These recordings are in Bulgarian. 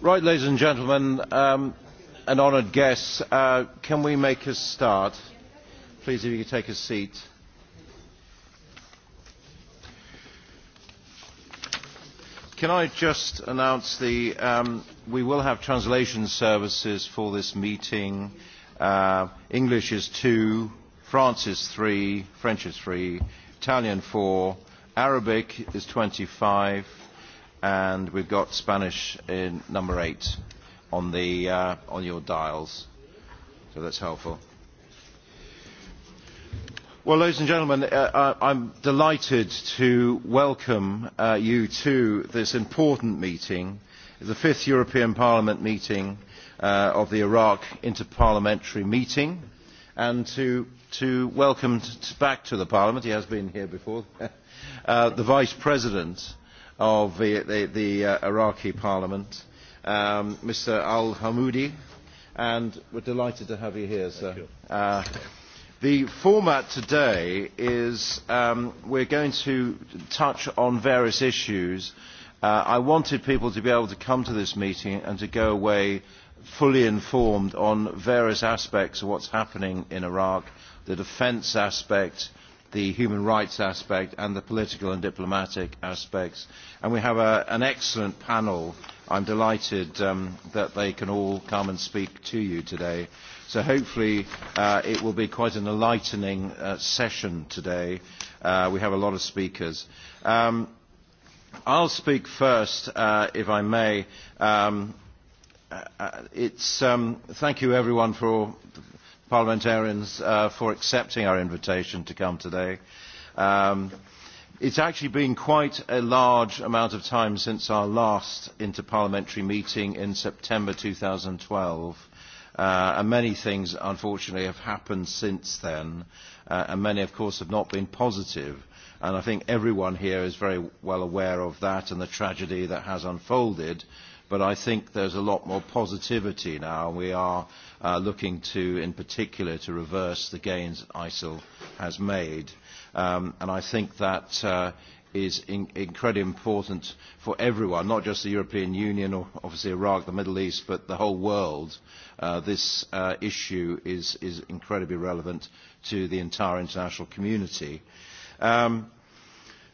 Right, ladies and gentlemen, um, and honoured guests, uh, can we make a start? Please, if you could take a seat. Can I just announce the, um, we will have translation services for this meeting. Uh, English is two, France is three, French is three, Italian four, Arabic is 25, and we have got Spanish in number eight on, the, uh, on your dials. So that's helpful. Well, ladies and gentlemen, uh, I'm delighted to welcome uh, you to this important meeting, the fifth European Parliament meeting uh, of the Iraq Interparliamentary Meeting, and to, to welcome t- back to the Parliament, he has been here before, uh, the Vice President of the, the, the uh, Iraqi parliament, um, Mr. Al Hamoudi, and we're delighted to have you here, sir. Thank you. Uh, the format today is um, we're going to touch on various issues. Uh, I wanted people to be able to come to this meeting and to go away fully informed on various aspects of what's happening in Iraq, the defence aspect, the human rights aspect and the political and diplomatic aspects. And we have a, an excellent panel. I'm delighted um, that they can all come and speak to you today. So hopefully uh, it will be quite an enlightening uh, session today. Uh, we have a lot of speakers. Um, I'll speak first, uh, if I may. Um, uh, it's, um, thank you everyone for parliamentarians uh, for accepting our invitation to come today. Um, it's actually been quite a large amount of time since our last interparliamentary meeting in September 2012, uh, and many things, unfortunately, have happened since then, uh, and many, of course, have not been positive. And I think everyone here is very well aware of that and the tragedy that has unfolded. But I think there's a lot more positivity now. We are uh, looking to, in particular, to reverse the gains that ISIL has made. Um, and I think that uh, is in, incredibly important for everyone, not just the European Union or obviously Iraq, the Middle East, but the whole world. Uh, this uh, issue is, is incredibly relevant to the entire international community. Um,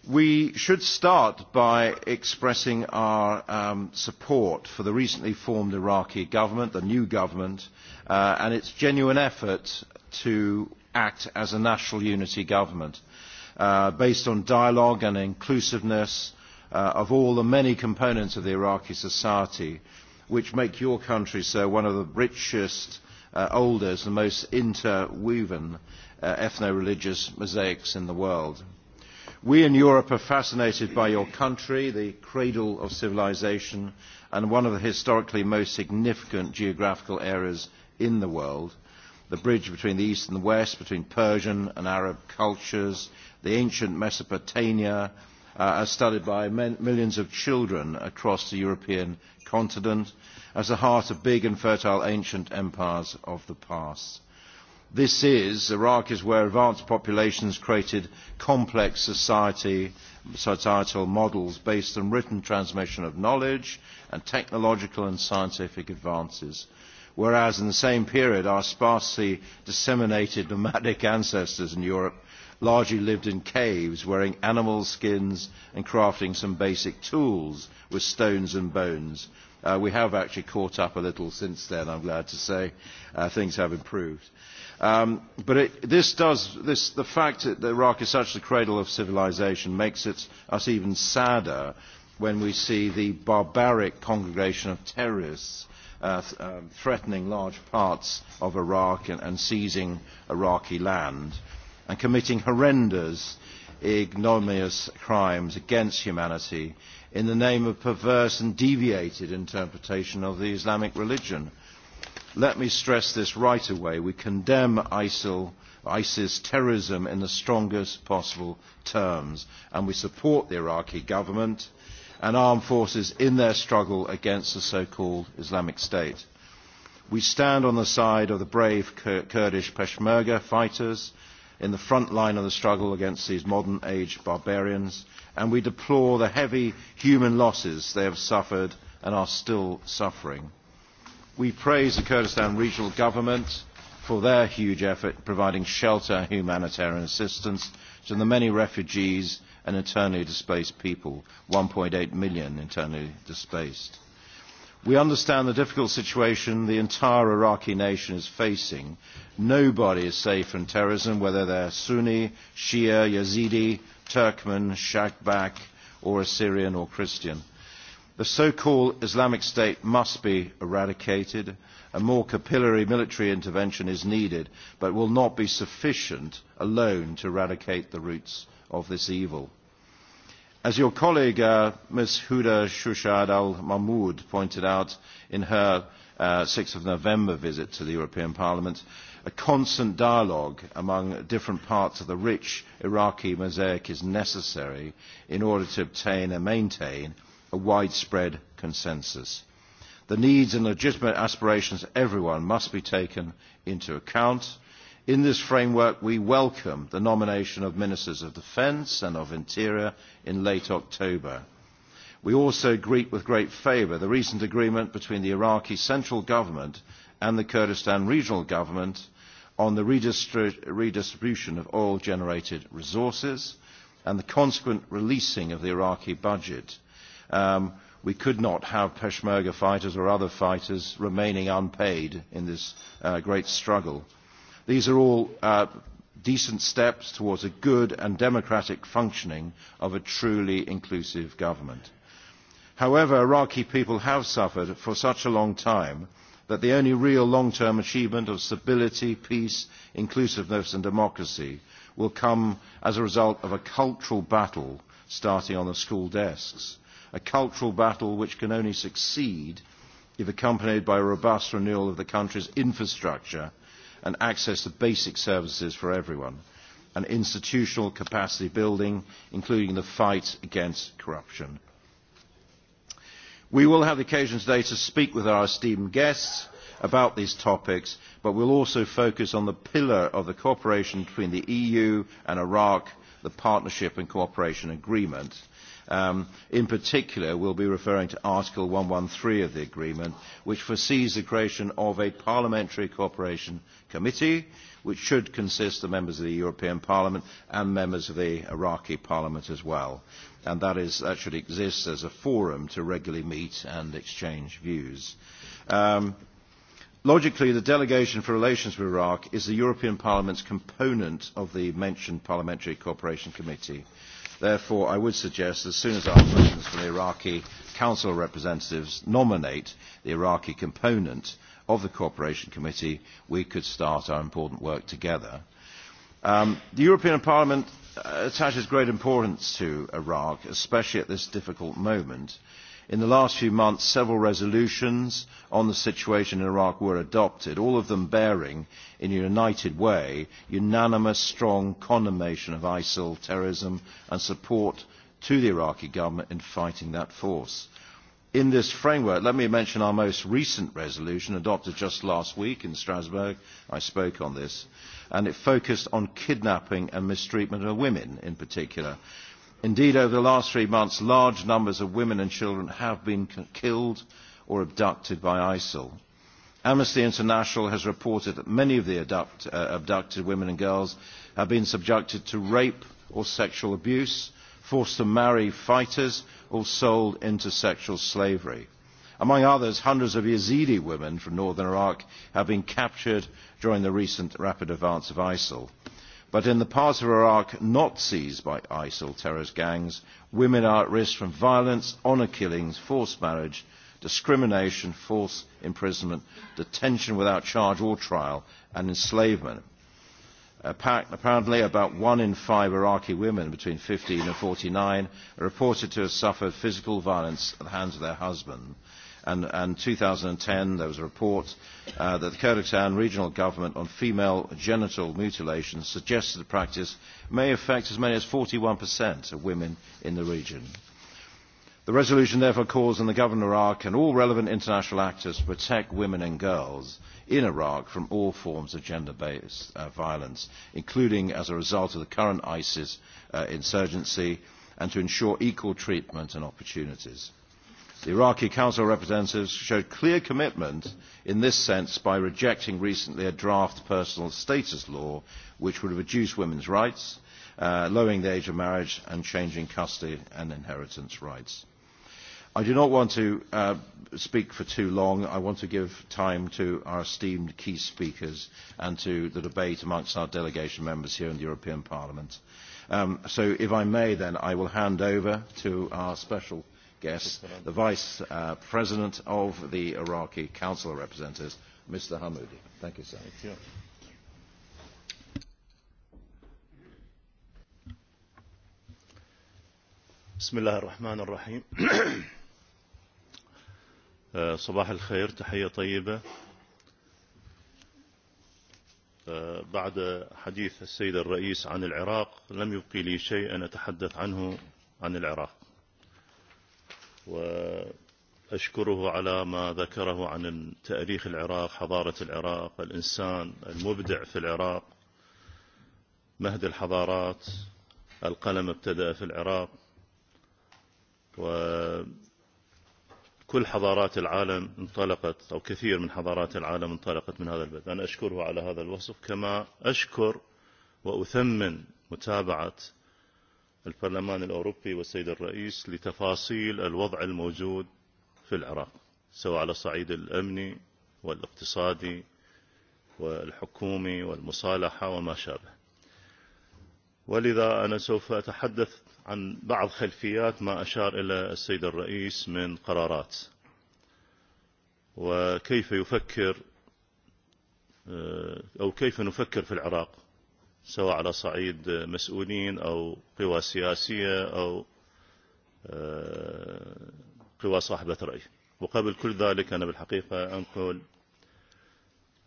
We should start by expressing our support for the recently formed Iraqi government, the new government, and its genuine effort to act as a national unity government based on dialogue and inclusiveness of all the many components of Iraqi society which make your country, sir, one of the richest, oldest and most interwoven ethno-religious mosaics in the world We in Europe are fascinated by your country, the cradle of civilisation and one of the historically most significant geographical areas in the world. The bridge between the East and the West, between Persian and Arab cultures, the ancient Mesopotamia, as studied by millions of children across the European continent, as the heart of big and fertile ancient empires of the past This is Iraq is where advanced populations created complex society, societal models based on written transmission of knowledge and technological and scientific advances whereas in the same period our sparsely disseminated nomadic ancestors in Europe largely lived in caves wearing animal skins and crafting some basic tools with stones and bones. Uh, we have actually caught up a little since then, I'm glad to say. Uh, things have improved. Uh, but this does, the fact that Iraq is such the cradle of civilisation makes us even sadder when we see the barbaric congregation of terrorists threatening large parts of Iraq and seizing Iraqi land and committing horrendous, ignominious crimes against humanity in the name of perverse and deviated interpretation of the Islamic religion Let me stress this right away. We condemn ISIL, ISIS terrorism in the strongest possible terms, and we support the Iraqi government and armed forces in their struggle against the so-called Islamic State. We stand on the side of the brave Kurdish Peshmerga fighters in the front line of the struggle against these modern age barbarians, and we deplore the heavy human losses they have suffered and are still suffering We praise the Kurdistan Regional Government for their huge effort providing shelter and humanitarian assistance to the many refugees and internally displaced people, 1.8 million internally displaced. We understand the difficult situation the entire Iraqi nation is facing. Nobody is safe from terrorism, whether they're Sunni, Shia, Yazidi, Turkmen, Shakbak, or Assyrian or Christian The so-called Islamic State must be eradicated. A more capillary military intervention is needed, but will not be sufficient alone to eradicate the roots of this evil. As your colleague, uh, Ms. Huda Shushad al-Mahmoud, pointed out in her uh, 6th of November visit to the European Parliament, a constant dialogue among different parts of the rich Iraqi mosaic is necessary in order to obtain and maintain – a widespread consensus. The needs and legitimate aspirations of everyone must be taken into account. In this framework, we welcome the nomination of Ministers of Defence and of Interior in late October. We also greet with great favour the recent agreement between the Iraqi central government and the Kurdistan regional government on the redistribution of oil-generated resources and the consequent releasing of the Iraqi budget Um, we could not have Peshmerga fighters or other fighters remaining unpaid in this uh, great struggle. These are all uh, decent steps towards a good and democratic functioning of a truly inclusive government. However, Iraqi people have suffered for such a long time that the only real long-term achievement of stability, peace, inclusiveness and democracy will come as a result of a cultural battle starting on the school desks a cultural battle which can only succeed if accompanied by a robust renewal of the country's infrastructure and access to basic services for everyone, and institutional capacity building, including the fight against corruption. We will have the occasion today to speak with our esteemed guests about these topics, but we will also focus on the pillar of the cooperation between the EU and Iraq, the Partnership and Cooperation Agreement in particular, we will be referring to Article one hundred and of the agreement, which foresees the creation of a Parliamentary Cooperation Committee, which should consist of members of the European Parliament and members of the Iraqi Parliament as well. And that, is, that should exist as a forum to regularly meet and exchange views. Um, Logically, the Delegation for Relations with Iraq is the European Parliament's component of the mentioned Parliamentary Cooperation Committee. Therefore, I would suggest that as soon as our friends from the Iraqi Council of representatives nominate the Iraqi component of the Cooperation Committee, we could start our important work together. the European Parliament attaches great importance to Iraq, especially at this difficult moment. In the last few months, several resolutions on the situation in Iraq were adopted, all of them bearing, in a united way, unanimous strong condemnation of ISIL terrorism and support to the Iraqi government in fighting that force. In this framework, let me mention our most recent resolution adopted just last week in Strasbourg. I spoke on this. And it focused on kidnapping and mistreatment of women in particular Indeed, over the last three months, large numbers of women and children have been killed or abducted by ISIL. Amnesty International has reported that many of the abduct, uh, abducted women and girls have been subjected to rape or sexual abuse, forced to marry fighters, or sold into sexual slavery. Among others, hundreds of Yazidi women from northern Iraq have been captured during the recent rapid advance of ISIL but in the part of Iraq not seized by ISIL terrorist gangs, women are at risk from violence, honour killings, forced marriage, discrimination, forced imprisonment, detention without charge or trial, and enslavement. Apparently, about one in five Iraqi women between 15 and 49 are reported to have suffered physical violence at the hands of their husbands and, and 2010 there was a report uh, that the Kyrgyzstan regional government on female genital mutilation suggested the practice may affect as many as 41% of women in the region. The resolution therefore calls on the government of Iraq and all relevant international actors to protect women and girls in Iraq from all forms of gender-based uh, violence, including as a result of the current ISIS uh, insurgency, and to ensure equal treatment and opportunities. The Iraqi Council of Representatives showed clear commitment in this sense by rejecting recently a draft personal status law which would reduce women's rights, lowering the age of marriage and changing custody and inheritance rights. I do not want to uh, speak for too long. I want to give time to our esteemed key speakers and to the debate amongst our delegation members here in the European Parliament. Um, so if I may then, I will hand over to our special guest, the Vice uh, President of the Iraqi Council of Representatives, Mr. Hamoudi. Thank you, sir. Thank you. بسم الله الرحمن الرحيم صباح الخير تحية طيبة بعد حديث السيد الرئيس عن العراق لم يبقي لي شيء أن أتحدث عنه عن العراق وأشكره على ما ذكره عن تاريخ العراق حضارة العراق الإنسان المبدع في العراق مهد الحضارات القلم ابتدأ في العراق وكل حضارات العالم انطلقت أو كثير من حضارات العالم انطلقت من هذا البلد أنا أشكره على هذا الوصف كما أشكر وأثمن متابعة البرلمان الأوروبي والسيد الرئيس لتفاصيل الوضع الموجود في العراق سواء على صعيد الأمني والاقتصادي والحكومي والمصالحة وما شابه ولذا أنا سوف أتحدث عن بعض خلفيات ما أشار إلى السيد الرئيس من قرارات وكيف يفكر أو كيف نفكر في العراق سواء على صعيد مسؤولين او قوى سياسية او قوى صاحبة رأي وقبل كل ذلك انا بالحقيقة انقل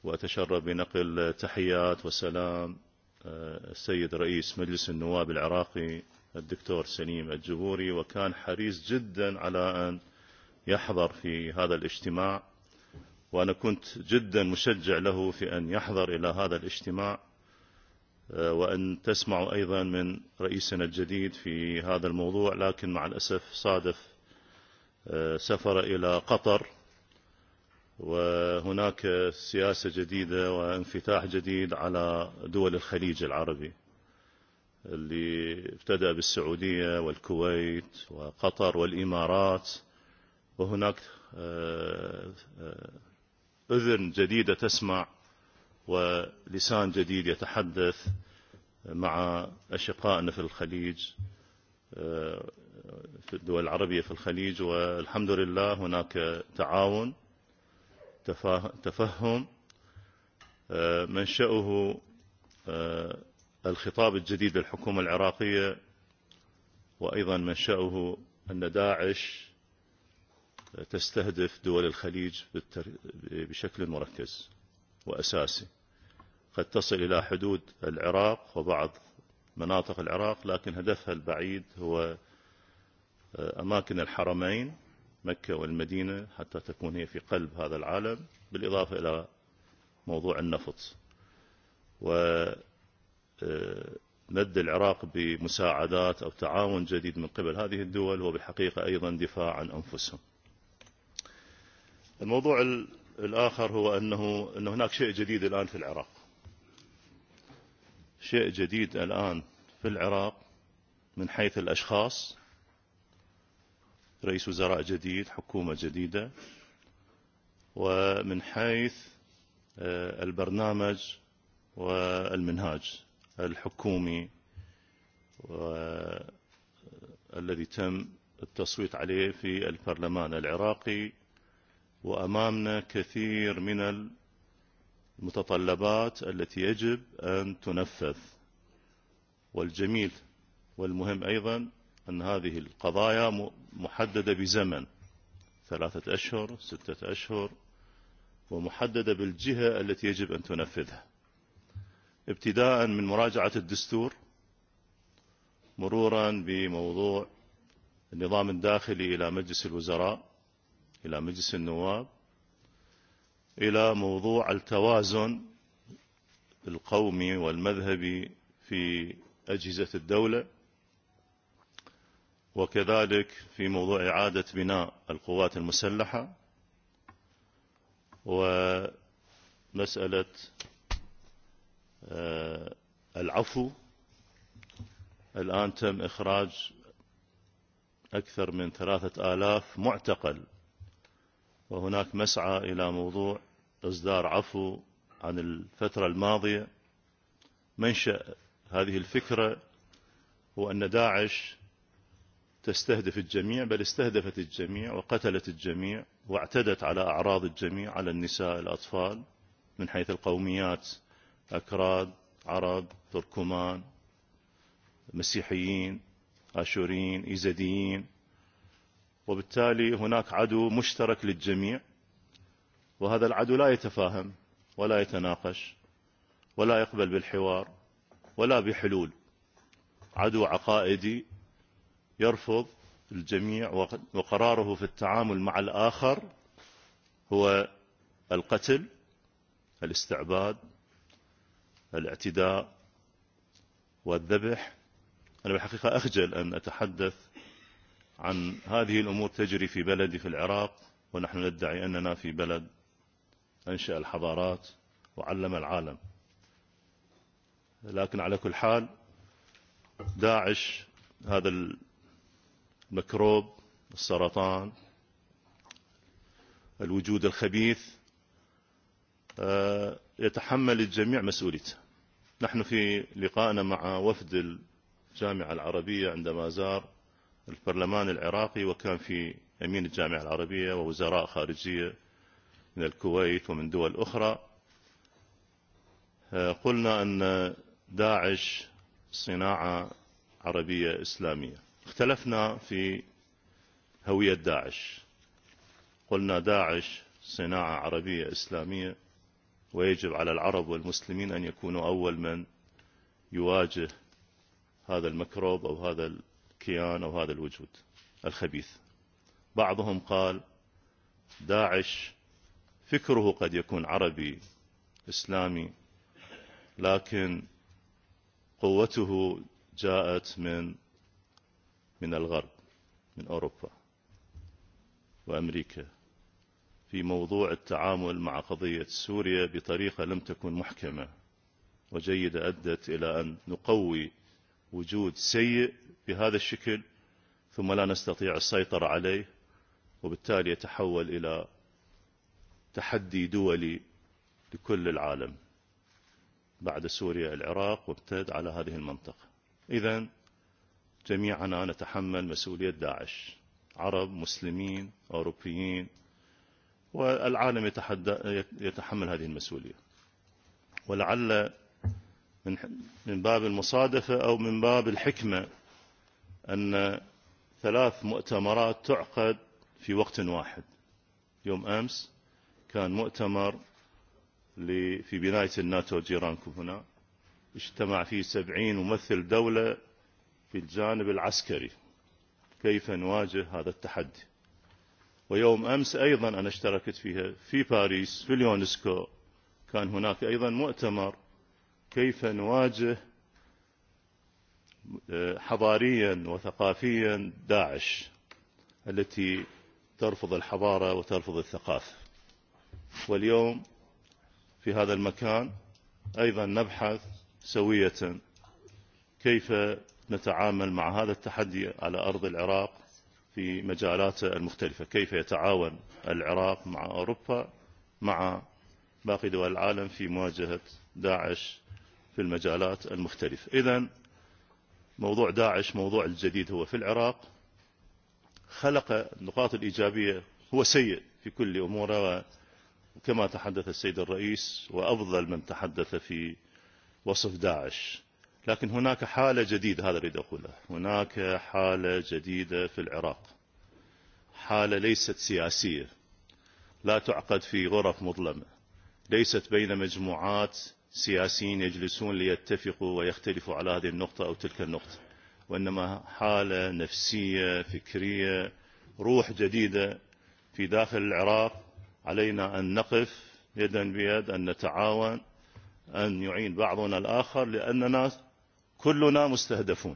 وأتشرف بنقل تحيات وسلام السيد رئيس مجلس النواب العراقي الدكتور سليم الجبوري وكان حريص جدا على ان يحضر في هذا الاجتماع وانا كنت جدا مشجع له في ان يحضر الى هذا الاجتماع وأن تسمعوا أيضا من رئيسنا الجديد في هذا الموضوع لكن مع الأسف صادف سفر إلى قطر وهناك سياسة جديدة وانفتاح جديد على دول الخليج العربي اللي ابتدأ بالسعودية والكويت وقطر والإمارات وهناك أذن جديدة تسمع ولسان جديد يتحدث مع أشقائنا في الخليج في الدول العربية في الخليج والحمد لله هناك تعاون تفهم منشأه الخطاب الجديد للحكومة العراقية وأيضا منشأه أن داعش تستهدف دول الخليج بشكل مركز وأساسي قد تصل إلى حدود العراق وبعض مناطق العراق لكن هدفها البعيد هو أماكن الحرمين مكة والمدينة حتى تكون هي في قلب هذا العالم بالإضافة إلى موضوع النفط ومد العراق بمساعدات أو تعاون جديد من قبل هذه الدول هو بالحقيقة أيضا دفاع عن أنفسهم الموضوع الآخر هو أنه أنه هناك شيء جديد الآن في العراق شيء جديد الآن في العراق من حيث الأشخاص رئيس وزراء جديد حكومة جديدة ومن حيث البرنامج والمنهاج الحكومي الذي تم التصويت عليه في البرلمان العراقي وأمامنا كثير من ال... المتطلبات التي يجب أن تنفذ والجميل والمهم أيضا أن هذه القضايا محددة بزمن ثلاثة أشهر ستة أشهر ومحددة بالجهة التي يجب أن تنفذها ابتداء من مراجعة الدستور مرورا بموضوع النظام الداخلي إلى مجلس الوزراء إلى مجلس النواب إلى موضوع التوازن القومي والمذهبي في أجهزة الدولة وكذلك في موضوع إعادة بناء القوات المسلحة ومسألة العفو الآن تم إخراج أكثر من ثلاثة آلاف معتقل وهناك مسعى إلى موضوع إصدار عفو عن الفترة الماضية منشأ هذه الفكرة هو أن داعش تستهدف الجميع بل استهدفت الجميع وقتلت الجميع واعتدت على أعراض الجميع على النساء الأطفال من حيث القوميات أكراد عرب تركمان مسيحيين آشوريين إيزديين وبالتالي هناك عدو مشترك للجميع وهذا العدو لا يتفاهم ولا يتناقش ولا يقبل بالحوار ولا بحلول عدو عقائدي يرفض الجميع وقراره في التعامل مع الآخر هو القتل الاستعباد الاعتداء والذبح أنا بالحقيقة أخجل أن أتحدث عن هذه الأمور تجري في بلدي في العراق ونحن ندعي أننا في بلد أنشأ الحضارات وعلم العالم لكن على كل حال داعش هذا الميكروب السرطان الوجود الخبيث يتحمل الجميع مسؤوليته نحن في لقائنا مع وفد الجامعة العربية عندما زار البرلمان العراقي وكان في أمين الجامعة العربية ووزراء خارجية من الكويت ومن دول أخرى قلنا أن داعش صناعة عربية إسلامية اختلفنا في هوية داعش قلنا داعش صناعة عربية إسلامية ويجب على العرب والمسلمين أن يكونوا أول من يواجه هذا المكروب أو هذا الكيان أو هذا الوجود الخبيث بعضهم قال داعش فكره قد يكون عربي إسلامي لكن قوته جاءت من من الغرب من أوروبا وأمريكا في موضوع التعامل مع قضية سوريا بطريقة لم تكن محكمة وجيدة أدت إلى أن نقوي وجود سيء بهذا الشكل ثم لا نستطيع السيطرة عليه وبالتالي يتحول إلى تحدي دولي لكل العالم بعد سوريا العراق وابتد على هذه المنطقة إذا جميعنا نتحمل مسؤولية داعش عرب مسلمين أوروبيين والعالم يتحدى يتحمل هذه المسؤولية ولعل من باب المصادفة أو من باب الحكمة أن ثلاث مؤتمرات تعقد في وقت واحد يوم أمس كان مؤتمر في بناية الناتو جيرانكم هنا اجتمع فيه سبعين ممثل دولة في الجانب العسكري كيف نواجه هذا التحدي ويوم أمس أيضا أنا اشتركت فيها في باريس في اليونسكو كان هناك أيضا مؤتمر كيف نواجه حضاريا وثقافيا داعش التي ترفض الحضارة وترفض الثقافة واليوم في هذا المكان أيضا نبحث سوية كيف نتعامل مع هذا التحدي على أرض العراق في مجالات المختلفة كيف يتعاون العراق مع أوروبا مع باقي دول العالم في مواجهة داعش في المجالات المختلفة إذا موضوع داعش موضوع الجديد هو في العراق خلق النقاط الإيجابية هو سيء في كل أموره كما تحدث السيد الرئيس وأفضل من تحدث في وصف داعش لكن هناك حالة جديدة هذا أريد أقوله هناك حالة جديدة في العراق حالة ليست سياسية لا تعقد في غرف مظلمة ليست بين مجموعات سياسيين يجلسون ليتفقوا ويختلفوا على هذه النقطة أو تلك النقطة وإنما حالة نفسية فكرية روح جديدة في داخل العراق علينا أن نقف يدا بيد أن نتعاون أن يعين بعضنا الآخر لأننا كلنا مستهدفون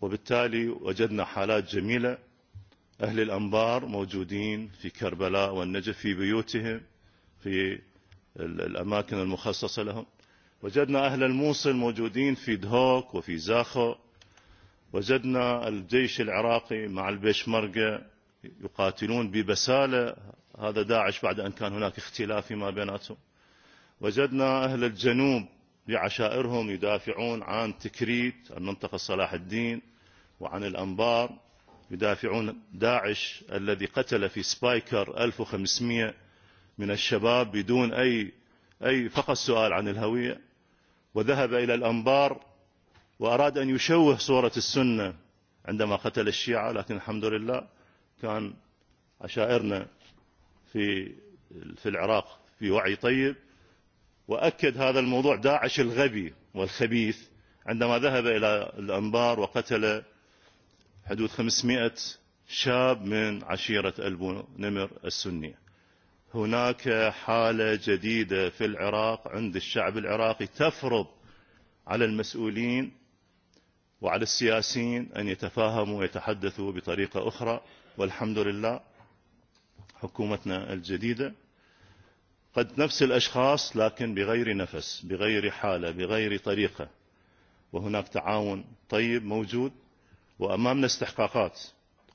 وبالتالي وجدنا حالات جميلة أهل الأنبار موجودين في كربلاء والنجف في بيوتهم في الأماكن المخصصة لهم وجدنا أهل الموصل موجودين في دهوك وفي زاخو وجدنا الجيش العراقي مع البيشمركة يقاتلون ببسالة هذا داعش بعد أن كان هناك اختلاف فيما بيناتهم وجدنا أهل الجنوب بعشائرهم يدافعون عن تكريت المنطقة صلاح الدين وعن الأنبار يدافعون داعش الذي قتل في سبايكر 1500 من الشباب بدون أي أي فقط سؤال عن الهوية وذهب إلى الأنبار وأراد أن يشوه صورة السنة عندما قتل الشيعة لكن الحمد لله كان عشائرنا في في العراق في وعي طيب واكد هذا الموضوع داعش الغبي والخبيث عندما ذهب الى الانبار وقتل حدود 500 شاب من عشيرة البو نمر السنية هناك حالة جديدة في العراق عند الشعب العراقي تفرض على المسؤولين وعلى السياسيين ان يتفاهموا ويتحدثوا بطريقة اخرى. والحمد لله حكومتنا الجديدة قد نفس الأشخاص لكن بغير نفس بغير حالة بغير طريقة وهناك تعاون طيب موجود وأمامنا استحقاقات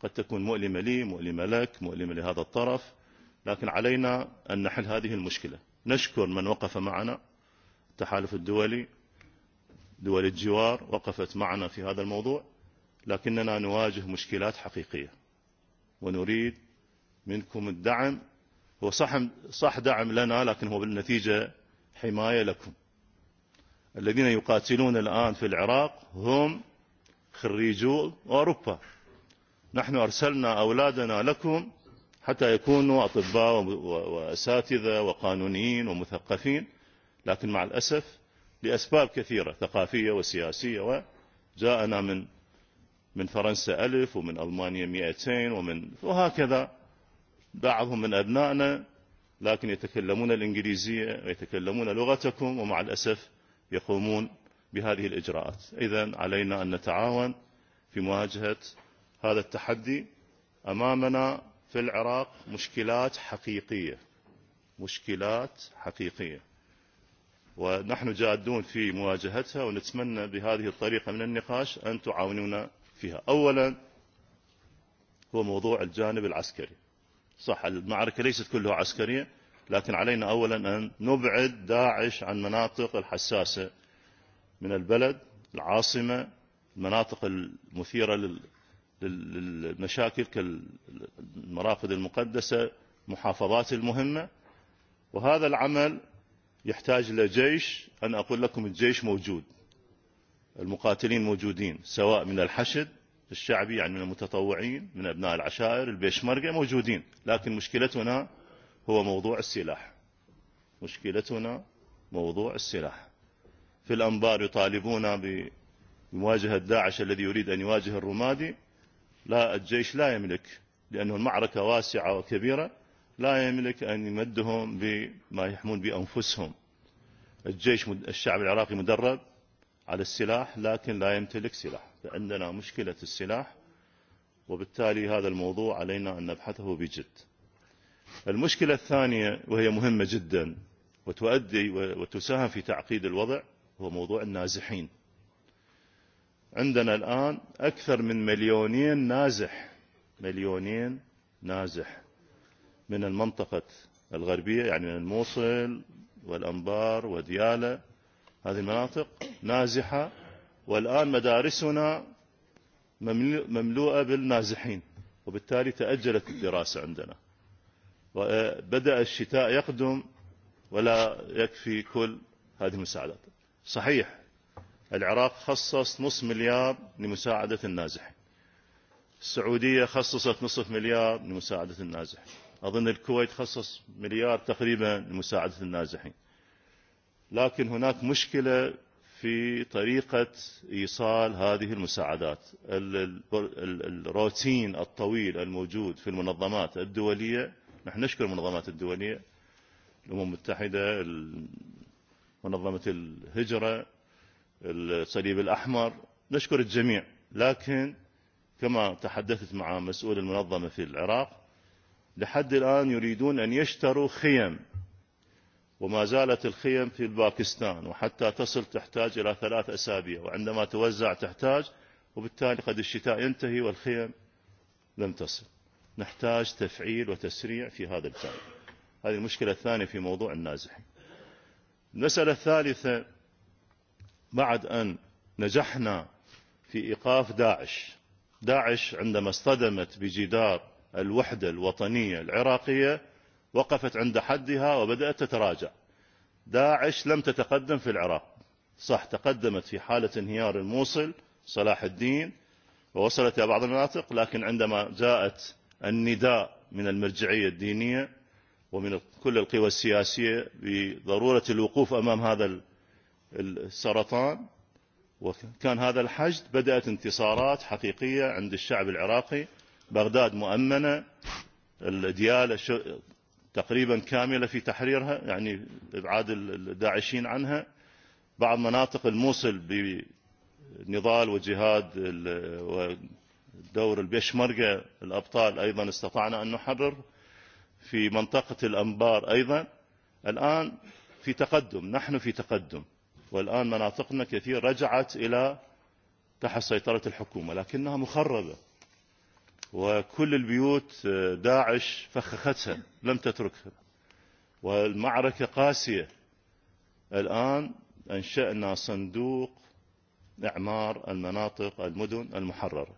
قد تكون مؤلمة لي مؤلمة لك مؤلمة لهذا الطرف لكن علينا أن نحل هذه المشكلة نشكر من وقف معنا التحالف الدولي دول الجوار وقفت معنا في هذا الموضوع لكننا نواجه مشكلات حقيقية ونريد منكم الدعم هو صح دعم لنا لكن هو بالنتيجة حماية لكم الذين يقاتلون الآن في العراق هم خريجو أوروبا نحن أرسلنا أولادنا لكم حتى يكونوا أطباء وأساتذة وقانونيين ومثقفين لكن مع الأسف لأسباب كثيرة ثقافية وسياسية وجاءنا من من فرنسا ألف ومن ألمانيا مئتين ومن وهكذا بعضهم من أبنائنا لكن يتكلمون الإنجليزية ويتكلمون لغتكم ومع الأسف يقومون بهذه الإجراءات إذا علينا أن نتعاون في مواجهة هذا التحدي أمامنا في العراق مشكلات حقيقية مشكلات حقيقية ونحن جادون في مواجهتها ونتمنى بهذه الطريقة من النقاش أن تعاونونا فيها أولا هو موضوع الجانب العسكري صح المعركة ليست كلها عسكرية لكن علينا أولا أن نبعد داعش عن مناطق الحساسة من البلد العاصمة المناطق المثيرة للمشاكل كالمرافد المقدسة محافظات المهمة وهذا العمل يحتاج إلى جيش أنا أقول لكم الجيش موجود المقاتلين موجودين سواء من الحشد الشعبي يعني من المتطوعين من أبناء العشائر البيشمركة موجودين لكن مشكلتنا هو موضوع السلاح مشكلتنا موضوع السلاح في الأنبار يطالبون بمواجهة داعش الذي يريد أن يواجه الرمادي لا الجيش لا يملك لأن المعركة واسعة وكبيرة لا يملك أن يمدهم بما يحمون بأنفسهم الجيش الشعب العراقي مدرب على السلاح لكن لا يمتلك سلاح فعندنا مشكلة السلاح وبالتالي هذا الموضوع علينا أن نبحثه بجد المشكلة الثانية وهي مهمة جدا وتؤدي وتساهم في تعقيد الوضع هو موضوع النازحين عندنا الآن أكثر من مليونين نازح مليونين نازح من المنطقة الغربية يعني من الموصل والأنبار وديالة هذه المناطق نازحة والآن مدارسنا مملوءة بالنازحين وبالتالي تأجلت الدراسة عندنا وبدأ الشتاء يقدم ولا يكفي كل هذه المساعدات صحيح العراق خصص نصف مليار لمساعدة النازحين السعودية خصصت نصف مليار لمساعدة النازحين أظن الكويت خصص مليار تقريبا لمساعدة النازحين لكن هناك مشكلة في طريقة إيصال هذه المساعدات الروتين الطويل الموجود في المنظمات الدولية نحن نشكر المنظمات الدولية الأمم المتحدة منظمة الهجرة الصليب الأحمر نشكر الجميع لكن كما تحدثت مع مسؤول المنظمة في العراق لحد الآن يريدون أن يشتروا خيم وما زالت الخيم في الباكستان وحتى تصل تحتاج إلى ثلاث أسابيع وعندما توزع تحتاج وبالتالي قد الشتاء ينتهي والخيم لم تصل نحتاج تفعيل وتسريع في هذا الجانب هذه المشكلة الثانية في موضوع النازحين المسألة الثالثة بعد أن نجحنا في إيقاف داعش داعش عندما اصطدمت بجدار الوحدة الوطنية العراقية وقفت عند حدها وبدأت تتراجع داعش لم تتقدم في العراق صح تقدمت في حالة انهيار الموصل صلاح الدين ووصلت إلى بعض المناطق لكن عندما جاءت النداء من المرجعية الدينية ومن كل القوى السياسية بضرورة الوقوف أمام هذا السرطان وكان هذا الحشد بدأت انتصارات حقيقية عند الشعب العراقي بغداد مؤمنة الديالة تقريبا كاملة في تحريرها يعني إبعاد الداعشين عنها بعض مناطق الموصل بنضال وجهاد ودور البيشمرقة الأبطال أيضا استطعنا أن نحرر في منطقة الأنبار أيضا الآن في تقدم نحن في تقدم والآن مناطقنا كثير رجعت إلى تحت سيطرة الحكومة لكنها مخربة وكل البيوت داعش فخختها لم تتركها والمعركة قاسية الآن أنشأنا صندوق إعمار المناطق المدن المحررة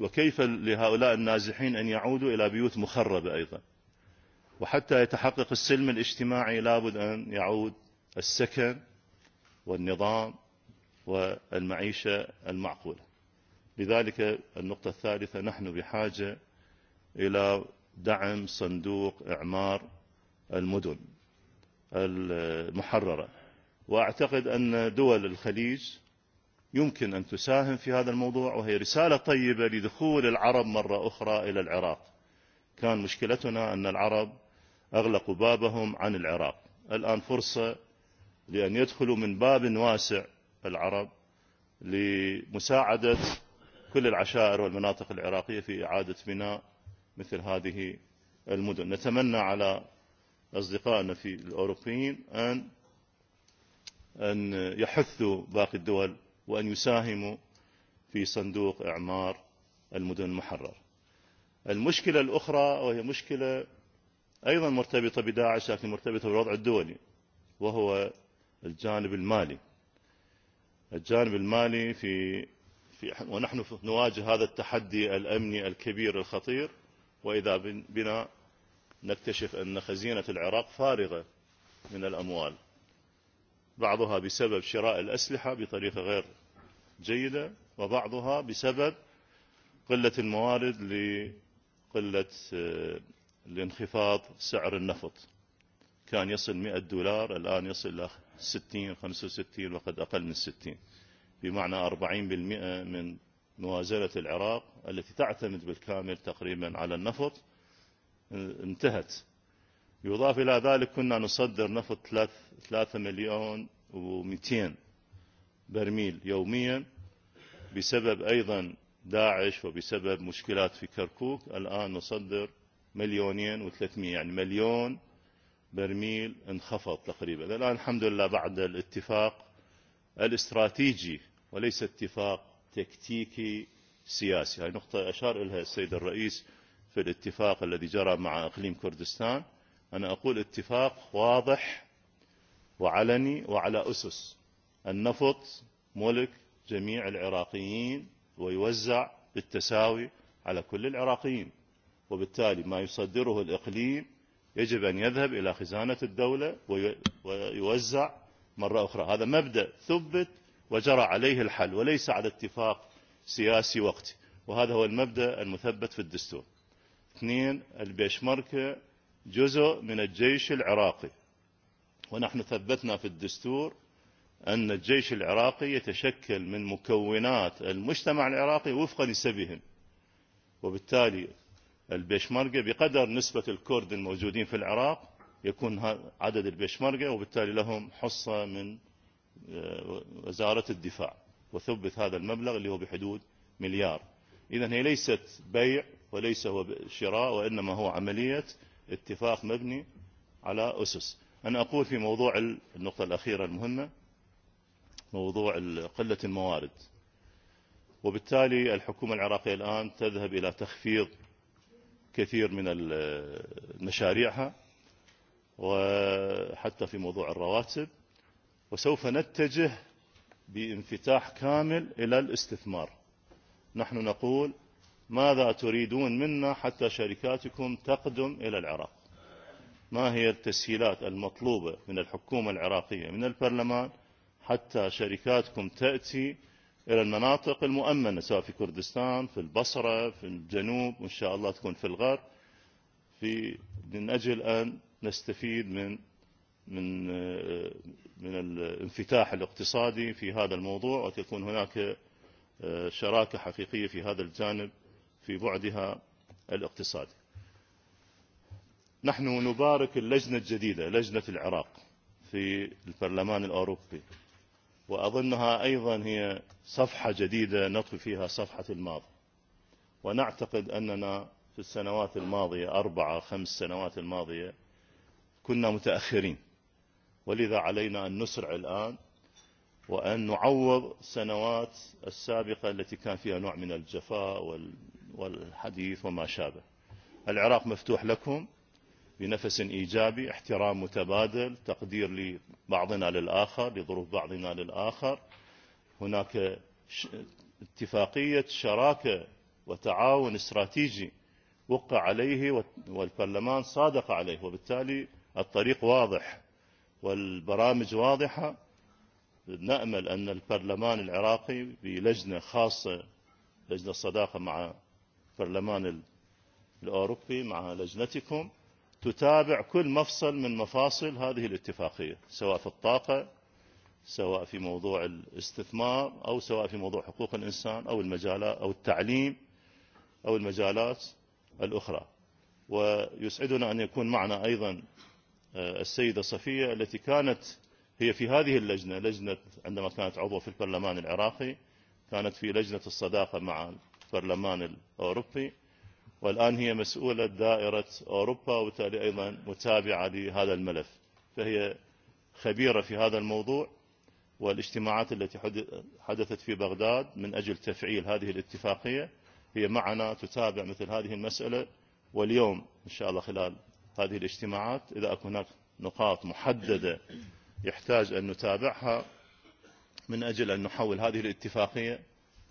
وكيف لهؤلاء النازحين أن يعودوا إلى بيوت مخربة أيضا وحتى يتحقق السلم الاجتماعي لابد أن يعود السكن والنظام والمعيشة المعقولة لذلك النقطة الثالثة نحن بحاجة إلى دعم صندوق إعمار المدن المحررة وأعتقد أن دول الخليج يمكن أن تساهم في هذا الموضوع وهي رسالة طيبة لدخول العرب مرة أخرى إلى العراق كان مشكلتنا أن العرب أغلقوا بابهم عن العراق الآن فرصة لأن يدخلوا من باب واسع العرب لمساعدة كل العشائر والمناطق العراقية في إعادة بناء مثل هذه المدن نتمنى على أصدقائنا في الأوروبيين أن أن يحثوا باقي الدول وأن يساهموا في صندوق إعمار المدن المحرر المشكلة الأخرى وهي مشكلة أيضا مرتبطة بداعش لكن مرتبطة بالوضع الدولي وهو الجانب المالي الجانب المالي في ونحن نواجه هذا التحدي الأمني الكبير الخطير وإذا بنا نكتشف أن خزينة العراق فارغة من الأموال بعضها بسبب شراء الأسلحة بطريقة غير جيدة وبعضها بسبب قلة الموارد لقلة لانخفاض سعر النفط كان يصل 100 دولار الآن يصل إلى 60 65 وقد أقل من 60 بمعنى 40% من موازنة العراق التي تعتمد بالكامل تقريبا على النفط انتهت يضاف إلى ذلك كنا نصدر نفط 3 مليون و200 برميل يوميا بسبب أيضا داعش وبسبب مشكلات في كركوك الآن نصدر مليونين و300 يعني مليون برميل انخفض تقريبا الآن الحمد لله بعد الاتفاق الاستراتيجي وليس اتفاق تكتيكي سياسي هذه نقطة أشار إليها السيد الرئيس في الاتفاق الذي جرى مع أقليم كردستان أنا أقول اتفاق واضح وعلني وعلى أسس النفط ملك جميع العراقيين ويوزع بالتساوي على كل العراقيين وبالتالي ما يصدره الإقليم يجب أن يذهب إلى خزانة الدولة ويوزع مرة أخرى هذا مبدأ ثبت وجرى عليه الحل وليس على اتفاق سياسي وقتي وهذا هو المبدأ المثبت في الدستور. اثنين البيشمركة جزء من الجيش العراقي ونحن ثبتنا في الدستور ان الجيش العراقي يتشكل من مكونات المجتمع العراقي وفق نسبهم وبالتالي البيشمركة بقدر نسبة الكرد الموجودين في العراق يكون عدد البيشمركة وبالتالي لهم حصة من وزارة الدفاع وثبت هذا المبلغ اللي هو بحدود مليار إذا هي ليست بيع وليس هو شراء وإنما هو عملية اتفاق مبني على أسس أنا أقول في موضوع النقطة الأخيرة المهمة موضوع قلة الموارد وبالتالي الحكومة العراقية الآن تذهب إلى تخفيض كثير من مشاريعها وحتى في موضوع الرواتب وسوف نتجه بانفتاح كامل إلى الاستثمار نحن نقول ماذا تريدون منا حتى شركاتكم تقدم إلى العراق ما هي التسهيلات المطلوبة من الحكومة العراقية من البرلمان حتى شركاتكم تأتي إلى المناطق المؤمنة سواء في كردستان في البصرة في الجنوب وإن شاء الله تكون في الغرب في من أجل أن نستفيد من من من الانفتاح الاقتصادي في هذا الموضوع وتكون هناك شراكه حقيقيه في هذا الجانب في بعدها الاقتصادي نحن نبارك اللجنه الجديده لجنه العراق في البرلمان الاوروبي واظنها ايضا هي صفحه جديده نطوي فيها صفحه الماضي ونعتقد اننا في السنوات الماضيه اربعه خمس سنوات الماضيه كنا متاخرين. ولذا علينا أن نسرع الآن وأن نعوض سنوات السابقة التي كان فيها نوع من الجفاء والحديث وما شابه العراق مفتوح لكم بنفس إيجابي احترام متبادل تقدير لبعضنا للآخر لظروف بعضنا للآخر هناك اتفاقية شراكة وتعاون استراتيجي وقع عليه والبرلمان صادق عليه وبالتالي الطريق واضح والبرامج واضحة نأمل أن البرلمان العراقي بلجنة خاصة لجنة الصداقة مع البرلمان الأوروبي مع لجنتكم تتابع كل مفصل من مفاصل هذه الاتفاقية سواء في الطاقة سواء في موضوع الاستثمار أو سواء في موضوع حقوق الإنسان أو المجالات أو التعليم أو المجالات الأخرى ويسعدنا أن يكون معنا أيضا السيدة صفية التي كانت هي في هذه اللجنة لجنة عندما كانت عضوة في البرلمان العراقي كانت في لجنة الصداقة مع البرلمان الأوروبي والآن هي مسؤولة دائرة أوروبا وبالتالي أيضا متابعة لهذا الملف فهي خبيرة في هذا الموضوع والاجتماعات التي حدثت في بغداد من أجل تفعيل هذه الاتفاقية هي معنا تتابع مثل هذه المسألة واليوم إن شاء الله خلال هذه الاجتماعات إذا أكو هناك نقاط محددة يحتاج أن نتابعها من أجل أن نحول هذه الاتفاقية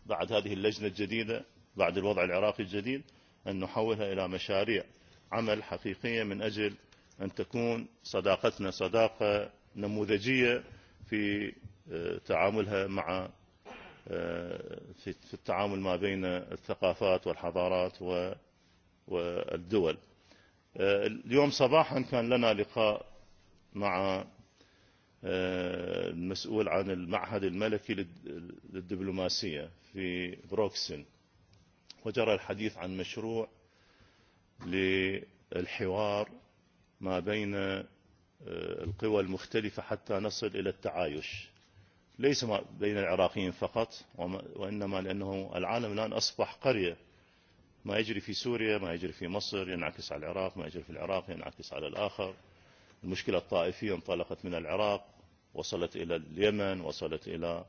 بعد هذه اللجنة الجديدة بعد الوضع العراقي الجديد أن نحولها إلى مشاريع عمل حقيقية من أجل أن تكون صداقتنا صداقة نموذجية في تعاملها مع في التعامل ما بين الثقافات والحضارات والدول اليوم صباحا كان لنا لقاء مع المسؤول عن المعهد الملكي للدبلوماسية في بروكسن وجرى الحديث عن مشروع للحوار ما بين القوى المختلفة حتى نصل إلى التعايش ليس بين العراقيين فقط وإنما لأنه العالم الآن أصبح قرية ما يجري في سوريا ما يجري في مصر ينعكس على العراق ما يجري في العراق ينعكس على الآخر المشكلة الطائفية انطلقت من العراق وصلت إلى اليمن وصلت إلى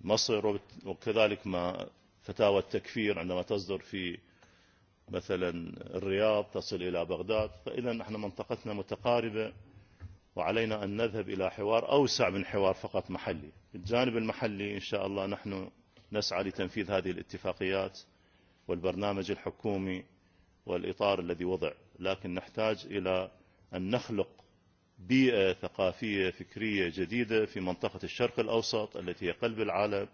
مصر وكذلك ما فتاوى التكفير عندما تصدر في مثلا الرياض تصل إلى بغداد فإذا نحن منطقتنا متقاربة وعلينا أن نذهب إلى حوار أوسع من حوار فقط محلي الجانب المحلي إن شاء الله نحن نسعى لتنفيذ هذه الاتفاقيات والبرنامج الحكومي والإطار الذي وضع لكن نحتاج إلى أن نخلق بيئة ثقافية فكرية جديدة في منطقة الشرق الأوسط التي هي قلب العالم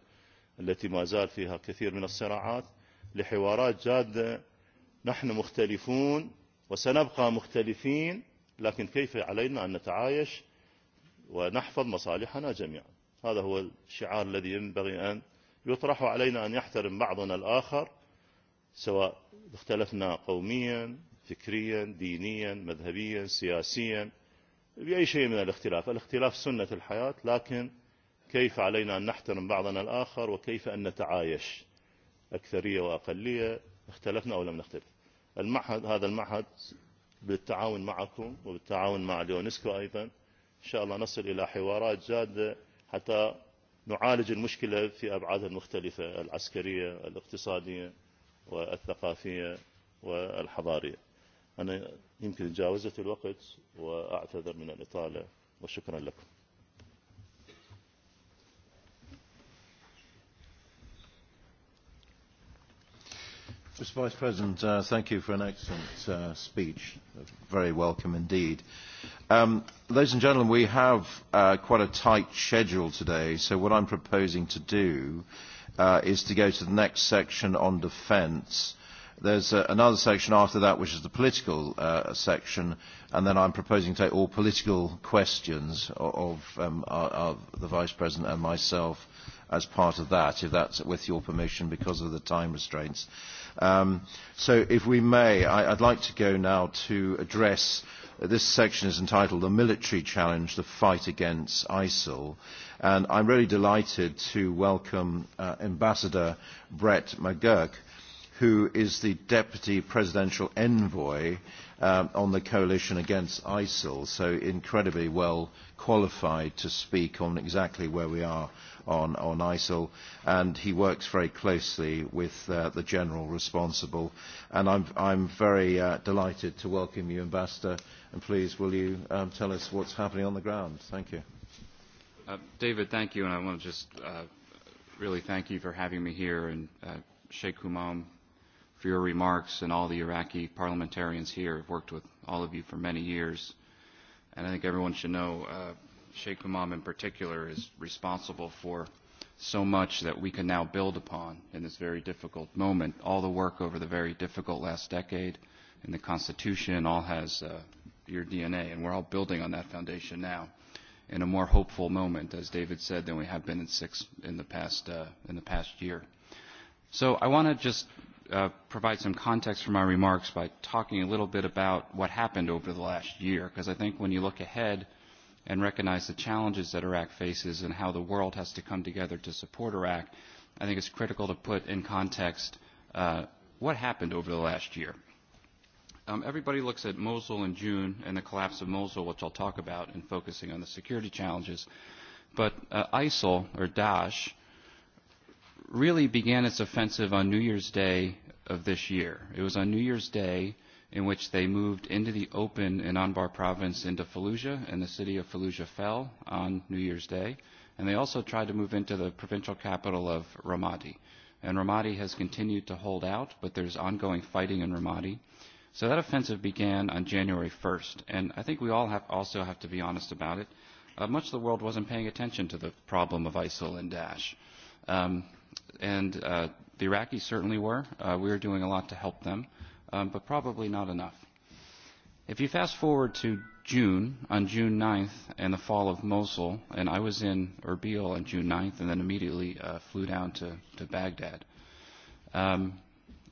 التي ما زال فيها كثير من الصراعات لحوارات جادة نحن مختلفون وسنبقى مختلفين لكن كيف علينا أن نتعايش ونحفظ مصالحنا جميعا هذا هو الشعار الذي ينبغي أن يطرح علينا أن يحترم بعضنا الآخر سواء اختلفنا قوميا فكريا دينيا مذهبيا سياسيا بأي شيء من الاختلاف الاختلاف سنة الحياة لكن كيف علينا أن نحترم بعضنا الآخر وكيف أن نتعايش أكثرية وأقلية اختلفنا أو لم نختلف المعهد هذا المعهد بالتعاون معكم وبالتعاون مع اليونسكو أيضا إن شاء الله نصل إلى حوارات جادة حتى نعالج المشكلة في أبعادها المختلفة العسكرية الاقتصادية والثقافية والحضارية أنا يمكن تجاوزت الوقت وأعتذر من الإطالة وشكرا لكم Mr Vice President, uh, thank you for an excellent uh, speech. Very welcome indeed. Um, ladies and gentlemen, we have uh, quite a tight schedule today, so what I'm proposing to do uh, is to go to the next section on defence. There's is another section after that, which is the political uh, section, and then I'm proposing to take all political questions of, of, um, of the Vice President and myself as part of that, if that's with your permission, because of the time restraints. Um, so if we may, I, I'd like to go now to address this section is entitled The Military Challenge, the Fight Against ISIL. And I'm really delighted to welcome uh, Ambassador Brett McGurk, who is the Deputy Presidential Envoy um, on the Coalition Against ISIL, so incredibly well qualified to speak on exactly where we are on, on ISIL, and he works very closely with uh, the general responsible. And I'm, I'm very uh, delighted to welcome you, Ambassador, and please will you um, tell us what's happening on the ground. Thank you. Uh, David, thank you, and I want to just uh, really thank you for having me here, and uh, Sheikh Humam for your remarks, and all the Iraqi parliamentarians here. I've worked with all of you for many years, and I think everyone should know uh, Sheikh Imam in particular is responsible for so much that we can now build upon in this very difficult moment. All the work over the very difficult last decade in the Constitution all has uh, your DNA, and we're all building on that foundation now in a more hopeful moment, as David said, than we have been in six in the past uh, in the past year. So I want to just uh, provide some context for my remarks by talking a little bit about what happened over the last year, because I think when you look ahead – and recognize the challenges that Iraq faces and how the world has to come together to support Iraq, I think it's critical to put in context uh, what happened over the last year. Um, everybody looks at Mosul in June and the collapse of Mosul, which I'll talk about in focusing on the security challenges. But uh, ISIL, or Daesh, really began its offensive on New Year's Day of this year. It was on New Year's Day in which they moved into the open in Anbar province into Fallujah, and the city of Fallujah fell on New Year's Day. And they also tried to move into the provincial capital of Ramadi. And Ramadi has continued to hold out, but there's ongoing fighting in Ramadi. So that offensive began on January 1st, and I think we all have also have to be honest about it. Uh, much of the world wasn't paying attention to the problem of ISIL and Daesh. Um, and uh, the Iraqis certainly were. Uh, we were doing a lot to help them um, but probably not enough. If you fast forward to June, on June 9th, and the fall of Mosul, and I was in Erbil on June 9th, and then immediately uh, flew down to, to Baghdad. Um,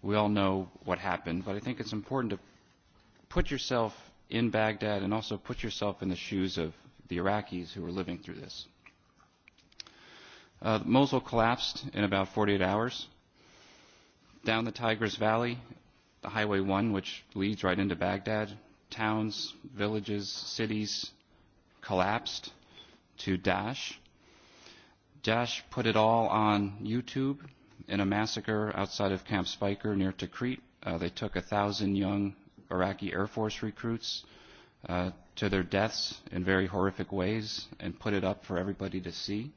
we all know what happened, but I think it's important to put yourself in Baghdad and also put yourself in the shoes of the Iraqis who were living through this. Uh, Mosul collapsed in about 48 hours. Down the Tigris Valley, the Highway 1, which leads right into Baghdad. Towns, villages, cities collapsed to Daesh. Daesh put it all on YouTube in a massacre outside of Camp Spiker near Tikrit. Uh, they took a thousand young Iraqi Air Force recruits uh, to their deaths in very horrific ways and put it up for everybody to see.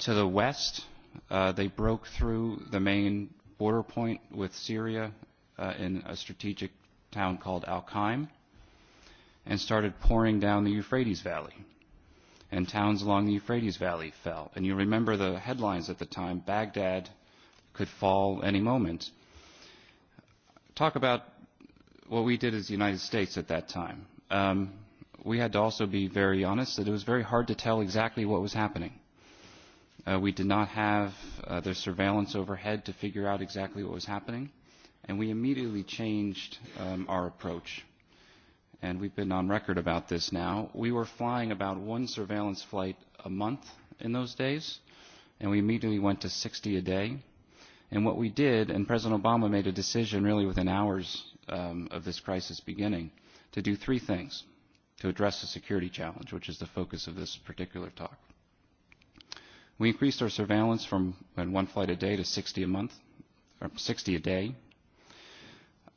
To the west, uh, they broke through the main border point with Syria uh, in a strategic town called Al Qaim and started pouring down the Euphrates Valley. And towns along the Euphrates Valley fell. And you remember the headlines at the time Baghdad could fall any moment. Talk about what we did as the United States at that time. Um, we had to also be very honest that it was very hard to tell exactly what was happening Uh, we did not have uh, their surveillance overhead to figure out exactly what was happening, and we immediately changed um, our approach. And we've been on record about this now. We were flying about one surveillance flight a month in those days, and we immediately went to 60 a day. And what we did, and President Obama made a decision really within hours um, of this crisis beginning, to do three things to address the security challenge, which is the focus of this particular talk. We increased our surveillance from one flight a day to 60 a month, or 60 a day.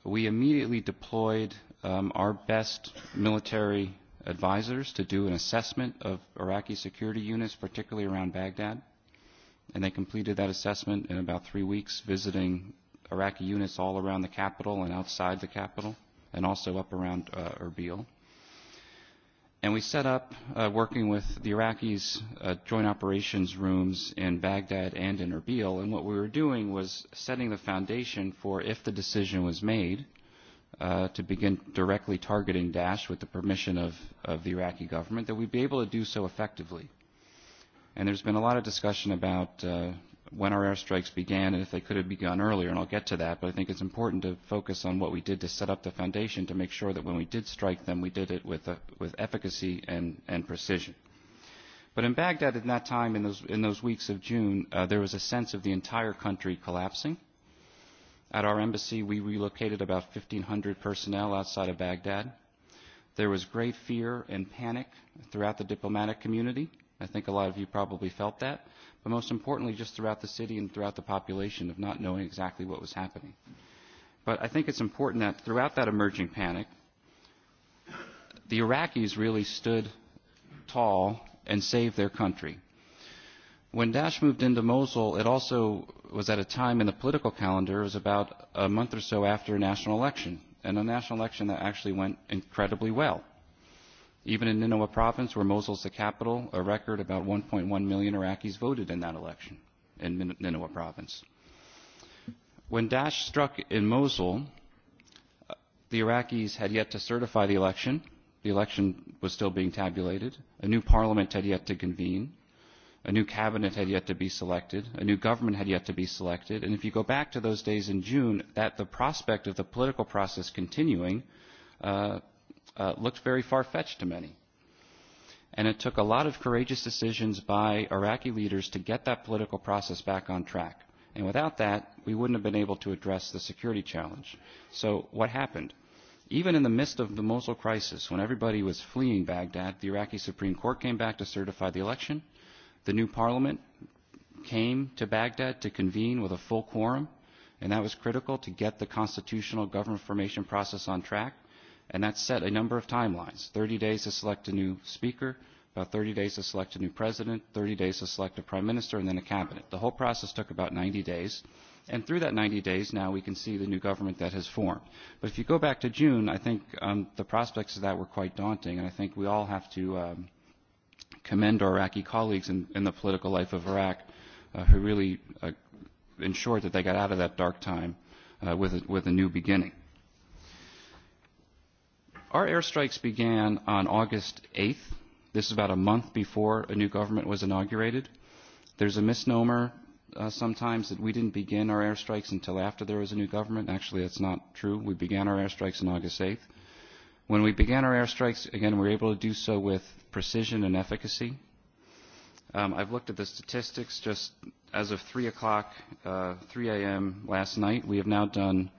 We immediately deployed um, our best military advisors to do an assessment of Iraqi security units, particularly around Baghdad. And they completed that assessment in about three weeks, visiting Iraqi units all around the capital and outside the capital, and also up around uh, Erbil. And we set up, uh, working with the Iraqis, uh, joint operations rooms in Baghdad and in Erbil. And what we were doing was setting the foundation for if the decision was made uh, to begin directly targeting Daesh with the permission of, of the Iraqi government, that we'd be able to do so effectively. And there's been a lot of discussion about uh, when our airstrikes began and if they could have begun earlier, and I'll get to that, but I think it's important to focus on what we did to set up the foundation to make sure that when we did strike them, we did it with, a with efficacy and, and precision. But in Baghdad at that time, in those, in those weeks of June, uh, there was a sense of the entire country collapsing. At our embassy, we relocated about 1,500 personnel outside of Baghdad. There was great fear and panic throughout the diplomatic community. I think a lot of you probably felt that but most importantly just throughout the city and throughout the population of not knowing exactly what was happening. But I think it's important that throughout that emerging panic, the Iraqis really stood tall and saved their country. When Daesh moved into Mosul, it also was at a time in the political calendar, it was about a month or so after a national election, and a national election that actually went incredibly well. Even in Nineveh province, where Mosul's the capital, a record about 1.1 million Iraqis voted in that election in Nineveh province. When Daesh struck in Mosul, the Iraqis had yet to certify the election. The election was still being tabulated. A new parliament had yet to convene. A new cabinet had yet to be selected. A new government had yet to be selected. And if you go back to those days in June, that the prospect of the political process continuing uh, uh, looked very far-fetched to many. And it took a lot of courageous decisions by Iraqi leaders to get that political process back on track. And without that, we wouldn't have been able to address the security challenge. So what happened? Even in the midst of the Mosul crisis, when everybody was fleeing Baghdad, the Iraqi Supreme Court came back to certify the election. The new parliament came to Baghdad to convene with a full quorum, and that was critical to get the constitutional government formation process on track and that set a number of timelines, 30 days to select a new speaker, about 30 days to select a new president, 30 days to select a prime minister, and then a cabinet. The whole process took about 90 days. And through that 90 days, now we can see the new government that has formed. But if you go back to June, I think um, the prospects of that were quite daunting, and I think we all have to um, commend our Iraqi colleagues in, in the political life of Iraq uh, who really uh, ensured that they got out of that dark time uh, with, a, with a new beginning. Our airstrikes began on August 8th. This is about a month before a new government was inaugurated. There's a misnomer uh, sometimes that we didn't begin our airstrikes until after there was a new government. Actually, that's not true. We began our airstrikes on August 8th. When we began our airstrikes, again, we were able to do so with precision and efficacy. Um, I've looked at the statistics just as of 3 o'clock, uh, 3 a.m. last night. We have now done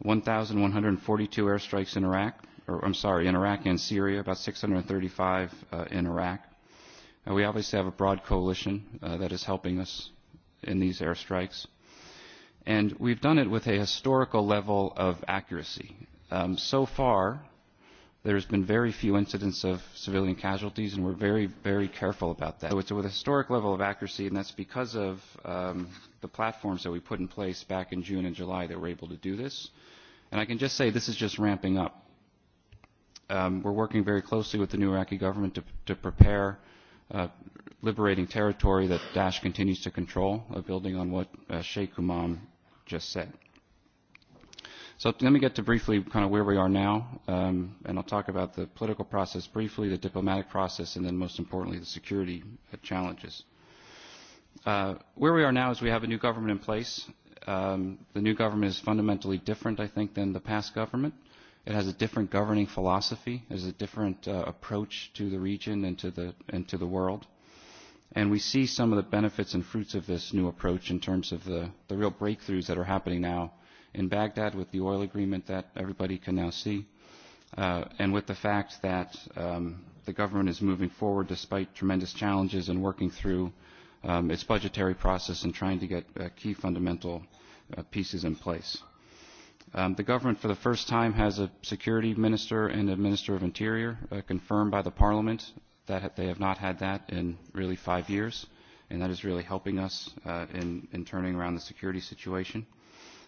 1,142 airstrikes in Iraq or I'm sorry, in Iraq and Syria, about 635 uh, in Iraq. And we obviously have a broad coalition uh, that is helping us in these airstrikes. And we've done it with a historical level of accuracy. Um, so far, there's been very few incidents of civilian casualties, and we're very, very careful about that. So it's with a historic level of accuracy, and that's because of um, the platforms that we put in place back in June and July that were able to do this. And I can just say this is just ramping up. Um, we're working very closely with the new Iraqi government to, to prepare uh, liberating territory that Daesh continues to control, uh, building on what uh, Sheikh Umam just said. So let me get to briefly kind of where we are now, um, and I'll talk about the political process briefly, the diplomatic process, and then most importantly, the security uh challenges. Uh, where we are now is we have a new government in place. Um, the new government is fundamentally different, I think, than the past government. Uh, It has a different governing philosophy. has a different uh, approach to the region and to the, and to the world. And we see some of the benefits and fruits of this new approach in terms of the, the real breakthroughs that are happening now in Baghdad with the oil agreement that everybody can now see, uh, and with the fact that um, the government is moving forward despite tremendous challenges and working through um, its budgetary process and trying to get uh, key fundamental uh, pieces in place. Um, the government, for the first time, has a security minister and a minister of interior uh, confirmed by the parliament. That they have not had that in really five years, and that is really helping us uh, in in turning around the security situation.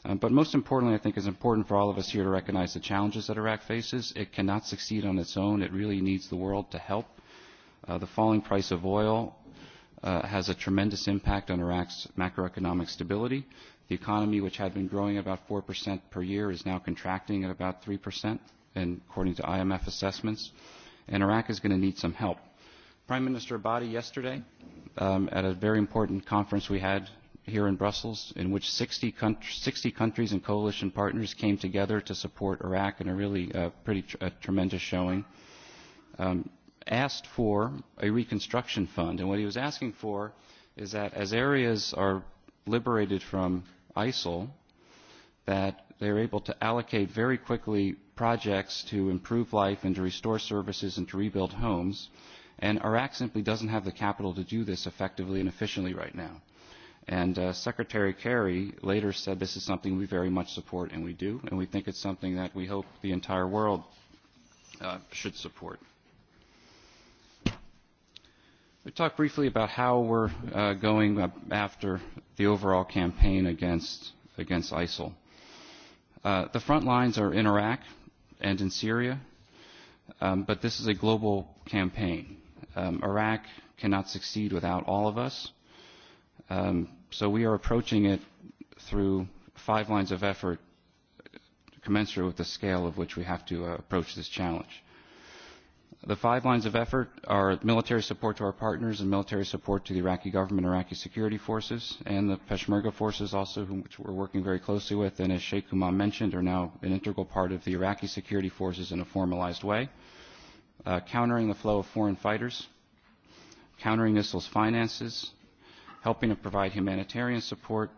Um, but most importantly, I think it's important for all of us here to recognize the challenges that Iraq faces. It cannot succeed on its own. It really needs the world to help. Uh, the falling price of oil uh, has a tremendous impact on Iraq's macroeconomic stability, The economy, which had been growing about 4% per year, is now contracting at about 3%, and according to IMF assessments. And Iraq is going to need some help. Prime Minister Abadi yesterday, um, at a very important conference we had here in Brussels, in which 60, country, 60 countries and coalition partners came together to support Iraq in a really uh, pretty tr- a tremendous showing, um, asked for a reconstruction fund. And what he was asking for is that as areas are liberated from ISIL, that they're able to allocate very quickly projects to improve life and to restore services and to rebuild homes. And Iraq simply doesn't have the capital to do this effectively and efficiently right now. And uh, Secretary Kerry later said this is something we very much support, and we do, and we think it's something that we hope the entire world uh, should support. We talked briefly about how we're uh, going after the overall campaign against against ISIL. Uh, the front lines are in Iraq and in Syria, um, but this is a global campaign. Um, Iraq cannot succeed without all of us, um, so we are approaching it through five lines of effort commensurate with the scale of which we have to uh, approach this challenge. The five lines of effort are military support to our partners and military support to the Iraqi government, Iraqi security forces, and the Peshmerga forces also, whom, which we're working very closely with, and as Sheikh Umam mentioned, are now an integral part of the Iraqi security forces in a formalized way. Uh, countering the flow of foreign fighters, countering ISIL's finances, helping to provide humanitarian support,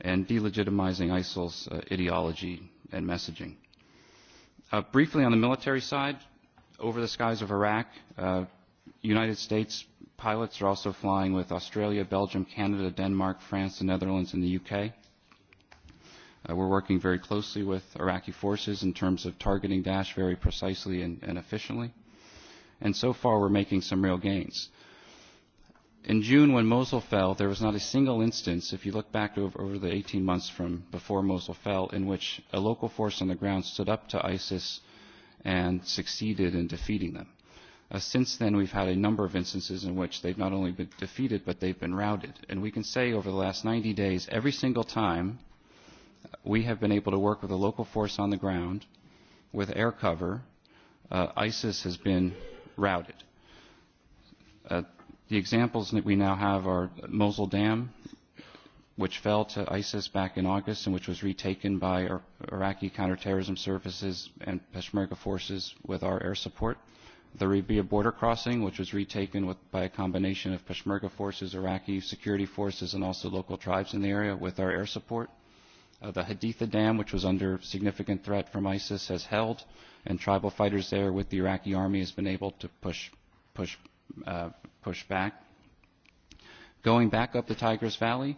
and delegitimizing ISIL's uh, ideology and messaging. Uh, briefly on the military side, over the skies of Iraq. Uh, United States pilots are also flying with Australia, Belgium, Canada, Denmark, France, the Netherlands, and the UK. Uh, we're working very closely with Iraqi forces in terms of targeting Daesh very precisely and, and efficiently. And so far, we're making some real gains. In June, when Mosul fell, there was not a single instance, if you look back over, over the 18 months from before Mosul fell, in which a local force on the ground stood up to ISIS and succeeded in defeating them. Uh, since then, we've had a number of instances in which they've not only been defeated, but they've been routed. And we can say over the last 90 days, every single time, we have been able to work with a local force on the ground, with air cover, uh, ISIS has been routed. Uh, the examples that we now have are Mosul Dam which fell to ISIS back in August and which was retaken by our Iraqi counterterrorism services and Peshmerga forces with our air support. The Rabia border crossing, which was retaken with, by a combination of Peshmerga forces, Iraqi security forces, and also local tribes in the area with our air support. Uh, the Haditha Dam, which was under significant threat from ISIS, has held, and tribal fighters there with the Iraqi army has been able to push, push, uh, push back. Going back up the Tigris Valley,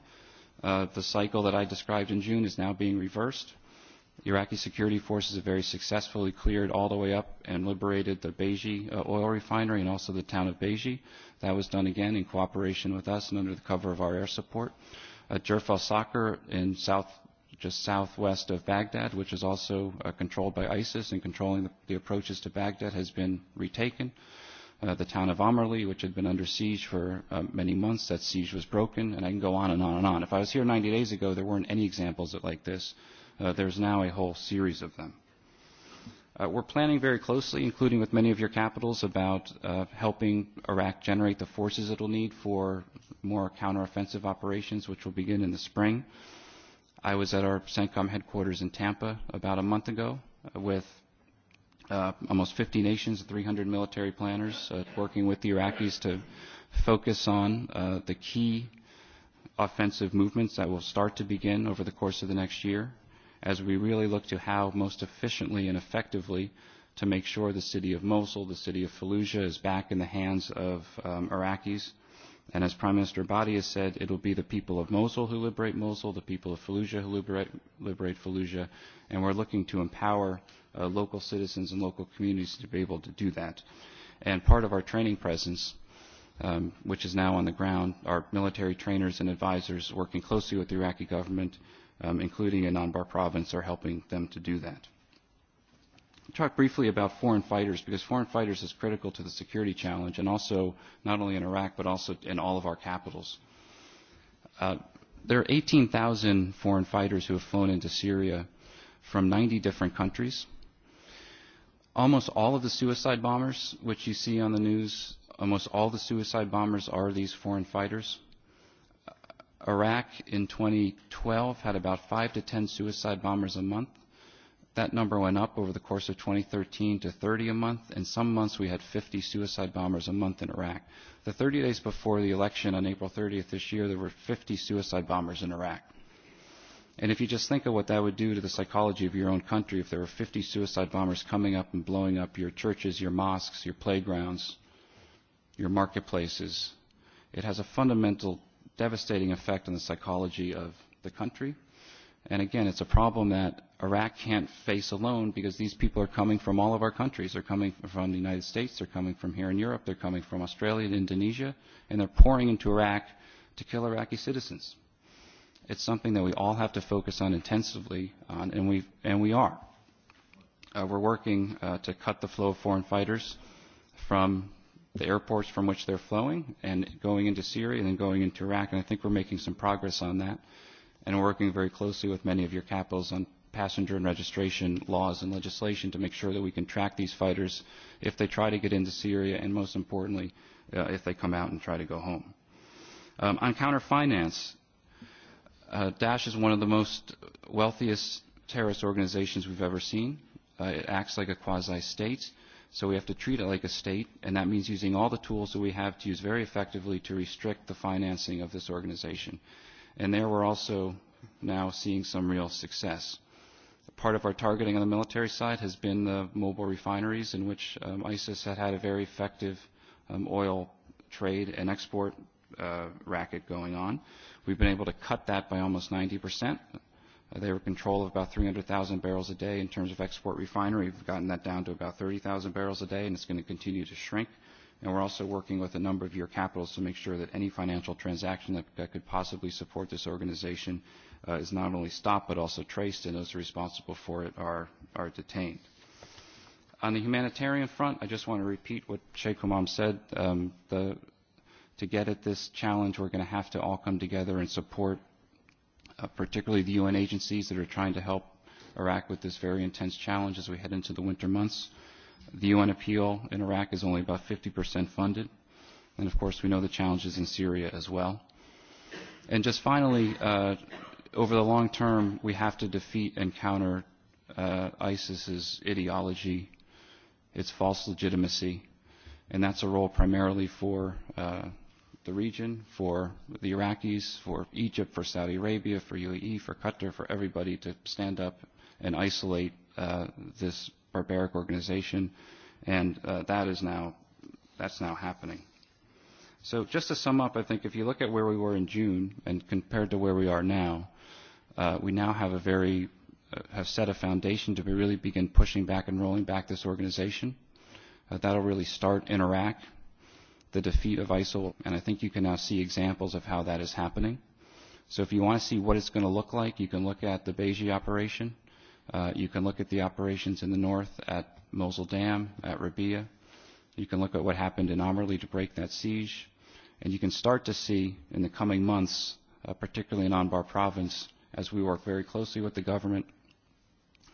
Uh, the cycle that I described in June is now being reversed. Iraqi security forces have very successfully cleared all the way up and liberated the Beji uh, oil refinery and also the town of Beji. That was done again in cooperation with us and under the cover of our air support. Uh, Jerf al Sakr in south, just southwest of Baghdad, which is also uh, controlled by ISIS and controlling the, the approaches to Baghdad, has been retaken. Uh, the town of Amerli, which had been under siege for uh, many months. That siege was broken, and I can go on and on and on. If I was here 90 days ago, there weren't any examples like this. Uh, there's now a whole series of them. Uh, we're planning very closely, including with many of your capitals, about uh, helping Iraq generate the forces it will need for more counteroffensive operations, which will begin in the spring. I was at our CENTCOM headquarters in Tampa about a month ago with uh, almost 50 nations, 300 military planners uh, working with the Iraqis to focus on uh, the key offensive movements that will start to begin over the course of the next year as we really look to how most efficiently and effectively to make sure the city of Mosul, the city of Fallujah is back in the hands of um, Iraqis. And as Prime Minister Badi has said, it will be the people of Mosul who liberate Mosul, the people of Fallujah who liberate, liberate Fallujah, and we're looking to empower uh, local citizens and local communities to be able to do that. And part of our training presence, um, which is now on the ground, are military trainers and advisors working closely with the Iraqi government, um, including in Anbar province, are helping them to do that. Talk briefly about foreign fighters because foreign fighters is critical to the security challenge and also not only in Iraq but also in all of our capitals. Uh, there are 18,000 foreign fighters who have flown into Syria from 90 different countries almost all of the suicide bombers, which you see on the news, almost all the suicide bombers are these foreign fighters. Iraq in 2012 had about five to 10 suicide bombers a month. That number went up over the course of 2013 to 30 a month, and some months we had 50 suicide bombers a month in Iraq. The 30 days before the election on April 30th this year, there were 50 suicide bombers in Iraq And if you just think of what that would do to the psychology of your own country, if there were 50 suicide bombers coming up and blowing up your churches, your mosques, your playgrounds, your marketplaces, it has a fundamental, devastating effect on the psychology of the country. And again, it's a problem that Iraq can't face alone because these people are coming from all of our countries. They're coming from the United States, they're coming from here in Europe, they're coming from Australia and Indonesia, and they're pouring into Iraq to kill Iraqi citizens. It's something that we all have to focus on intensively, on, and, we and we are. Uh, we're working uh, to cut the flow of foreign fighters from the airports from which they're flowing and going into Syria and then going into Iraq. And I think we're making some progress on that and working very closely with many of your capitals on passenger and registration laws and legislation to make sure that we can track these fighters if they try to get into Syria and most importantly, uh, if they come out and try to go home. Um, on counter finance, Uh, Daesh is one of the most wealthiest terrorist organizations we've ever seen. Uh, it acts like a quasi-state, so we have to treat it like a state, and that means using all the tools that we have to use very effectively to restrict the financing of this organization. And there we're also now seeing some real success. Part of our targeting on the military side has been the mobile refineries in which um, ISIS had had a very effective um, oil trade and export uh, racket going on. We've been able to cut that by almost 90 percent. They were in control of about 300,000 barrels a day in terms of export refinery. We've gotten that down to about 30,000 barrels a day, and it's going to continue to shrink. And we're also working with a number of your capitals to make sure that any financial transaction that, that could possibly support this organization uh, is not only stopped but also traced, and those responsible for it are, are detained. On the humanitarian front, I just want to repeat what Sheikh Hamam said. Um, the to get at this challenge, we're going to have to all come together and support uh, particularly the UN agencies that are trying to help Iraq with this very intense challenge as we head into the winter months. The UN appeal in Iraq is only about 50% funded. And of course, we know the challenges in Syria as well. And just finally, uh, over the long term, we have to defeat and counter uh, ISIS's ideology, its false legitimacy, and that's a role primarily for uh, the region, for the Iraqis, for Egypt, for Saudi Arabia, for UAE, for Qatar, for everybody to stand up and isolate uh, this barbaric organization. And uh, that is now, that's now happening. So just to sum up, I think if you look at where we were in June and compared to where we are now, uh, we now have a very, uh, have set a foundation to really begin pushing back and rolling back this organization. Uh, that'll really start in Iraq the defeat of ISIL, and I think you can now see examples of how that is happening. So if you want to see what it's going to look like, you can look at the Beji operation. Uh, you can look at the operations in the north at Mosul Dam, at Rabia. You can look at what happened in Amrli to break that siege. And you can start to see in the coming months, uh, particularly in Anbar province, as we work very closely with the government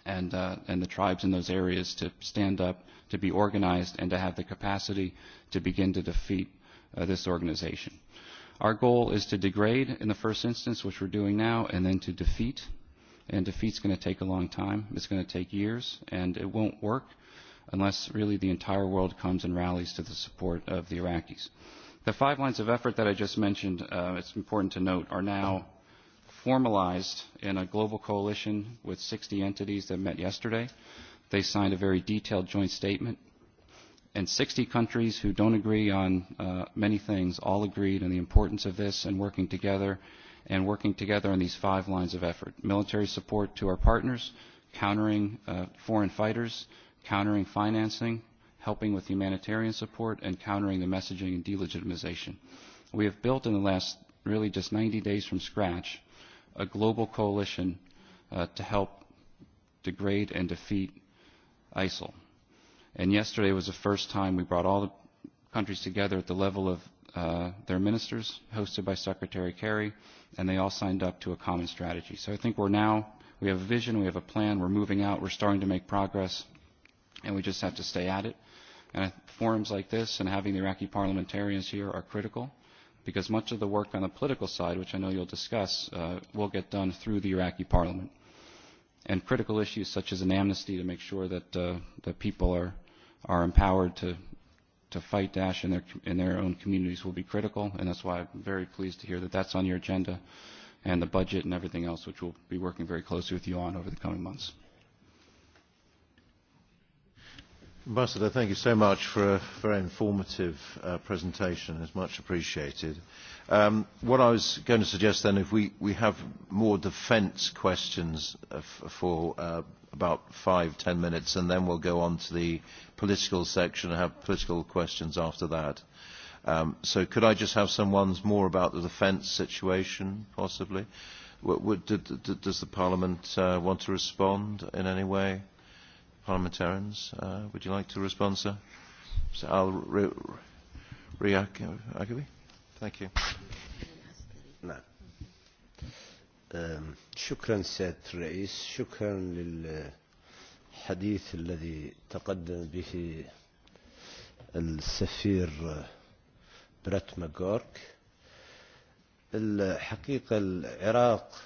and, uh, and the tribes in those areas to stand up to be organized, and to have the capacity to begin to defeat uh, this organization. Our goal is to degrade in the first instance, which we're doing now, and then to defeat. And defeat's going to take a long time. It's going to take years, and it won't work unless really the entire world comes and rallies to the support of the Iraqis. The five lines of effort that I just mentioned, uh, it's important to note, are now formalized in a global coalition with 60 entities that met yesterday. They signed a very detailed joint statement. And 60 countries who don't agree on uh, many things all agreed on the importance of this and working together and working together on these five lines of effort. Military support to our partners, countering uh, foreign fighters, countering financing, helping with humanitarian support, and countering the messaging and delegitimization. We have built in the last really just 90 days from scratch a global coalition uh, to help degrade and defeat ISIL. And yesterday was the first time we brought all the countries together at the level of uh, their ministers, hosted by Secretary Kerry, and they all signed up to a common strategy. So I think we're now, we have a vision, we have a plan, we're moving out, we're starting to make progress, and we just have to stay at it. And forums like this and having the Iraqi parliamentarians here are critical because much of the work on the political side, which I know you'll discuss, uh, will get done through the Iraqi parliament and critical issues such as an amnesty to make sure that uh, that people are are empowered to to fight Daesh in their in their own communities will be critical, and that's why I'm very pleased to hear that that's on your agenda, and the budget and everything else, which we'll be working very closely with you on over the coming months. Ambassador, thank you so much for a very informative uh, presentation. It's much appreciated what I was going to suggest then, if we, we have more defence questions for uh, about five, ten minutes, and then we'll go on to the political section and have political questions after that. Um, so could I just have some ones more about the defence situation, possibly? What, what, did, did, does the Parliament uh, want to respond in any way? Parliamentarians, uh, would you like to respond, sir? So I'll re- re- Thank you. شكرا سيد الرئيس شكرا للحديث الذي تقدم به السفير برت ماجورك الحقيقة العراق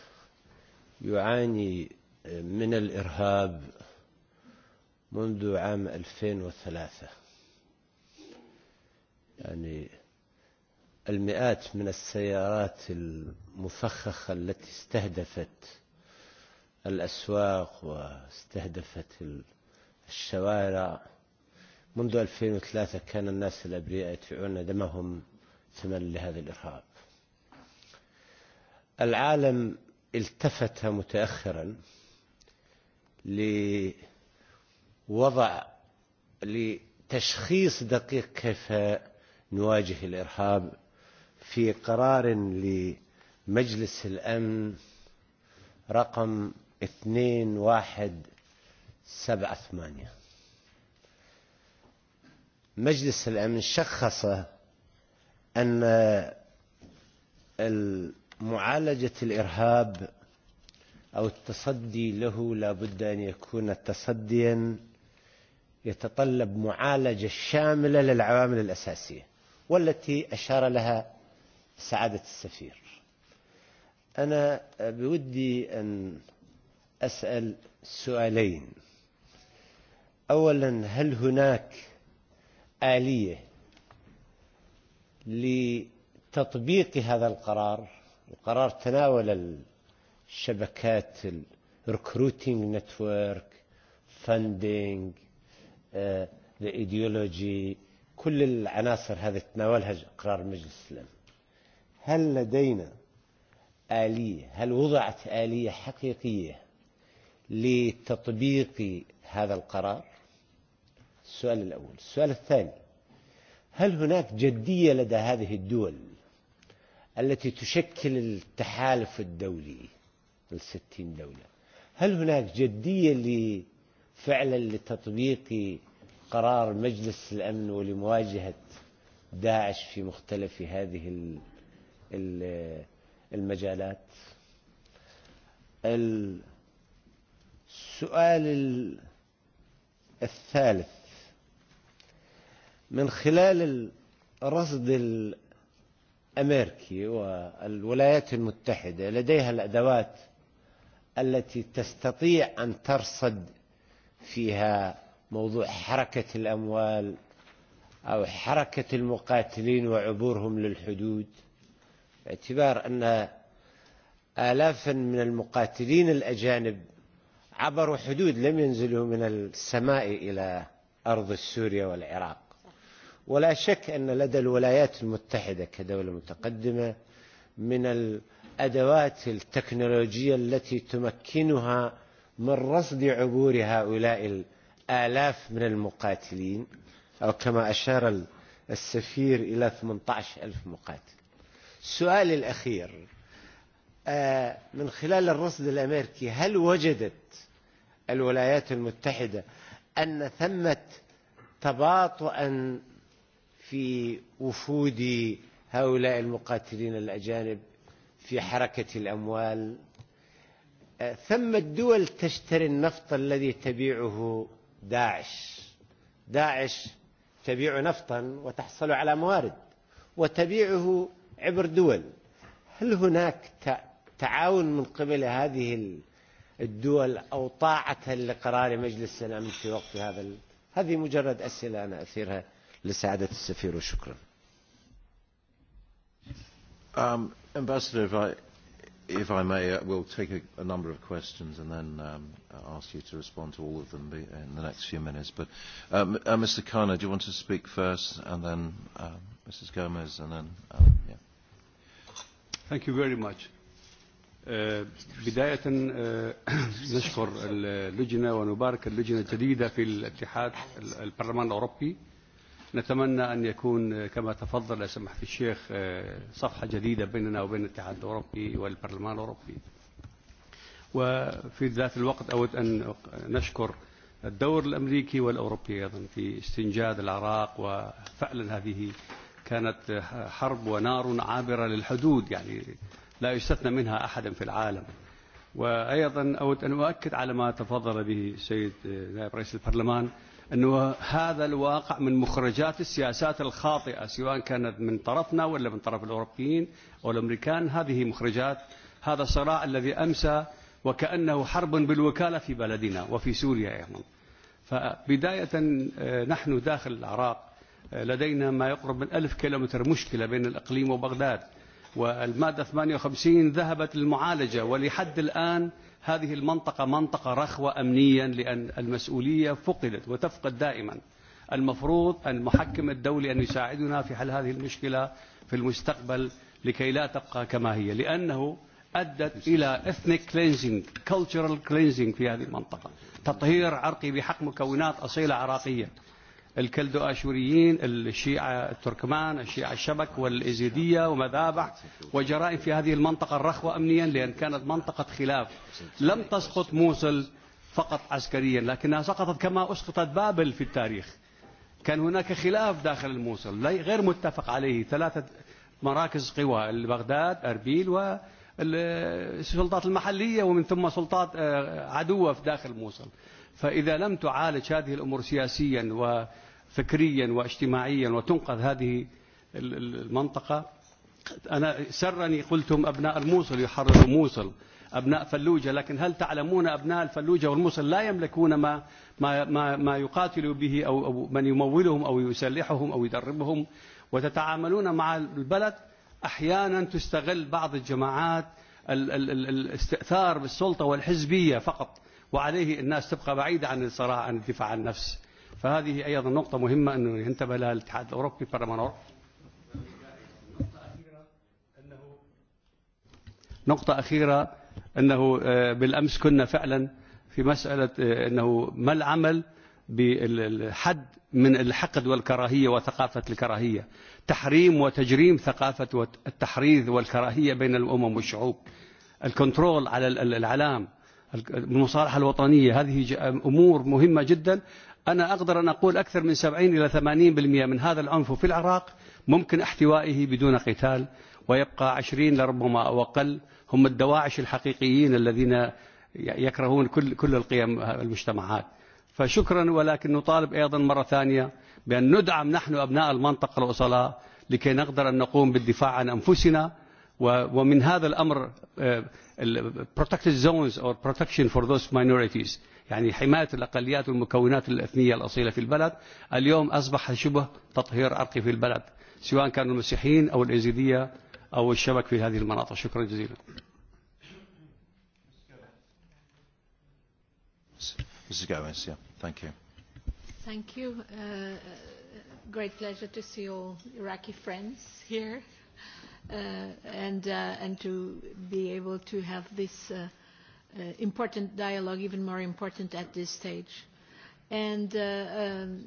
يعاني من الإرهاب منذ عام 2003 يعني المئات من السيارات المفخخة التي استهدفت الأسواق واستهدفت الشوارع منذ 2003 كان الناس الأبرياء يدفعون دمهم ثمن لهذا الإرهاب العالم التفت متأخرا لوضع لتشخيص دقيق كيف نواجه الإرهاب في قرار لمجلس الأمن رقم 2178 مجلس الأمن شخص أن معالجة الإرهاب أو التصدي له لا بد أن يكون تصديا يتطلب معالجة شاملة للعوامل الأساسية والتي أشار لها سعادة السفير أنا بودي أن أسأل سؤالين أولا هل هناك آلية لتطبيق هذا القرار القرار تناول الشبكات الركروتينج نتورك فاندينج الايديولوجي كل العناصر هذه تناولها قرار مجلس الامن هل لدينا آلية هل وضعت آلية حقيقية لتطبيق هذا القرار السؤال الأول السؤال الثاني هل هناك جدية لدى هذه الدول التي تشكل التحالف الدولي الستين دولة هل هناك جدية فعلا لتطبيق قرار مجلس الأمن ولمواجهة داعش في مختلف هذه المجالات السؤال الثالث من خلال الرصد الامريكي والولايات المتحده لديها الادوات التي تستطيع ان ترصد فيها موضوع حركه الاموال او حركه المقاتلين وعبورهم للحدود باعتبار أن آلاف من المقاتلين الأجانب عبروا حدود لم ينزلوا من السماء إلى أرض سوريا والعراق ولا شك أن لدى الولايات المتحدة كدولة متقدمة من الأدوات التكنولوجية التي تمكنها من رصد عبور هؤلاء الآلاف من المقاتلين أو كما أشار السفير إلى 18 ألف مقاتل السؤال الأخير من خلال الرصد الأمريكي هل وجدت الولايات المتحدة أن ثمت تباطؤا في وفود هؤلاء المقاتلين الأجانب في حركة الأموال ثم الدول تشتري النفط الذي تبيعه داعش داعش تبيع نفطا وتحصل على موارد وتبيعه عبر دول هل هناك تعاون من قبل هذه الدول أو طاعة لقرار مجلس السلام في وقت هذا هذه مجرد أسئلة أنا أثيرها لسعادة السفير وشكرا um, Ambassador, if I, if I may, uh, we'll take a, a number of questions and then um, ask you to respond to all of them in the next few minutes. But um, uh, Mr. Khanna, do you want to speak first, and then uh, Mrs. Gomez, and then um, yeah. Thank you very much. بداية نشكر اللجنة ونبارك اللجنة الجديدة في الاتحاد البرلمان الأوروبي نتمنى أن يكون كما تفضل سماحة الشيخ صفحة جديدة بيننا وبين الاتحاد الأوروبي والبرلمان الأوروبي وفي ذات الوقت أود أن نشكر الدور الأمريكي والأوروبي أيضا في استنجاد العراق وفعلا هذه كانت حرب ونار عابرة للحدود يعني لا يستثنى منها أحدا في العالم وأيضا أود أن أؤكد على ما تفضل به السيد نائب رئيس البرلمان أنه هذا الواقع من مخرجات السياسات الخاطئة سواء كانت من طرفنا ولا من طرف الأوروبيين أو الأمريكان هذه مخرجات هذا الصراع الذي أمسى وكأنه حرب بالوكالة في بلدنا وفي سوريا أيضا فبداية نحن داخل العراق لدينا ما يقرب من ألف كيلومتر مشكلة بين الإقليم وبغداد والمادة 58 ذهبت للمعالجة ولحد الآن هذه المنطقة منطقة رخوة أمنيا لأن المسؤولية فقدت وتفقد دائما المفروض أن المحكم الدولي أن يساعدنا في حل هذه المشكلة في المستقبل لكي لا تبقى كما هي لأنه أدت إلى ethnic cleansing cultural cleansing في هذه المنطقة تطهير عرقي بحق مكونات أصيلة عراقية الكلدو اشوريين الشيعة التركمان الشيعة الشبك والإزيدية ومذابح وجرائم في هذه المنطقة الرخوة امنيا لان كانت منطقة خلاف لم تسقط موصل فقط عسكريا لكنها سقطت كما اسقطت بابل في التاريخ كان هناك خلاف داخل الموصل غير متفق عليه ثلاثة مراكز قوى بغداد اربيل و السلطات المحلية ومن ثم سلطات عدوة في داخل موصل فإذا لم تعالج هذه الأمور سياسيا وفكريا واجتماعيا وتنقذ هذه المنطقة أنا سرني قلتم أبناء الموصل يحرروا موصل أبناء فلوجة لكن هل تعلمون أبناء الفلوجة والموصل لا يملكون ما, ما, ما, ما يقاتل به أو, أو من يمولهم أو يسلحهم أو يدربهم وتتعاملون مع البلد أحيانا تستغل بعض الجماعات الاستئثار بالسلطة والحزبية فقط وعليه الناس تبقى بعيدة عن الصراع عن الدفاع عن النفس فهذه أيضا نقطة مهمة أنه ينتبه لها الاتحاد الأوروبي برمانور نقطة أخيرة أنه بالأمس كنا فعلا في مسألة أنه ما العمل بالحد من الحقد والكراهية وثقافة الكراهية تحريم وتجريم ثقافة التحريض والكراهية بين الأمم والشعوب الكنترول على الإعلام المصالحة الوطنية هذه أمور مهمة جدا أنا أقدر أن أقول أكثر من 70 إلى 80% بالمئة من هذا العنف في العراق ممكن احتوائه بدون قتال ويبقى 20 لربما أو أقل هم الدواعش الحقيقيين الذين يكرهون كل كل القيم المجتمعات فشكرا ولكن نطالب أيضا مرة ثانية بأن ندعم نحن أبناء المنطقة الأصلاء لكي نقدر أن نقوم بالدفاع عن أنفسنا ومن هذا الامر protected zones or protection for those minorities يعني حماية الأقليات والمكونات الأثنية الأصيلة في البلد اليوم أصبح شبه تطهير عرقي في البلد سواء كانوا المسيحيين أو الإيزيدية أو الشبك في هذه المناطق شكرا جزيلا Mrs. Gowans, yeah, thank you. Thank you. Uh, great pleasure to see all Iraqi friends here uh, and, uh, and to be able to have this uh, uh, important dialogue, even more important at this stage. And uh, um,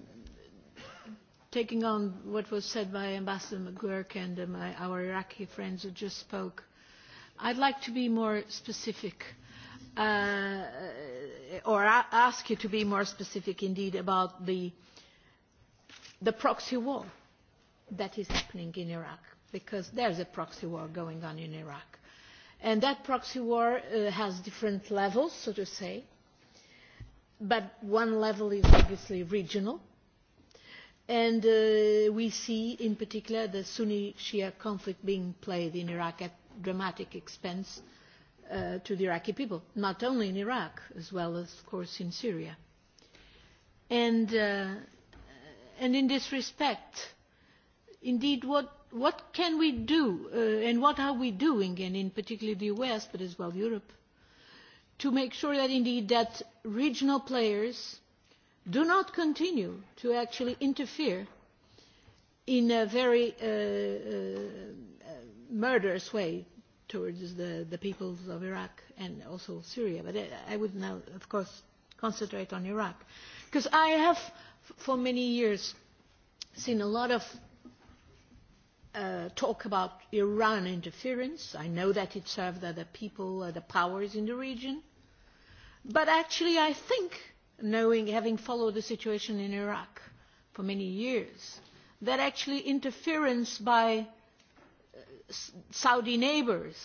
taking on what was said by Ambassador McGurk and uh, my, our Iraqi friends who just spoke, I'd like to be more specific uh, or ask you to be more specific indeed about the, the proxy war that is happening in Iraq because there's a proxy war going on in Iraq. And that proxy war uh, has different levels, so to say. But one level is obviously regional. And uh, we see, in particular, the Sunni-Shia conflict being played in Iraq at dramatic expense uh, to the Iraqi people, not only in Iraq, as well as, of course, in Syria. And, uh, and in this respect, indeed, what what can we do and what are we doing, and in particular the US, but as well Europe, to make sure that indeed that regional players do not continue to actually interfere in a very murderous way towards the, the peoples of Iraq and also Syria. But I, I would now, of course, concentrate on Iraq. Because I have, for many years, seen a lot of talk about Iran interference. I know that it served other people, other powers in the region. But actually, I think, knowing, having followed the situation in Iraq for many years, that actually interference by Saudi neighbors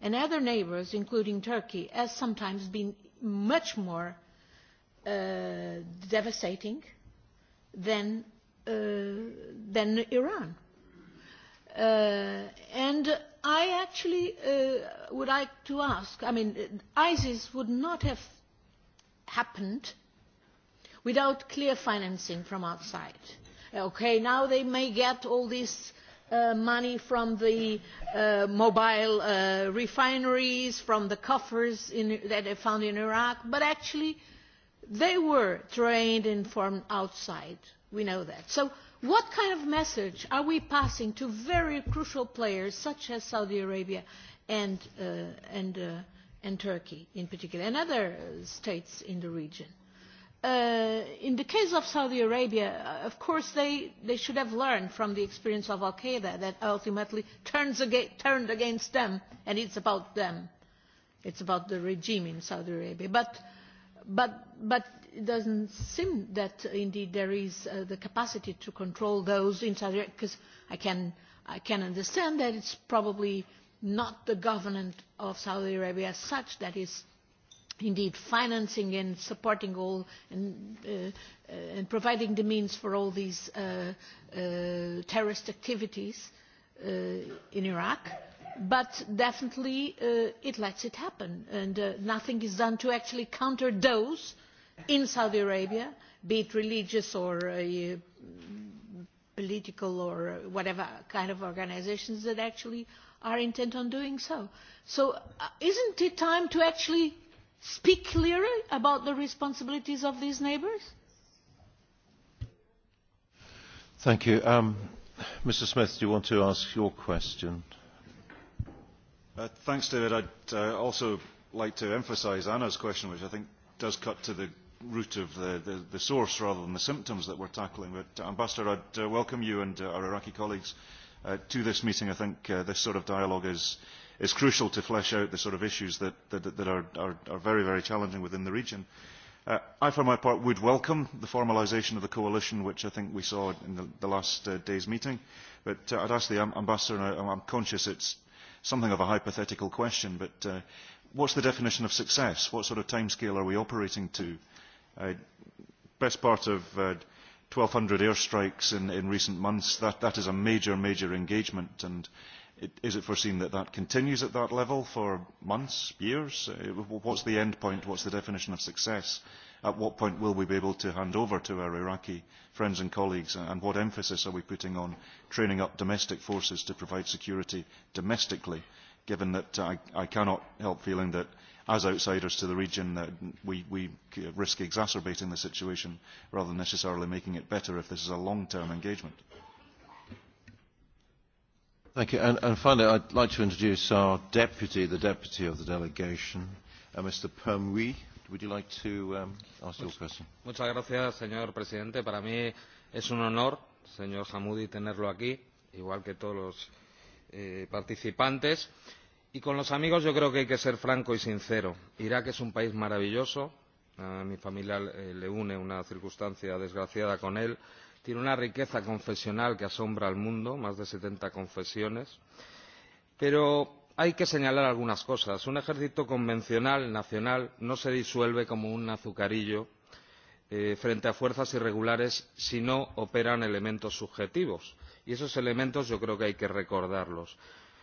and other neighbors, including Turkey, has sometimes been much more uh, devastating than, uh, than Iran and I actually uh, would like to ask, I mean, ISIS would not have happened without clear financing from outside. Okay, now they may get all this uh, money from the uh, mobile uh, refineries, from the coffers in, that they found in Iraq, but actually they were trained and formed outside. We know that. So What kind of message are we passing to very crucial players such as Saudi Arabia and, uh, and, uh, and Turkey in particular, and other states in the region? Uh, in the case of Saudi Arabia, of course, they, they should have learned from the experience of Al Qaeda that ultimately turns aga- turned against them, and it's about them. It's about the regime in Saudi Arabia. But, but, but it does not seem that indeed there is the capacity to control those inside because I can, I can understand that it is probably not the government of Saudi Arabia as such that is indeed financing and supporting all and, providing the means for all these terrorist activities in Iraq but definitely it lets it happen and nothing is done to actually counter those in Saudi Arabia, be it religious or uh, political or whatever kind of organizations that actually are intent on doing so. So uh, isn't it time to actually speak clearly about the responsibilities of these neighbours? Thank you. Um, Mr Smith, do you want to ask your question? Uh, thanks, David. I'd uh, also like to emphasise Anna's question, which I think does cut to the root of the, the, the source rather than the symptoms that we're tackling. But Ambassador, I'd uh, welcome you and uh, our Iraqi colleagues uh, to this meeting. I think uh, this sort of dialogue is, is crucial to flesh out the sort of issues that, that, that are, are, are very, very challenging within the region. Uh, I, for my part, would welcome the formalisation of the coalition, which I think we saw in the, the last uh, day's meeting. But uh, I'd ask the Ambassador, and I, I'm conscious it's something of a hypothetical question, but uh, what's the definition of success? What sort of timescale are we operating to? uh, best part of uh, 1,200 airstrikes in, in recent months. That, that is a major, major engagement. And it, is it foreseen that that continues at that level for months, years? What what's the end point? What's the definition of success? At what point will we be able to hand over to our Iraqi friends and colleagues? And what emphasis are we putting on training up domestic forces to provide security domestically, given that I, I cannot help feeling that as outsiders to the region, uh, we, we risk exacerbating the situation rather than necessarily making it better if this is a long-term engagement. Thank you. And, and finally, I'd like to introduce our deputy, the deputy of the delegation, uh, Mr. Permui. Would you like to um, ask your question? Muchas gracias, señor presidente. Para mí es un honor, señor Hamoudi, tenerlo aquí, igual que todos los eh, participantes y con los amigos yo creo que hay que ser franco y sincero irak es un país maravilloso a mi familia le une una circunstancia desgraciada con él tiene una riqueza confesional que asombra al mundo más de setenta confesiones pero hay que señalar algunas cosas un ejército convencional nacional no se disuelve como un azucarillo frente a fuerzas irregulares si no operan elementos subjetivos y esos elementos yo creo que hay que recordarlos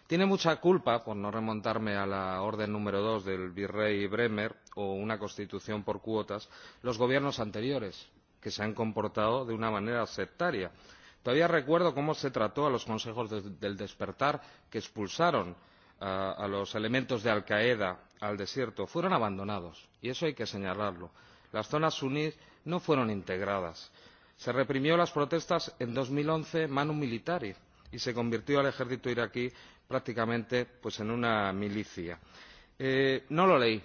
tiene mucha culpa por no remontarme a la orden número dos del virrey bremer o una constitución por cuotas los gobiernos anteriores que se han comportado de una manera sectaria. todavía recuerdo cómo se trató a los consejos del despertar que expulsaron a los elementos de al qaeda al desierto. fueron abandonados y eso hay que señalarlo. las zonas suníes no fueron integradas. se reprimieron las protestas en dos mil once manu militari y se convirtió al ejército iraquí prácticamente en una milicia. no lo leí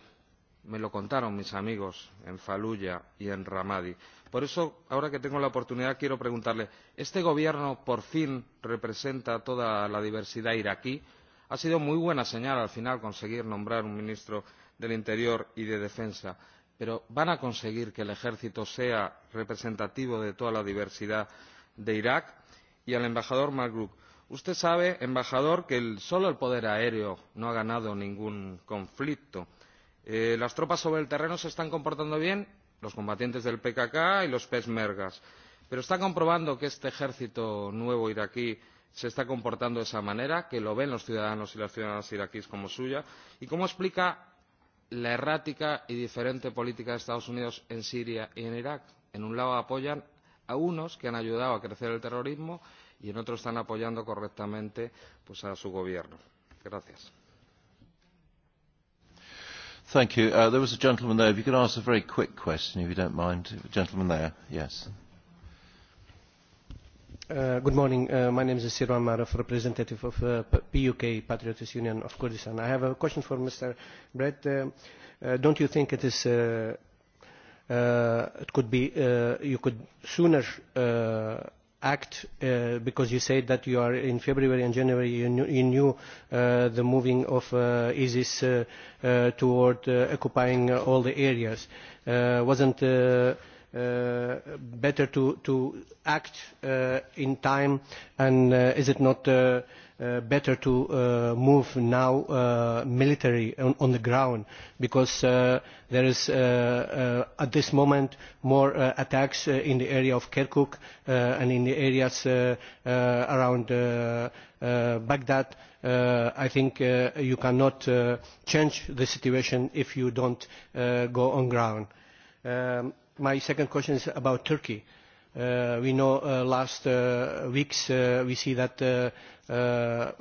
me lo contaron mis amigos en faluya y en ramadi. por eso ahora que tengo la oportunidad quiero preguntarle este gobierno por fin representa a toda la diversidad iraquí? ha sido muy buena señal al final conseguir nombrar un ministro del interior y de defensa pero van a conseguir que el ejército sea representativo de toda la diversidad de irak? y al embajador Mark Usted sabe, embajador, que el, solo el poder aéreo no ha ganado ningún conflicto. Eh, las tropas sobre el terreno se están comportando bien, los combatientes del PKK y los peshmergas. Pero está comprobando que este ejército nuevo iraquí se está comportando de esa manera, que lo ven los ciudadanos y las ciudadanas iraquíes como suya, y cómo explica la errática y diferente política de Estados Unidos en Siria y en Irak. En un lado apoyan a unos que han ayudado a crecer el terrorismo y en otros están apoyando correctamente pues, a su gobierno. Gracias. Thank you. Uh, there was a gentleman there. If you could ask a very quick question, if you don't mind. Gentleman there, yes. Uh, good morning. Uh, my name is Sirwan Marov, representative of uh, PUK, Patriots Union of Kurdistan. I have a question for Mr. Brett. Uh, uh, don't you think it is uh, uh it could be uh you could sooner uh act uh because you said that you are in February and January you knew, you knew uh the moving of uh ISIS uh uh toward uh occupying uh all the areas. Uh, wasn't uh, better to, to act uh in time and uh is it not uh better to move now military on, the ground because there is at this moment more attacks in the area of Kirkuk and in the areas around Baghdad. I think you cannot change the situation if you don't go on ground. my second question is about Turkey we know uh, last uh, weeks uh, we see that uh, uh,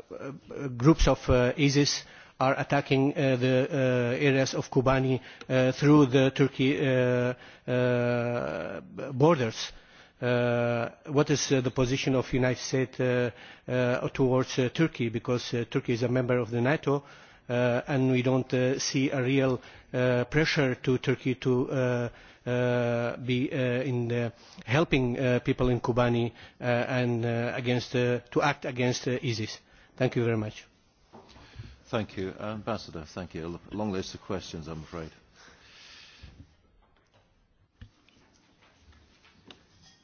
groups of uh, ISIS are attacking uh, the uh, areas of Kobani uh, through the Turkey uh, uh, borders. Uh, what is uh, the position of the United States uh, uh, towards uh, Turkey? Because uh, Turkey is a member of the NATO, uh, and we don't uh, see a real uh, pressure to Turkey to uh, be in helping people in Kobani and against, to act against ISIS. Thank you very much. Thank you. Ambassador, thank you. A long list of questions, I'm afraid.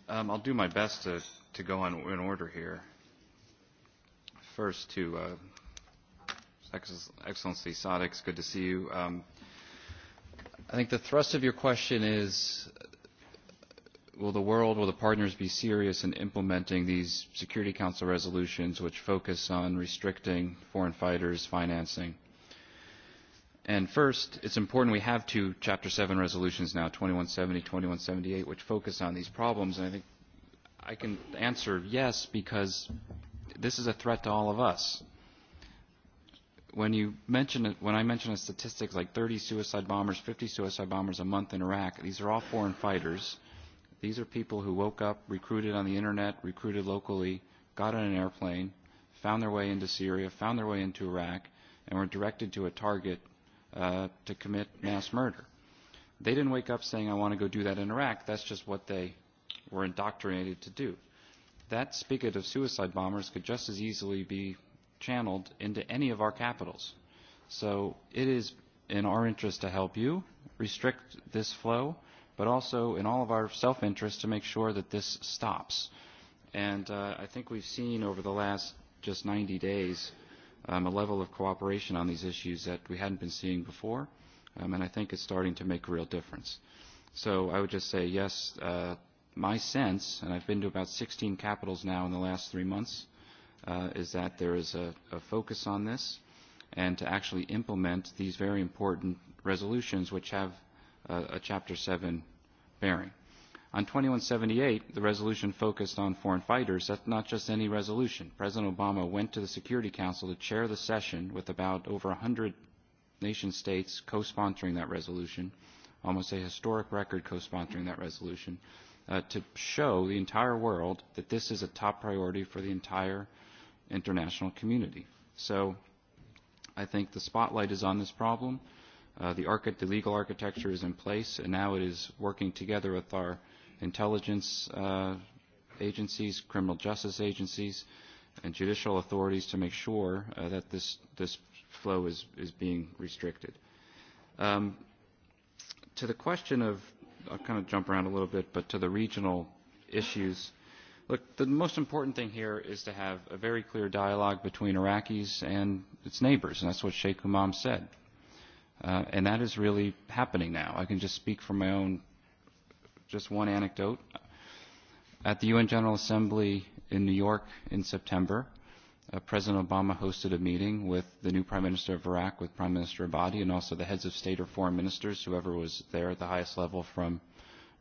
Um, I'll do my best to, to go on, in order here. First to uh, Excellency Sadek, it's good to see you. Um, I think the thrust of your question is will the world, will the partners be serious in implementing these Security Council resolutions which focus on restricting foreign fighters' financing? And first, it's important we have two Chapter 7 resolutions now, 2170, 2178, which focus on these problems. And I think I can answer yes because this is a threat to all of us when you mention it, when I mention a statistic like 30 suicide bombers, 50 suicide bombers a month in Iraq, these are all foreign fighters. These are people who woke up, recruited on the internet, recruited locally, got on an airplane, found their way into Syria, found their way into Iraq, and were directed to a target uh, to commit mass murder. They didn't wake up saying, I want to go do that in Iraq. That's just what they were indoctrinated to do. That spigot of suicide bombers could just as easily be channeled into any of our capitals. So it is in our interest to help you restrict this flow, but also in all of our self-interest to make sure that this stops. And uh, I think we've seen over the last just 90 days um, a level of cooperation on these issues that we hadn't been seeing before, um, and I think it's starting to make a real difference. So I would just say, yes, uh, my sense, and I've been to about 16 capitals now in the last three months, uh, uh, is that there is a, a focus on this and to actually implement these very important resolutions which have uh, a Chapter 7 bearing. On 2178, the resolution focused on foreign fighters. That's not just any resolution. President Obama went to the Security Council to chair the session with about over 100 nation states co-sponsoring that resolution, almost a historic record co-sponsoring that resolution, uh, to show the entire world that this is a top priority for the entire international community. So I think the spotlight is on this problem. Uh, the, archi- the legal architecture is in place, and now it is working together with our intelligence uh, agencies, criminal justice agencies, and judicial authorities to make sure uh, that this, this flow is, is being restricted. Um, to the question of, I'll kind of jump around a little bit, but to the regional issues, Look, the most important thing here is to have a very clear dialogue between Iraqis and its neighbors, and that's what Sheikh Umam said. Uh, and that is really happening now. I can just speak from my own, just one anecdote. At the UN General Assembly in New York in September, uh, President Obama hosted a meeting with the new Prime Minister of Iraq, with Prime Minister Abadi, and also the heads of state or foreign ministers, whoever was there at the highest level from –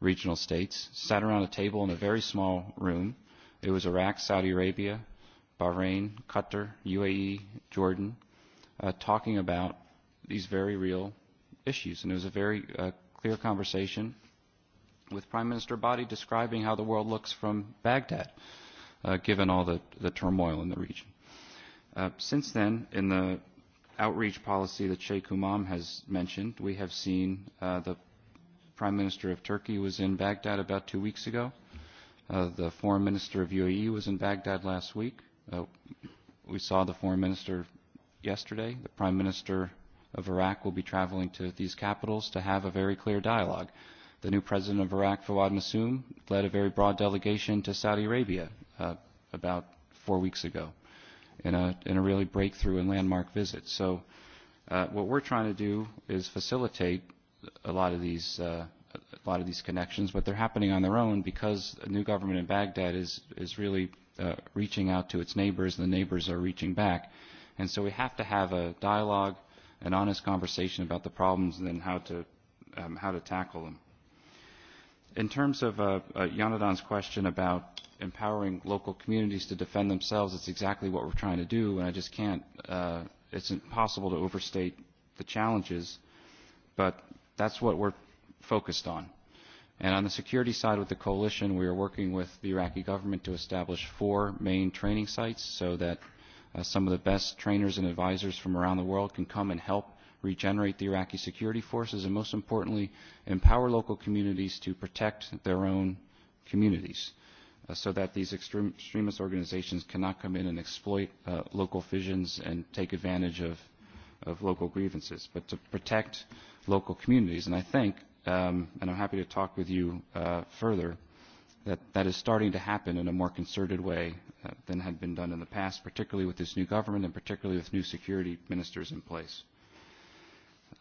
regional states, sat around a table in a very small room. It was Iraq, Saudi Arabia, Bahrain, Qatar, UAE, Jordan, uh, talking about these very real issues. And it was a very uh, clear conversation with Prime Minister Badi describing how the world looks from Baghdad, uh, given all the, the turmoil in the region. Uh, since then, in the outreach policy that Sheikh Umam has mentioned, we have seen uh, the Prime Minister of Turkey was in Baghdad about two weeks ago. Uh, the Foreign Minister of UAE was in Baghdad last week. Uh, we saw the Foreign Minister yesterday. The Prime Minister of Iraq will be traveling to these capitals to have a very clear dialogue. The new president of Iraq, Fawad Massoum, led a very broad delegation to Saudi Arabia uh, about four weeks ago in a, in a really breakthrough and landmark visit. So uh, what we're trying to do is facilitate a lot of these uh, a lot of these connections, but they're happening on their own because a new government in Baghdad is is really uh, reaching out to its neighbors, and the neighbors are reaching back, and so we have to have a dialogue, an honest conversation about the problems, and then how to um, how to tackle them. In terms of uh, uh, Yanadan's question about empowering local communities to defend themselves, it's exactly what we're trying to do, and I just can't. Uh, it's impossible to overstate the challenges, but That's what we're focused on. And on the security side with the coalition, we are working with the Iraqi government to establish four main training sites so that uh, some of the best trainers and advisors from around the world can come and help regenerate the Iraqi security forces, and most importantly, empower local communities to protect their own communities uh, so that these extreme, extremist organizations cannot come in and exploit uh, local fissions and take advantage of of local grievances, but to protect local communities. And I think, um, and I'm happy to talk with you uh, further, that that is starting to happen in a more concerted way uh, than had been done in the past, particularly with this new government and particularly with new security ministers in place.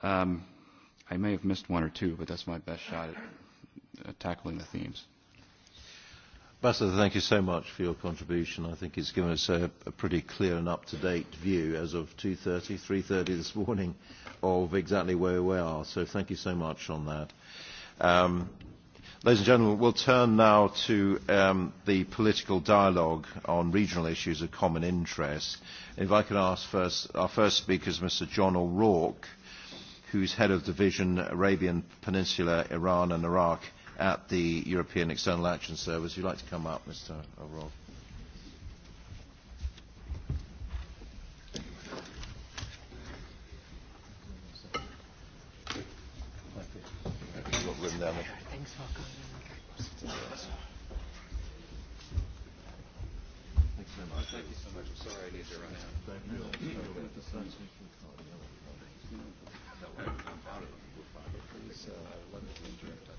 Um, I may have missed one or two, but that's my best shot at uh, tackling the themes. Ambassador, thank you so much for your contribution. I think it's given us a, a pretty clear and up-to-date view as of 2.30, 3.30 this morning of exactly where we are. So thank you so much on that. Um, ladies and gentlemen, we'll turn now to um, the political dialogue on regional issues of common interest. If I could ask first, our first speaker is Mr. John O'Rourke, who's head of division Arabian Peninsula, Iran and Iraq at the European External Action Service. Would you like to come up, Mr. O'Rourke? Thank you.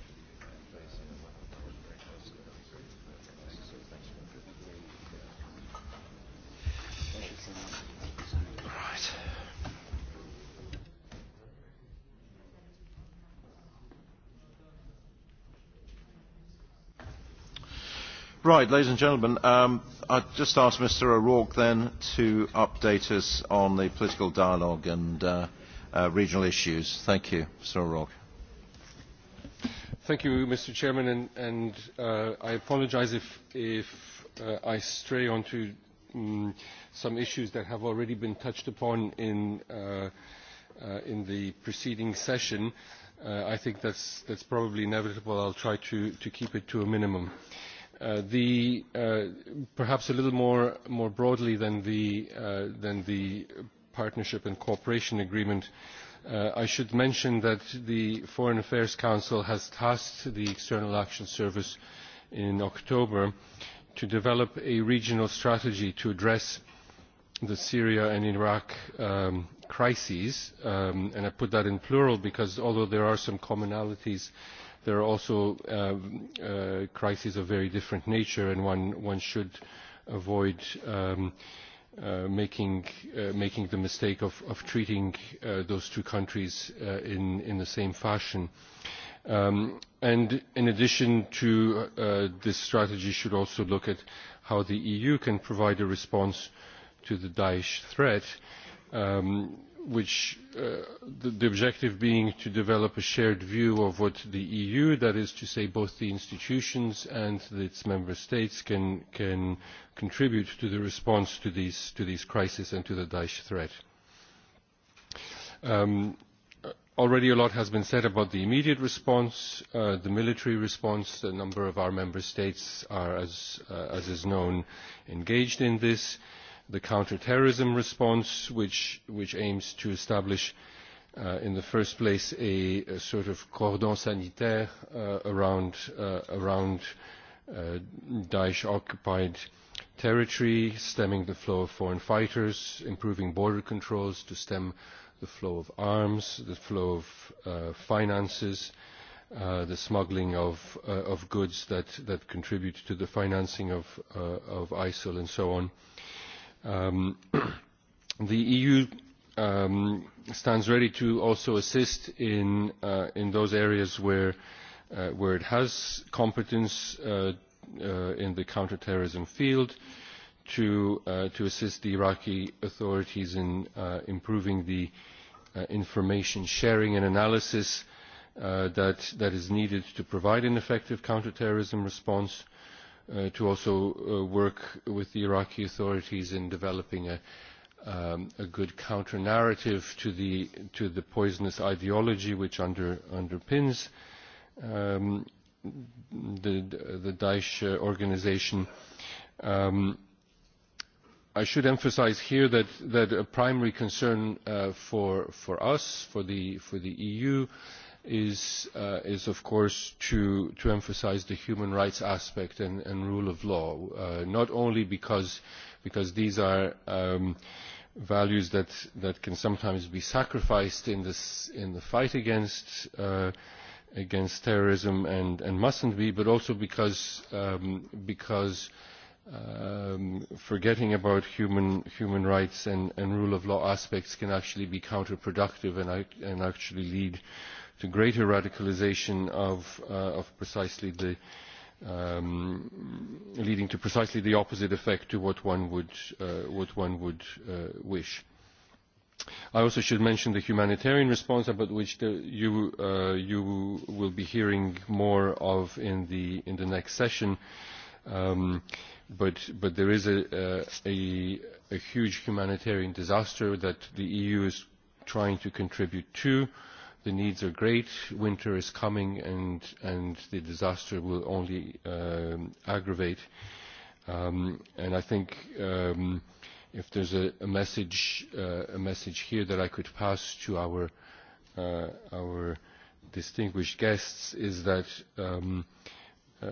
Right, ladies and gentlemen, um, I'd just ask Mr. O'Rourke then to update us on the political dialogue and uh, uh, regional issues. Thank you, Mr. O'Rourke. Thank you, Mr. Chairman, and, and uh, I apologise if, if uh, I stray onto um, some issues that have already been touched upon in, uh, uh, in the preceding session. Uh, I think that's, that's probably inevitable. I'll try to, to keep it to a minimum. Uh, the perhaps a little more more broadly than the than the partnership and cooperation agreement i should mention that the foreign affairs council has tasked the external action service in october to develop a regional strategy to address the syria and iraq crises and i put that in plural because although there are some commonalities there are also uh, uh, crises of very different nature, and one, one should avoid um, uh, making, uh, making the mistake of, of treating uh, those two countries uh, in, in the same fashion. Um, and in addition to uh, this strategy should also look at how the EU can provide a response to the Daesh threat. Um, which the, objective being to develop a shared view of what the EU, that is to say both the institutions and its member states can, can contribute to the response to these, to these crises and to the Daesh threat. already a lot has been said about the immediate response, the military response. A number of our member states are, as, is known, engaged in this. Uh, the counter terrorism response, which, which aims to establish uh, in the first place a, a sort of cordon sanitaire uh, around, uh, around uh, Daesh-occupied territory, stemming the flow of foreign fighters, improving border controls to stem the flow of arms, the flow of uh, finances, uh, the smuggling of, uh, of goods that, that contribute to the financing of, uh, of ISIL and so on. Uh, Um, the EU um, stands ready to also assist in, uh, in those areas where, uh, where it has competence uh, uh, in the counterterrorism field to, uh, to assist the Iraqi authorities in uh, improving the uh, information sharing and analysis uh, that, that is needed to provide an effective counterterrorism response uh, to also work with the Iraqi authorities in developing a, a good counter narrative to the to the poisonous ideology which under underpins um, the the Daesh organization. Um, I should emphasize here that that a primary concern uh, for for us for the for the EU is, uh, is of course, to, to emphasize the human rights aspect and, and rule of law, uh, not only because, because these are um, values that, that can sometimes be sacrificed in, this, in the fight against, uh, against terrorism and, and mustn't be, but also because, um, because um, forgetting about human human rights and, and rule of law aspects can actually be counterproductive and, and actually lead to greater radicalisation of, uh, of precisely the um, leading to precisely the opposite effect to what one would, uh, what one would uh, wish. I also should mention the humanitarian response about which the, you, uh, you will be hearing more of in the, in the next session. Um, but, but there is a, a, a huge humanitarian disaster that the EU is trying to contribute to the needs are great, winter is coming, and, and the disaster will only um, aggravate. Um, and I think um, if there's a, a, message, uh, a message here that I could pass to our, uh, our distinguished guests is that um, uh,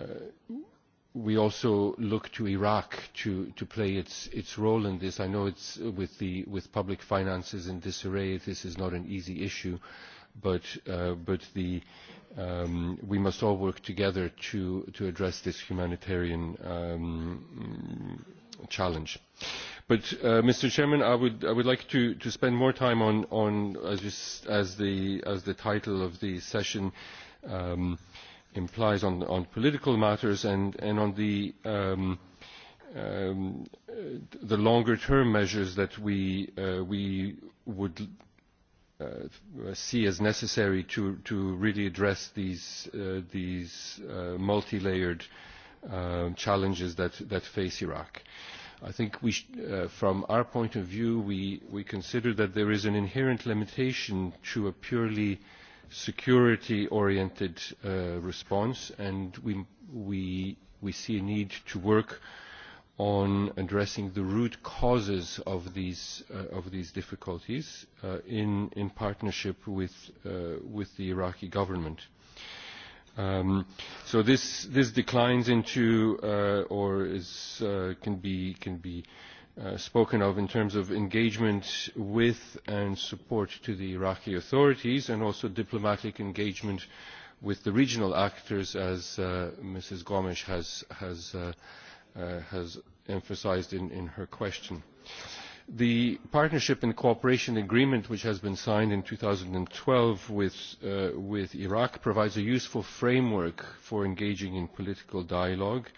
we also look to Iraq to, to play its, its role in this. I know it's with, the, with public finances in disarray, this is not an easy issue. Uh, but, uh, but the, um, we must all work together to, to address this humanitarian um, challenge. But, uh, Mr. Chairman, I would, I would like to, to spend more time on, on as, as, the, as the title of the session um, implies, on, on political matters and, and on the, um, um, the longer-term measures that we, uh, we would see as necessary to, to really address these, uh, these uh, multi-layered uh, challenges that, that face Iraq. I think we sh uh, from our point of view, we, we consider that there is an inherent limitation to a purely security-oriented uh, response, and we, we, we see a need to work on addressing the root causes of these, uh, of these difficulties uh, in, in partnership with, uh, with the Iraqi government. Um, so this, this declines into uh, or is, uh, can be, can be uh, spoken of in terms of engagement with and support to the Iraqi authorities and also diplomatic engagement with the regional actors as uh, Mrs. Gomes has, has uh, uh, has emphasised in, in her question. The partnership and cooperation agreement, which has been signed in 2012 with, uh, with Iraq, provides a useful framework for engaging in political dialogue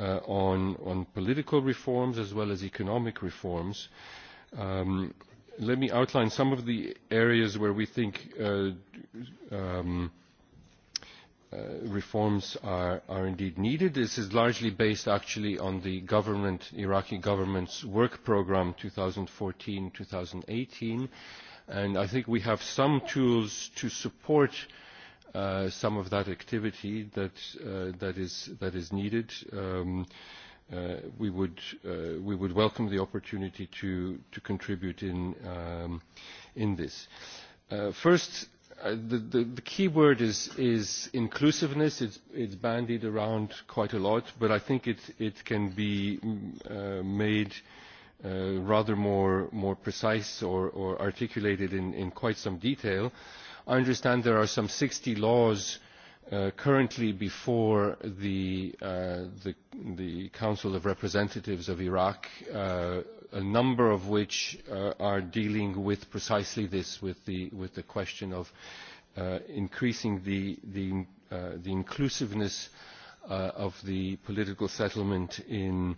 uh, on, on political reforms as well as economic reforms. Um, let me outline some of the areas where we think uh, um, – reforms are, are indeed needed. This is largely based actually on the government, Iraqi government's work program 2014-2018. And I think we have some tools to support uh, some of that activity that, uh, that, is, that is needed. Um, uh, we, would, uh, we would welcome the opportunity to, to contribute in, um, in this. Uh, first, the, the, the key word is, is inclusiveness. It's, it's bandied around quite a lot, but I think it, it can be uh, made uh, rather more, more precise or, or articulated in, in quite some detail. I understand there are some 60 laws uh, currently before the, uh, the, the Council of Representatives of Iraq uh, a number of which uh, are dealing with precisely this, with the, with the question of uh, increasing the, the, uh, the inclusiveness uh, of the political settlement in,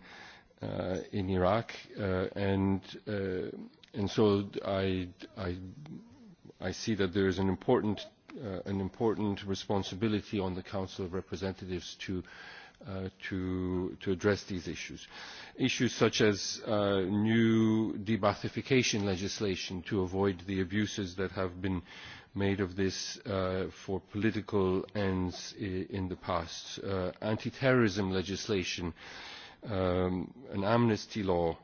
uh, in Iraq. Uh, and, uh, and so I, I, I see that there is an important, uh, an important responsibility on the Council of Representatives to uh, to, to address these issues. Issues such as uh, new debathification legislation to avoid the abuses that have been made of this uh, for political ends in the past, uh, anti-terrorism legislation, um, an amnesty law,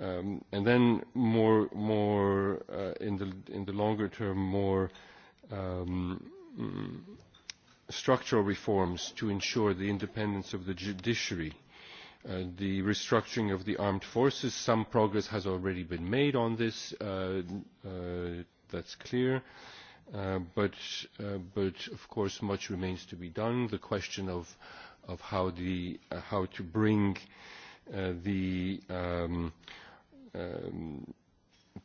um, and then more, more uh, in, the, in the longer term, more um, structural reforms to ensure the independence of the judiciary, the restructuring of the armed forces. Some progress has already been made on this, uh, uh, that's clear. but, but of course much remains to be done. The question of, of how, the, how to bring the um, um,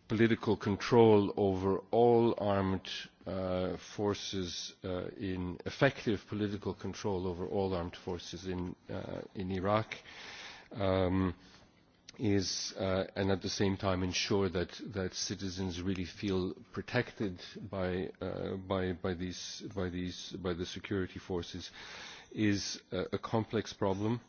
political control over all armed uh, forces uh, in effective political control over all armed forces in uh, in Iraq um, is uh, and at the same time ensure that that citizens really feel protected by uh, by by these by these by the security forces is a, a complex problem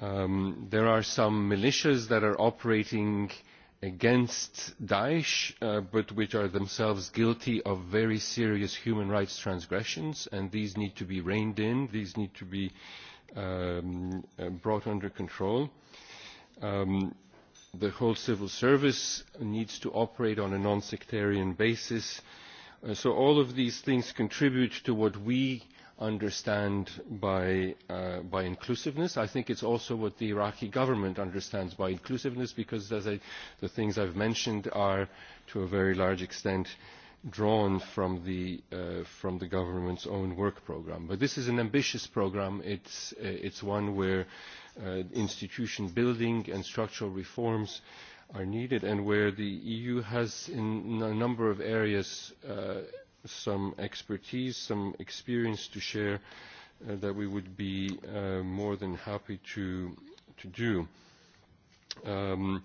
um, there are some militias that are operating uh, against Daesh, uh, but which are themselves guilty of very serious human rights transgressions, and these need to be reined in, these need to be um, brought under control. Um, the whole civil service needs to operate on a non-sectarian basis. Uh, so all of these things contribute to what we understand by, uh, by inclusiveness. I think it's also what the Iraqi government understands by inclusiveness because as I, the things I've mentioned are to a very large extent drawn from the, uh, from the government's own work program. But this is an ambitious program. It's, uh, it's one where uh, institution building and structural reforms are needed and where the EU has in a number of areas uh, some expertise, some experience to share uh, that we would be uh, more than happy to, to do. Um,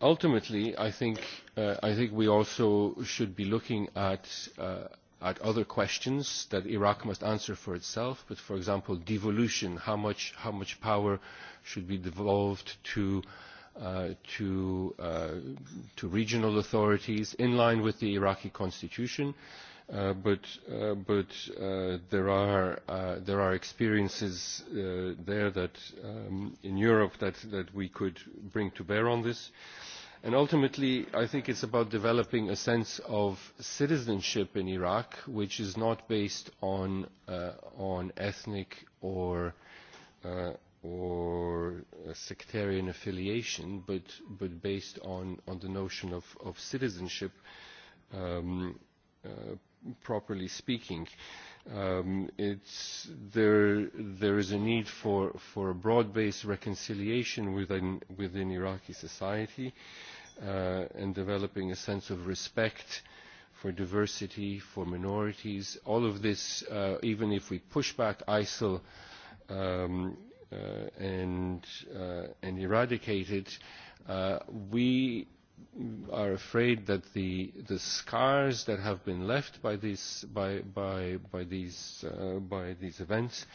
ultimately, I think, uh, I think we also should be looking at, uh, at other questions that Iraq must answer for itself, but for example, devolution, how much, how much power should be devolved to uh, to, to regional authorities in line with the Iraqi constitution. but but there, are, there are experiences there that in Europe that, that we could bring to bear on this. And ultimately, I think it's about developing a sense of citizenship in Iraq, which is not based on, ethnic or or sectarian affiliation, but, but based on, on the notion of, of citizenship, um, uh, properly speaking. Um, it's, there, there is a need for, for a broad-based reconciliation within, within Iraqi society uh, and developing a sense of respect for diversity, for minorities. All of this, uh, even if we push back ISIL um, uh, and, uh, and eradicated, uh, we are afraid that the the scars that have been left by these by by by these uh, by these events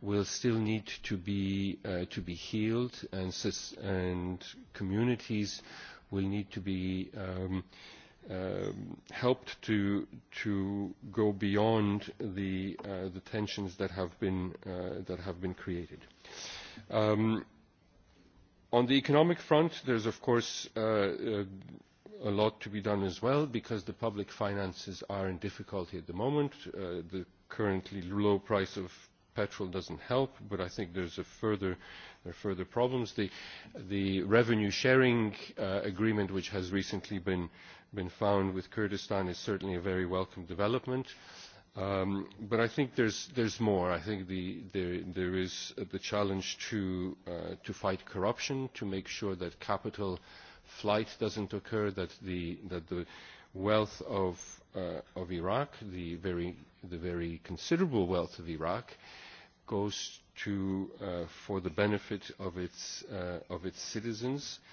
will still need to be uh, to be healed and and communities will need to be um, helped to to go beyond the uh, the tensions that have been uh, that have been created. Um, on the economic front, there's of course uh, uh, a lot to be done as well because the public finances are in difficulty at the moment. Uh, the currently low price of petrol doesn't help, but I think there's a further, there are further problems. The, the revenue sharing uh, agreement, which has recently been uh, been found with Kurdistan is certainly a very welcome development. Um, but I think there's, there's more. I think the, the, there is the challenge to, uh, to fight corruption, to make sure that capital flight doesn't occur, that the, that the wealth of, uh, of Iraq, the very, the very considerable wealth of Iraq, goes to, uh, for the benefit of its, uh, of its citizens. Uh,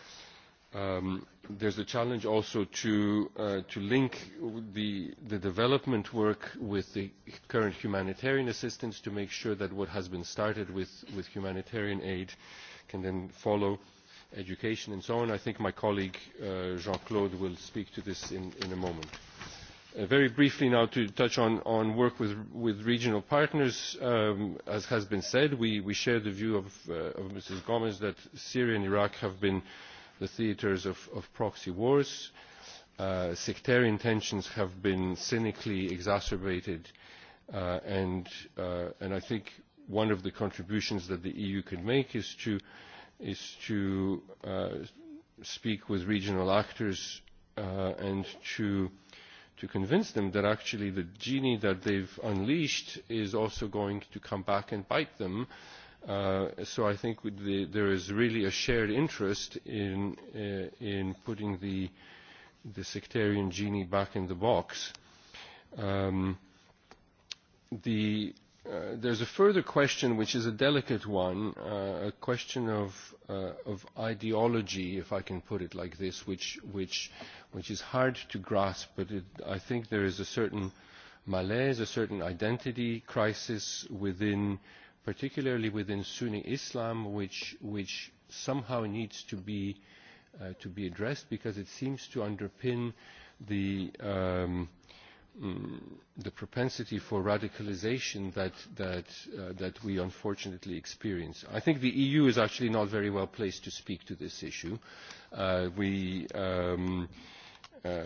Um, is a challenge also to, uh, to link the, the development work with the current humanitarian assistance to make sure that what has been started with, with humanitarian aid can then follow education and so on. I think my colleague uh, Jean-Claude will speak to this in, in a moment. Very briefly now to touch on work with regional partners. As has been said, we share the view of Mrs. Gomes that Syria and Iraq have been the theatres of, of proxy wars. sectarian tensions have been cynically exacerbated, and, I think one of the contributions that the EU can make is to, speak with regional actors and to convince them that actually the genie that they've unleashed is also going to come back and bite them so I think the, there is really a shared interest in, uh, in putting the, the sectarian genie back in the box. Um, the, uh, there's a further question, which is a delicate one, uh, a question of, uh, of ideology, if I can put it like this, which, which, which is hard to grasp, but it, I think there is a certain malaise, a certain identity crisis within uh, particularly within Sunni Islam, which, which somehow needs to be, uh, to be addressed because it seems to underpin the, um, mm, the propensity for radicalization that, that, uh, that we unfortunately experience. I think the EU is actually not very well placed to speak to this issue. Uh, we, um, uh,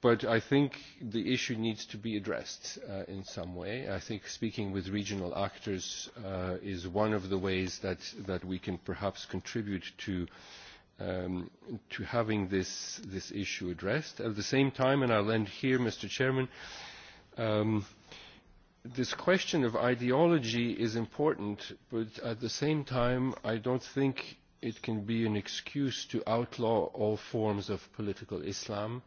but I think the issue needs to be addressed uh, in some way. I think speaking with regional actors uh, is one of the ways that, that we can perhaps contribute to, um, to having this, this issue addressed. At the same time, and I'll end here, Mr. Chairman, um, this question of ideology is important, but at the same time, I don't think it can be an excuse to outlaw all forms of political Islam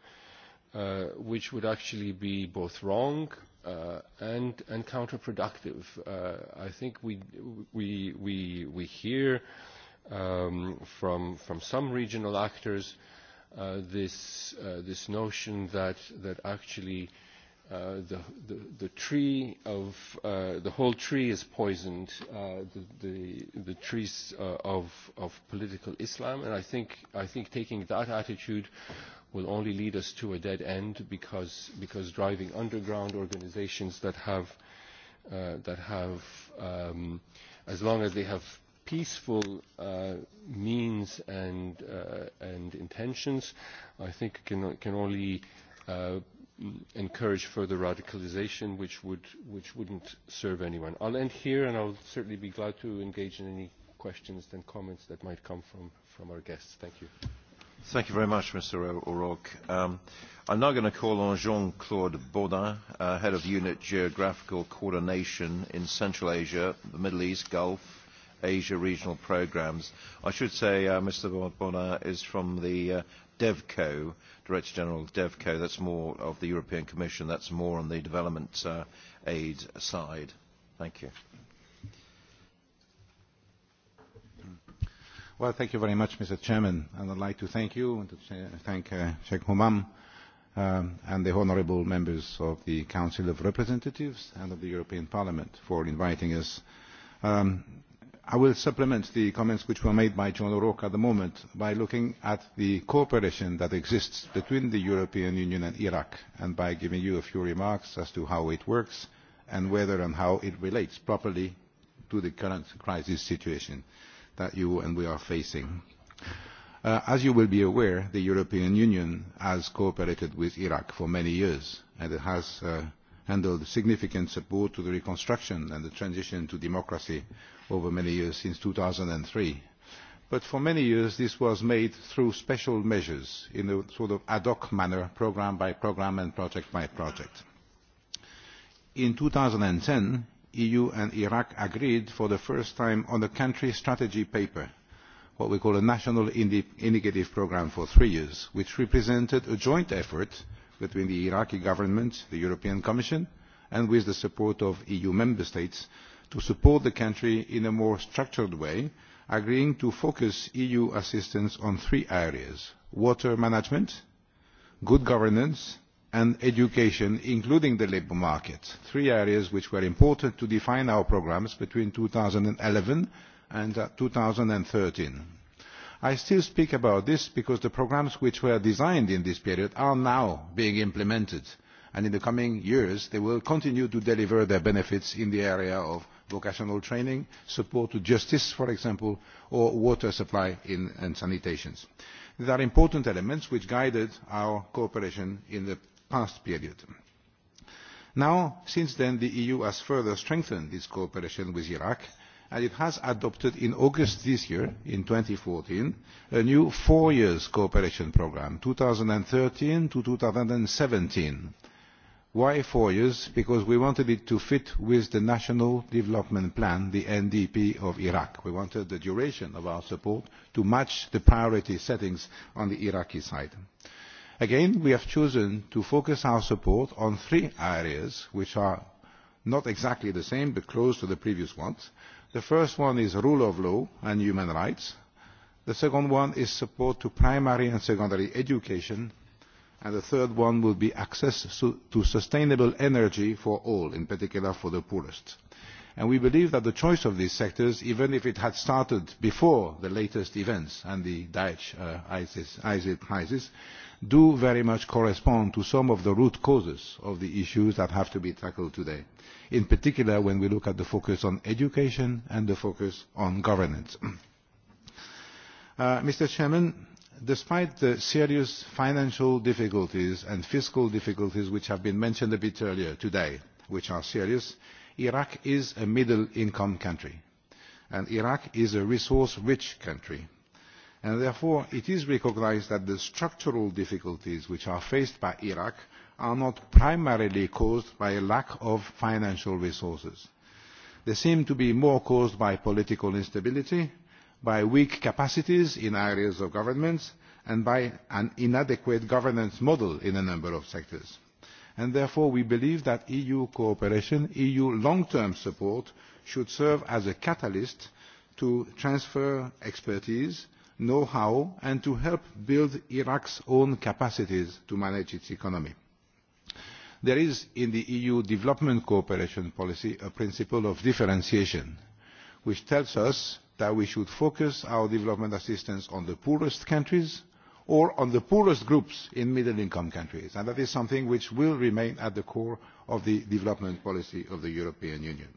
uh, which would actually be both wrong uh, and, and counterproductive. Uh, I think we, we, we, we hear um, from, from some regional actors uh, this, uh, this notion that, that actually uh, uh, the, the, the tree of uh, the whole tree is poisoned, uh, the, the, the trees uh, of, of political Islam. And I think, I think taking that attitude will only lead us to a dead end because, because driving underground organizations that have, uh, that have um, as long as they have peaceful uh, means and, uh, and intentions, I think can, can only uh, encourage further radicalisation, which would which wouldn't serve anyone. I'll end here, and I'll certainly be glad to engage in any questions and comments that might come from from our guests. Thank you. Thank you very much, Mr. O'Rourke. Um, I'm now going to call on Jean-Claude Baudin, uh, Head of Unit Geographical Coordination in Central Asia, the Middle East, Gulf, Asia Regional Programs. I should say uh, Mr. Baudin is from the uh, DevCo, Director General of DevCo, that's more of the European Commission, that's more on the development uh, aid side. Thank you. Well, thank you very much, Mr. Chairman, and I'd like to thank you and to ch thank uh, Sheikh Humam um, and the honorable members of the Council of Representatives and of the European Parliament for inviting us um, i will supplement the comments which were made by john o'rourke at the moment by looking at the cooperation that exists between the european union and iraq and by giving you a few remarks as to how it works and whether and how it relates properly to the current crisis situation that you and we are facing. as you will be aware the european union has cooperated with iraq for many years and it has handled significant support to the reconstruction and the transition to democracy over many years since two thousand and three but for many years this was made through special measures in a sort of ad hoc manner programme by programme and project by project. in two thousand and ten the eu and iraq agreed for the first time on a country strategy paper what we call a national indicative programme for three years which represented a joint effort between the iraqi government the european commission and with the support of eu member states to support the country in a more structured way, agreeing to focus EU assistance on three areas water management, good governance, and education, including the labour market, three areas which were important to define our programmes between 2011 and 2013. I still speak about this because the programmes which were designed in this period are now being implemented, and in the coming years they will continue to deliver their benefits in the area of vocational training, support to justice, for example, or water supply and sanitation. These are important elements which guided our cooperation in the past period. Now, since then, the EU has further strengthened its cooperation with Iraq, and it has adopted in August this year, in fourteen, a new four-year cooperation programme, 2013 to 2017 Why four years? Because we wanted it to fit with the National Development Plan, the NDP of Iraq. We wanted the duration of our support to match the priority settings on the Iraqi side. Again, we have chosen to focus our support on three areas which are not exactly the same but close to the previous ones. The first one is rule of law and human rights. The second one is support to primary and secondary education and the third one will be access to sustainable energy for all, in particular for the poorest. we believe that the choice of these sectors, even if it had started before the latest events and the Daesh ISIL crisis, do very much correspond to some of the root causes of the issues that have to be tackled today, in particular when we look at the focus on education and the focus on governance. Mr. Chairman, despite the serious financial difficulties and fiscal difficulties which have been mentioned a bit earlier today, which are serious, Iraq is a middle-income country, and Iraq is a resource-rich country. And therefore, it is recognized that the structural difficulties which are faced by Iraq are not primarily caused by a lack of financial resources. They seem to be more caused by political instability, by weak capacities in areas of government and by an inadequate governance model in a number of sectors. therefore we believe that eu cooperation eu long term support should serve as a catalyst to transfer expertise know how and to help build iraq's own capacities to manage its economy. there is in the eu development cooperation policy a principle of differentiation which tells us that we should focus our development assistance on the poorest countries or on the poorest groups in middle income countries. And that is something which will remain at the core of the development policy of the European Union.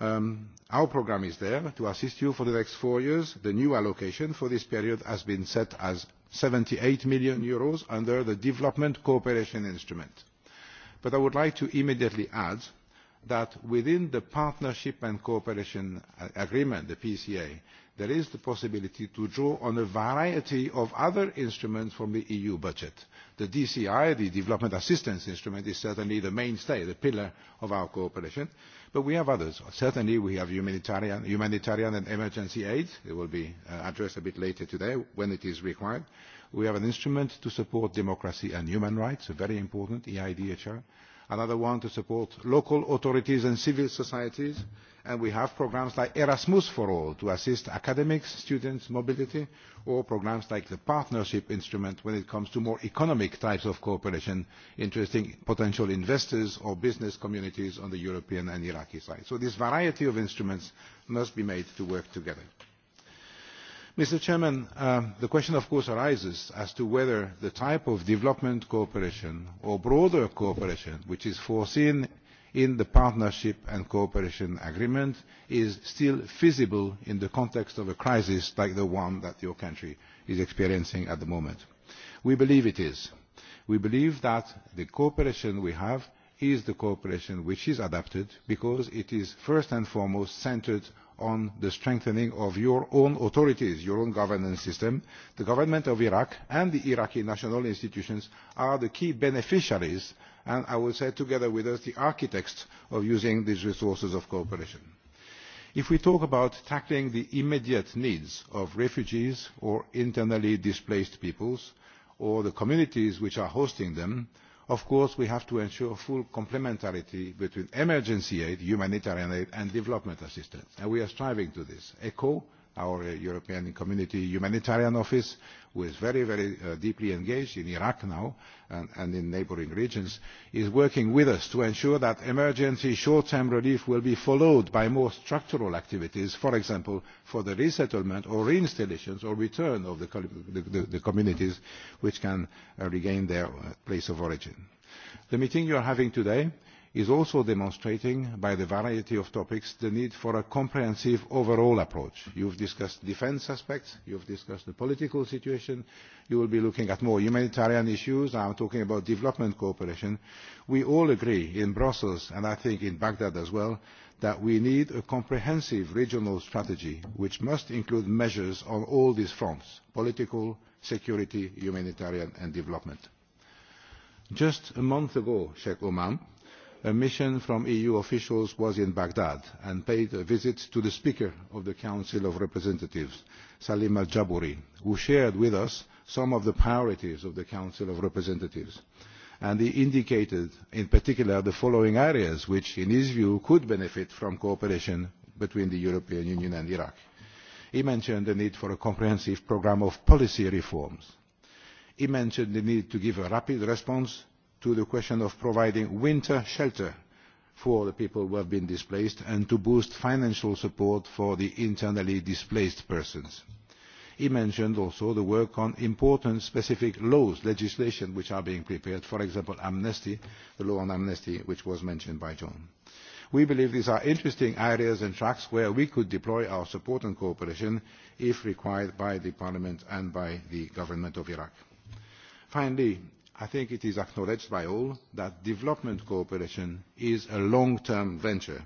Um, our programme is there to assist you for the next four years. The new allocation for this period has been set as EUR seventy eight million under the Development Cooperation Instrument. But I would like to immediately add that within the partnership and cooperation agreement, the PCA, there is the possibility to draw on a variety of other instruments from the EU budget. The DCI, the Development Assistance Instrument, is certainly the mainstay, the pillar of our cooperation, but we have others. Certainly we have humanitarian, humanitarian and emergency aid. It will be addressed a bit later today when it is required. We have an instrument to support democracy and human rights, a very important EIDHR another one to support local authorities and civil societies, and we have programmes like Erasmus for All to assist academics, students, mobility, or programmes like the partnership instrument when it comes to more economic types of cooperation, interesting potential investors or business communities on the European and Iraqi side. So this variety of instruments must be made to work together. Mr. President, the question, of course, arises as to whether the type of development cooperation or broader cooperation which is foreseen in the Partnership and Cooperation Agreement is still feasible in the context of a crisis like the one that your country is experiencing at the moment. We believe it is. We believe that the cooperation we have is the cooperation which is adapted because it is first and foremost centred on the strengthening of your own authorities, your own governance system. The government of Iraq and the Iraqi national institutions are the key beneficiaries and I would say together with us the architects of using these resources of cooperation. If we talk about tackling the immediate needs of refugees or internally displaced peoples or the communities which are hosting them, Of course, we have to ensure full complementarity between emergency aid, humanitarian aid, and development assistance, and we are striving to this. ECHO our European Community Humanitarian Office, who is very, very uh, deeply engaged in Iraq now and, and in neighbouring regions, is working with us to ensure that emergency short-term relief will be followed by more structural activities, for example, for the resettlement or reinstallations or return of the, the, the, the communities which can uh, regain their place of origin. The meeting you are having today is also demonstrating by the variety of topics the need for a comprehensive overall approach. You have discussed defence aspects, you have discussed the political situation, you will be looking at more humanitarian issues, I am talking about development cooperation. We all agree in Brussels and I think in Baghdad as well that we need a comprehensive regional strategy which must include measures on all these fronts, political, security, humanitarian and development. Just a month ago, Sheikh Oman, a mission from EU officials was in Baghdad and paid a visit to the Speaker of the Council of Representatives, Salim al-Jabouri, who shared with us some of the priorities of the Council of Representatives. And he indicated in particular the following areas which, in his view, could benefit from cooperation between the European Union and Iraq. He mentioned the need for a comprehensive programme of policy reforms. He mentioned the need to give a rapid response to the question of providing winter shelter for the people who have been displaced and to boost financial support for the internally displaced persons. He mentioned also the work on important specific laws, legislation which are being prepared, for example amnesty, the law on amnesty which was mentioned by John. We believe these are interesting areas and tracks where we could deploy our support and cooperation if required by Parliament and by the government of Iraq. Finally, I think it is acknowledged by all that development cooperation is a long-term venture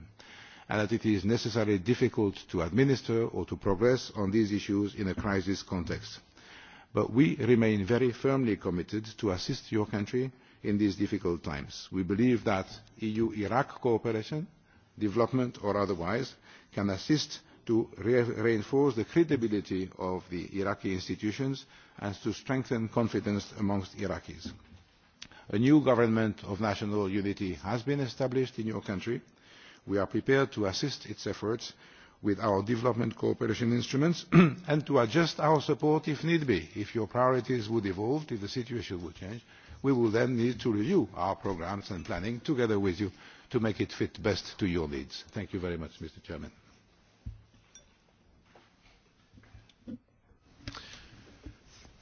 and that it is necessarily difficult to administer or to progress on these issues in a crisis context. But we remain very firmly committed to assisting your country in these difficult times. We believe that EU-Iraq cooperation, development or otherwise, can assist to re reinforce the credibility of the Iraqi institutions and to strengthen confidence amongst Iraqis. A new government of national unity has been established in your country. We are prepared to assist its efforts with our development cooperation instruments and to adjust our support if need be. If your priorities would evolve, if the situation would change, we will then need to review our programmes and planning together with you to make it fit best to your needs. Thank you very much, Mr. Chairman.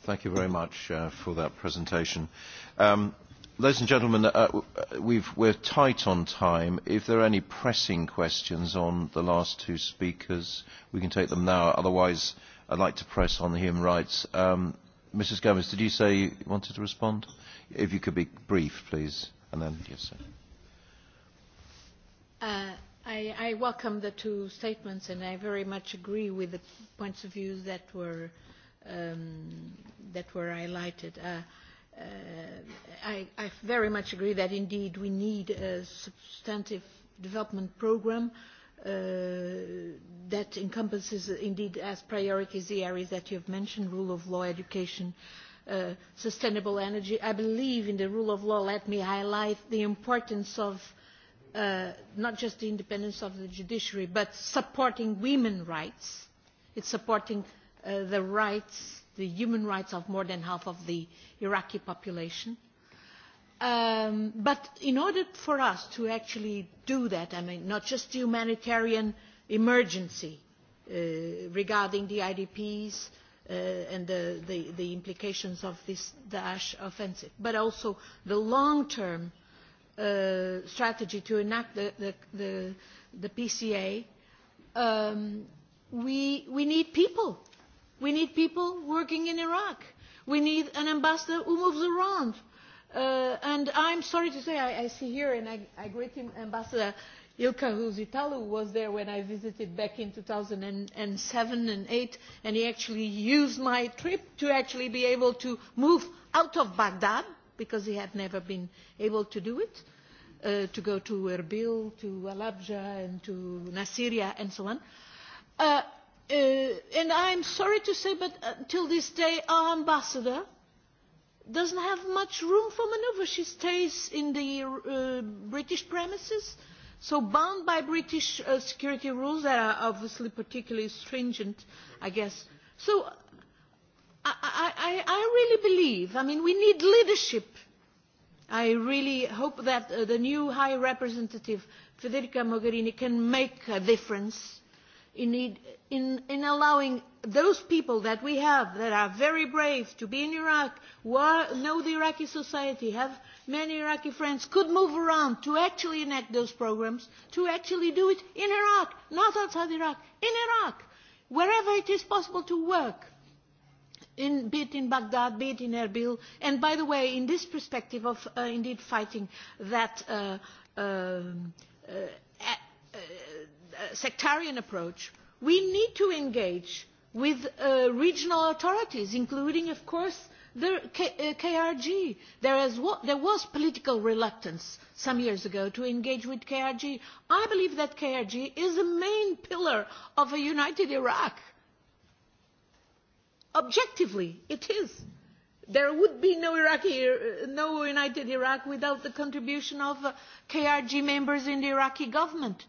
Thank you very much uh, for that presentation. Um, ladies and gentlemen, uh, we've, we're tight on time. If there are any pressing questions on the last two speakers, we can take them now. Otherwise, I'd like to press on the human rights. Um, Mrs. Gomez, did you say you wanted to respond? If you could be brief, please, and then yes, sir. Uh, I, I welcome the two statements, and I very much agree with the points of view that were uh, um that were highlighted. Uh, uh, I, I very much agree that indeed we need a substantive development programme uh, that encompasses indeed as priorities the areas that you have mentioned, rule of law, education, uh, sustainable energy. I believe in the rule of law, let me highlight the importance of uh, not just the independence of the judiciary, but supporting women's rights. It's supporting the rights, the human rights of more than half of the Iraqi population. Um, but in order for us to actually do that, I mean, not just the humanitarian emergency uh, regarding the IDPs uh, and the, the, the implications of this Daesh offensive, but also the long-term uh, strategy to enact the, the, the, the PCA, um, we, we need people We need people working in Iraq. We need an ambassador who moves around. Uh, and I'm sorry to say, I, I see here, and I, I greet him, Ambassador Ilka who was there when I visited back in 2007 and 8, and he actually used my trip to actually be able to move out of Baghdad, because he had never been able to do it, uh, to go to Erbil, to Alabja, and to Nasiriyah, and so on. Uh, and I am sorry to say, but until this day, our ambassador doesn't have much room for manoeuvre. She stays in the uh, British premises, so bound by British uh, security rules that are obviously particularly stringent, I guess. So I, I, I really believe, I mean, we need leadership. I really hope that uh, the new High Representative Federica Mogherini can make a difference in, in, in allowing those people that we have that are very brave to be in Iraq, who are, know the Iraqi society, have many Iraqi friends, could move around to actually enact those programs, to actually do it in Iraq, not outside Iraq, in Iraq, wherever it is possible to work. In, be it in Baghdad, be it in Erbil, and by the way, in this perspective of uh, indeed fighting that uh, uh, uh, sectarian approach, we need to engage with regional authorities, including, of course, the KRG. There, was political reluctance some years ago to engage with KRG. I believe that KRG is the main pillar of a united Iraq. Objectively, it is. There would be no, Iraqi, no united Iraq without the contribution of KRG members in the Iraqi government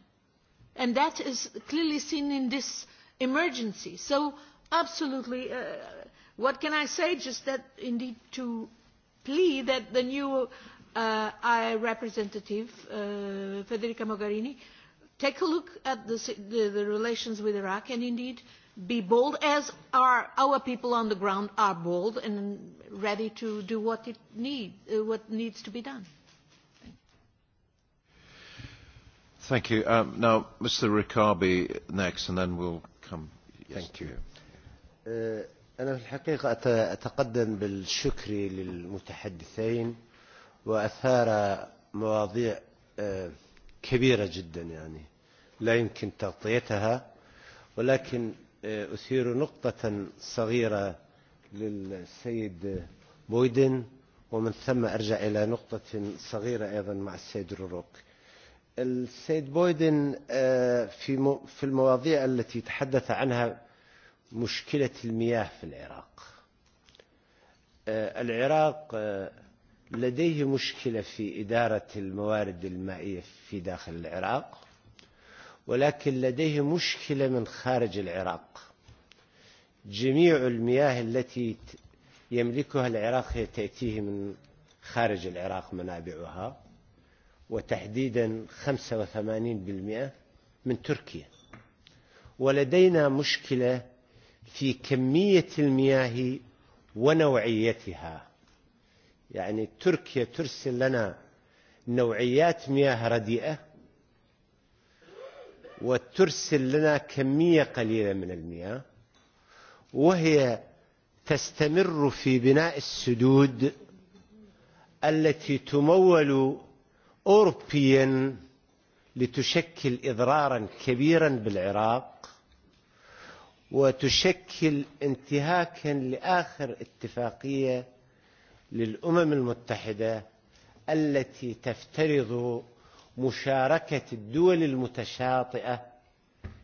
and that is clearly seen in this emergency. So absolutely, uh, what can I say? Just that indeed to plea that the new uh, I representative, uh, Federica Mogherini, take a look at the, the, the relations with Iraq and indeed be bold as our, our people on the ground are bold and ready to do what, it need, uh, what needs to be done. Thank you. Um, now, Mr. Riccardi next, and then we'll come. Yes. Thank you. أنا في الحقيقة أتقدم بالشكر للمتحدثين وأثار مواضيع كبيرة جدا يعني لا يمكن تغطيتها ولكن أثير نقطة صغيرة للسيد بويدن ومن ثم أرجع إلى نقطة صغيرة أيضا مع السيد روك السيد بويدن في في المواضيع التي تحدث عنها مشكلة المياه في العراق العراق لديه مشكلة في إدارة الموارد المائية في داخل العراق ولكن لديه مشكلة من خارج العراق جميع المياه التي يملكها العراق هي تأتيه من خارج العراق منابعها وتحديدا 85% من تركيا ولدينا مشكلة في كمية المياه ونوعيتها يعني تركيا ترسل لنا نوعيات مياه رديئة وترسل لنا كمية قليلة من المياه وهي تستمر في بناء السدود التي تمول أوروبيا لتشكل إضرارا كبيرا بالعراق وتشكل انتهاكا لآخر اتفاقية للأمم المتحدة التي تفترض مشاركة الدول المتشاطئة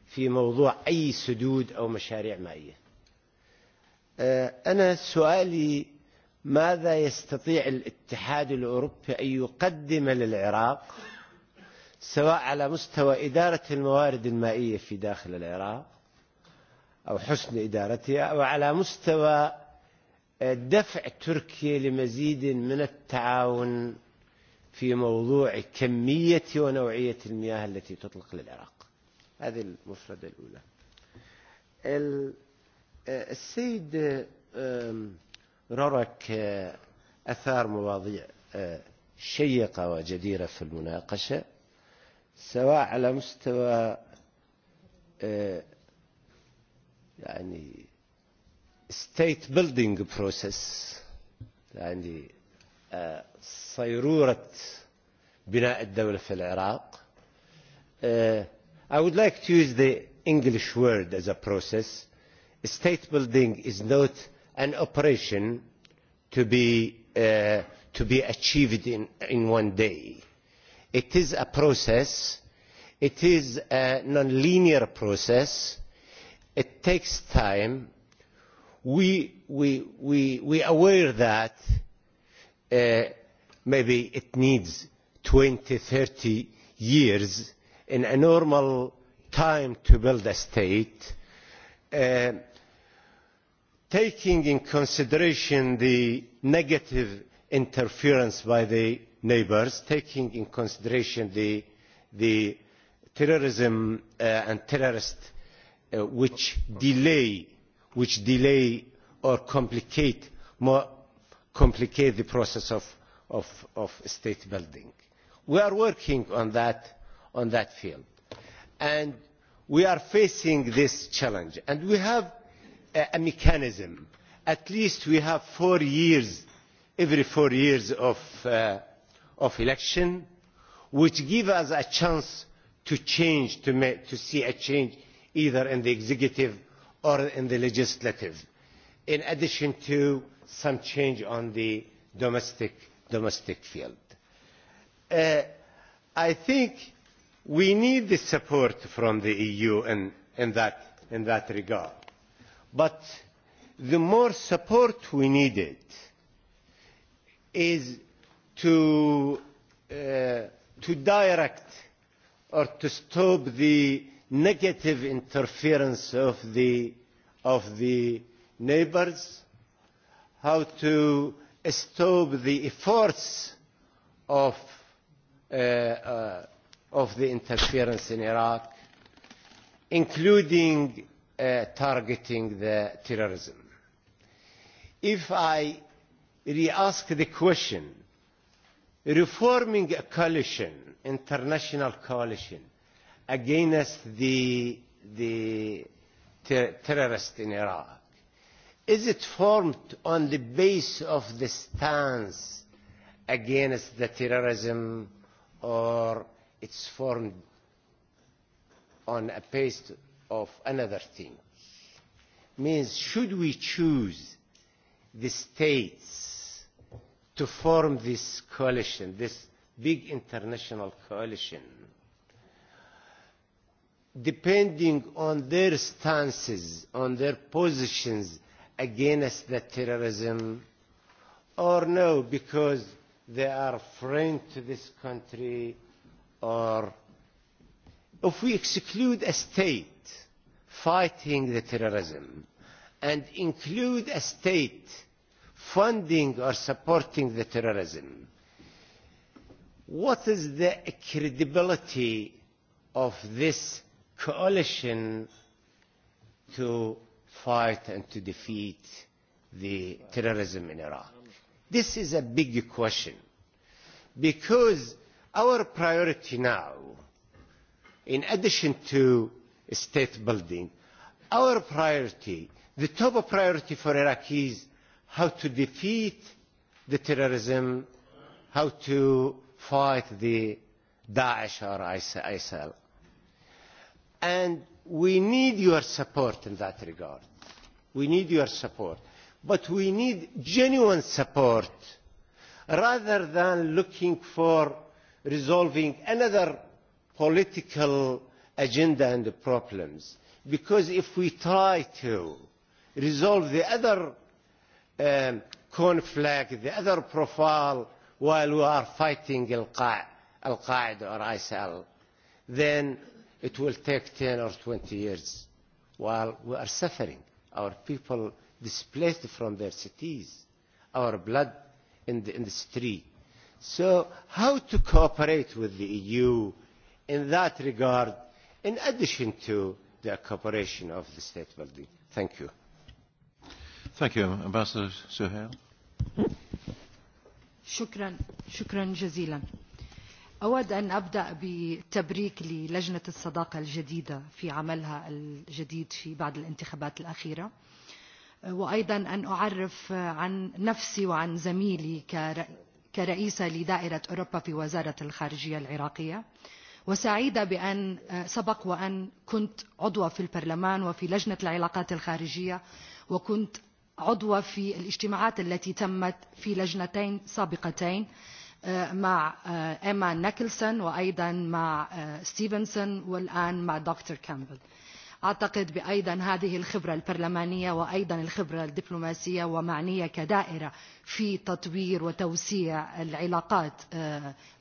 في موضوع أي سدود أو مشاريع مائية أنا سؤالي ماذا يستطيع الاتحاد الأوروبي أن يقدم للعراق سواء على مستوى إدارة الموارد المائية في داخل العراق أو حسن إدارتها أو على مستوى دفع تركيا لمزيد من التعاون في موضوع كمية ونوعية المياه التي تطلق للعراق هذه المفردة الأولى السيد ررك أثار مواضيع شيقة وجديرة في المناقشة سواء على مستوى يعني state building process يعني صيرورة بناء الدولة في العراق I would like to use the English word as a process state building is not an operation to be achieved in one day. it is a process it is a non linear process it takes time. we are aware that maybe it needs twenty thirty years in a normal time to build a state taking into consideration the negative interference by the neighbours taking into consideration the terrorism and terrorists which delay or complicate the process of state building. we are working on that field and we are facing this challenge and we have a mechanism. at least we have four years every four years of election which give us a chance to change to see a change either in the executive or in the legislative in addition to some change on the domestic field. i think we need the support from the eu in that regard but the more support we needed is to, uh, to direct or to stop the negative interference of the, of the neighbors, how to stop the efforts of, uh, uh, of the interference in Iraq, including targeting the terrorism. If I re-ask the question, reforming a coalition, international coalition, against the, the ter terrorists in Iraq, is it formed on the base of the stance against the terrorism or it's formed on a base of another thing. Means should we choose the states to form this coalition, this big international coalition, depending on their stances, on their positions against the terrorism, or no, because they are friends to this country, or if we exclude a state fighting the terrorism and include a state funding or supporting the terrorism, what is the credibility of this coalition to fight and to defeat the terrorism in Iraq? This is a big question because our priority now in addition to state building, our priority, the top priority for Iraq is how to defeat the terrorism, how to fight the Daesh or ISIL. And we need your support in that regard. We need your support. But we need genuine support rather than looking for resolving another political agenda and problems. Because if we try to resolve the other um, conflict, the other profile, while we are fighting Al-Qaeda or ISIL, then it will take 10 or 20 years while we are suffering. Our people displaced from their cities, our blood in the, in the street. So how to cooperate with the EU, in that regard in addition to the cooperation of the state building. Thank you. Thank you. Ambassador Suhail. شكرا شكرا جزيلا أود أن أبدأ بتبريك للجنة الصداقة الجديدة في عملها الجديد في بعد الانتخابات الأخيرة وأيضا أن أعرف عن نفسي وعن زميلي كرئيسة لدائرة أوروبا في وزارة الخارجية العراقية وسعيدة بأن سبق وأن كنت عضوة في البرلمان وفي لجنة العلاقات الخارجية وكنت عضوة في الاجتماعات التي تمت في لجنتين سابقتين مع إما نيكلسون وأيضا مع ستيفنسون والآن مع دكتور كامبل أعتقد بأيضا هذه الخبرة البرلمانية وأيضا الخبرة الدبلوماسية ومعنية كدائرة في تطوير وتوسيع العلاقات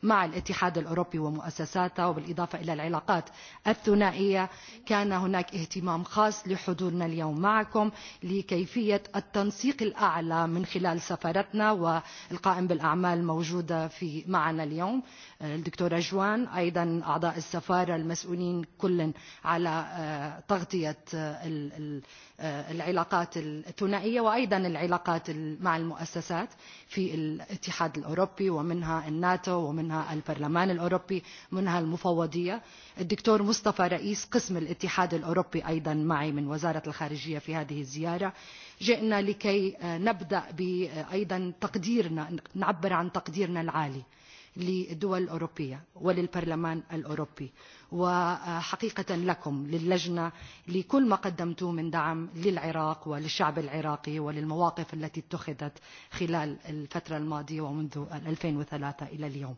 مع الاتحاد الأوروبي ومؤسساته وبالإضافة إلى العلاقات الثنائية كان هناك اهتمام خاص لحضورنا اليوم معكم لكيفية التنسيق الأعلى من خلال سفرتنا والقائم بالأعمال الموجودة في معنا اليوم الدكتورة جوان أيضا أعضاء السفارة المسؤولين كل على تغطية العلاقات الثنائية وأيضا العلاقات مع المؤسسات المؤسسات في الاتحاد الأوروبي ومنها الناتو ومنها البرلمان الأوروبي منها المفوضية الدكتور مصطفى رئيس قسم الاتحاد الأوروبي أيضا معي من وزارة الخارجية في هذه الزيارة جئنا لكي نبدأ بأيضا تقديرنا نعبر عن تقديرنا العالي للدول الأوروبية وللبرلمان الأوروبي وحقيقة لكم للجنة لكل ما قدمتوه من دعم للعراق وللشعب العراقي وللمواقف التي اتخذت خلال الفترة الماضية ومنذ 2003 إلى اليوم.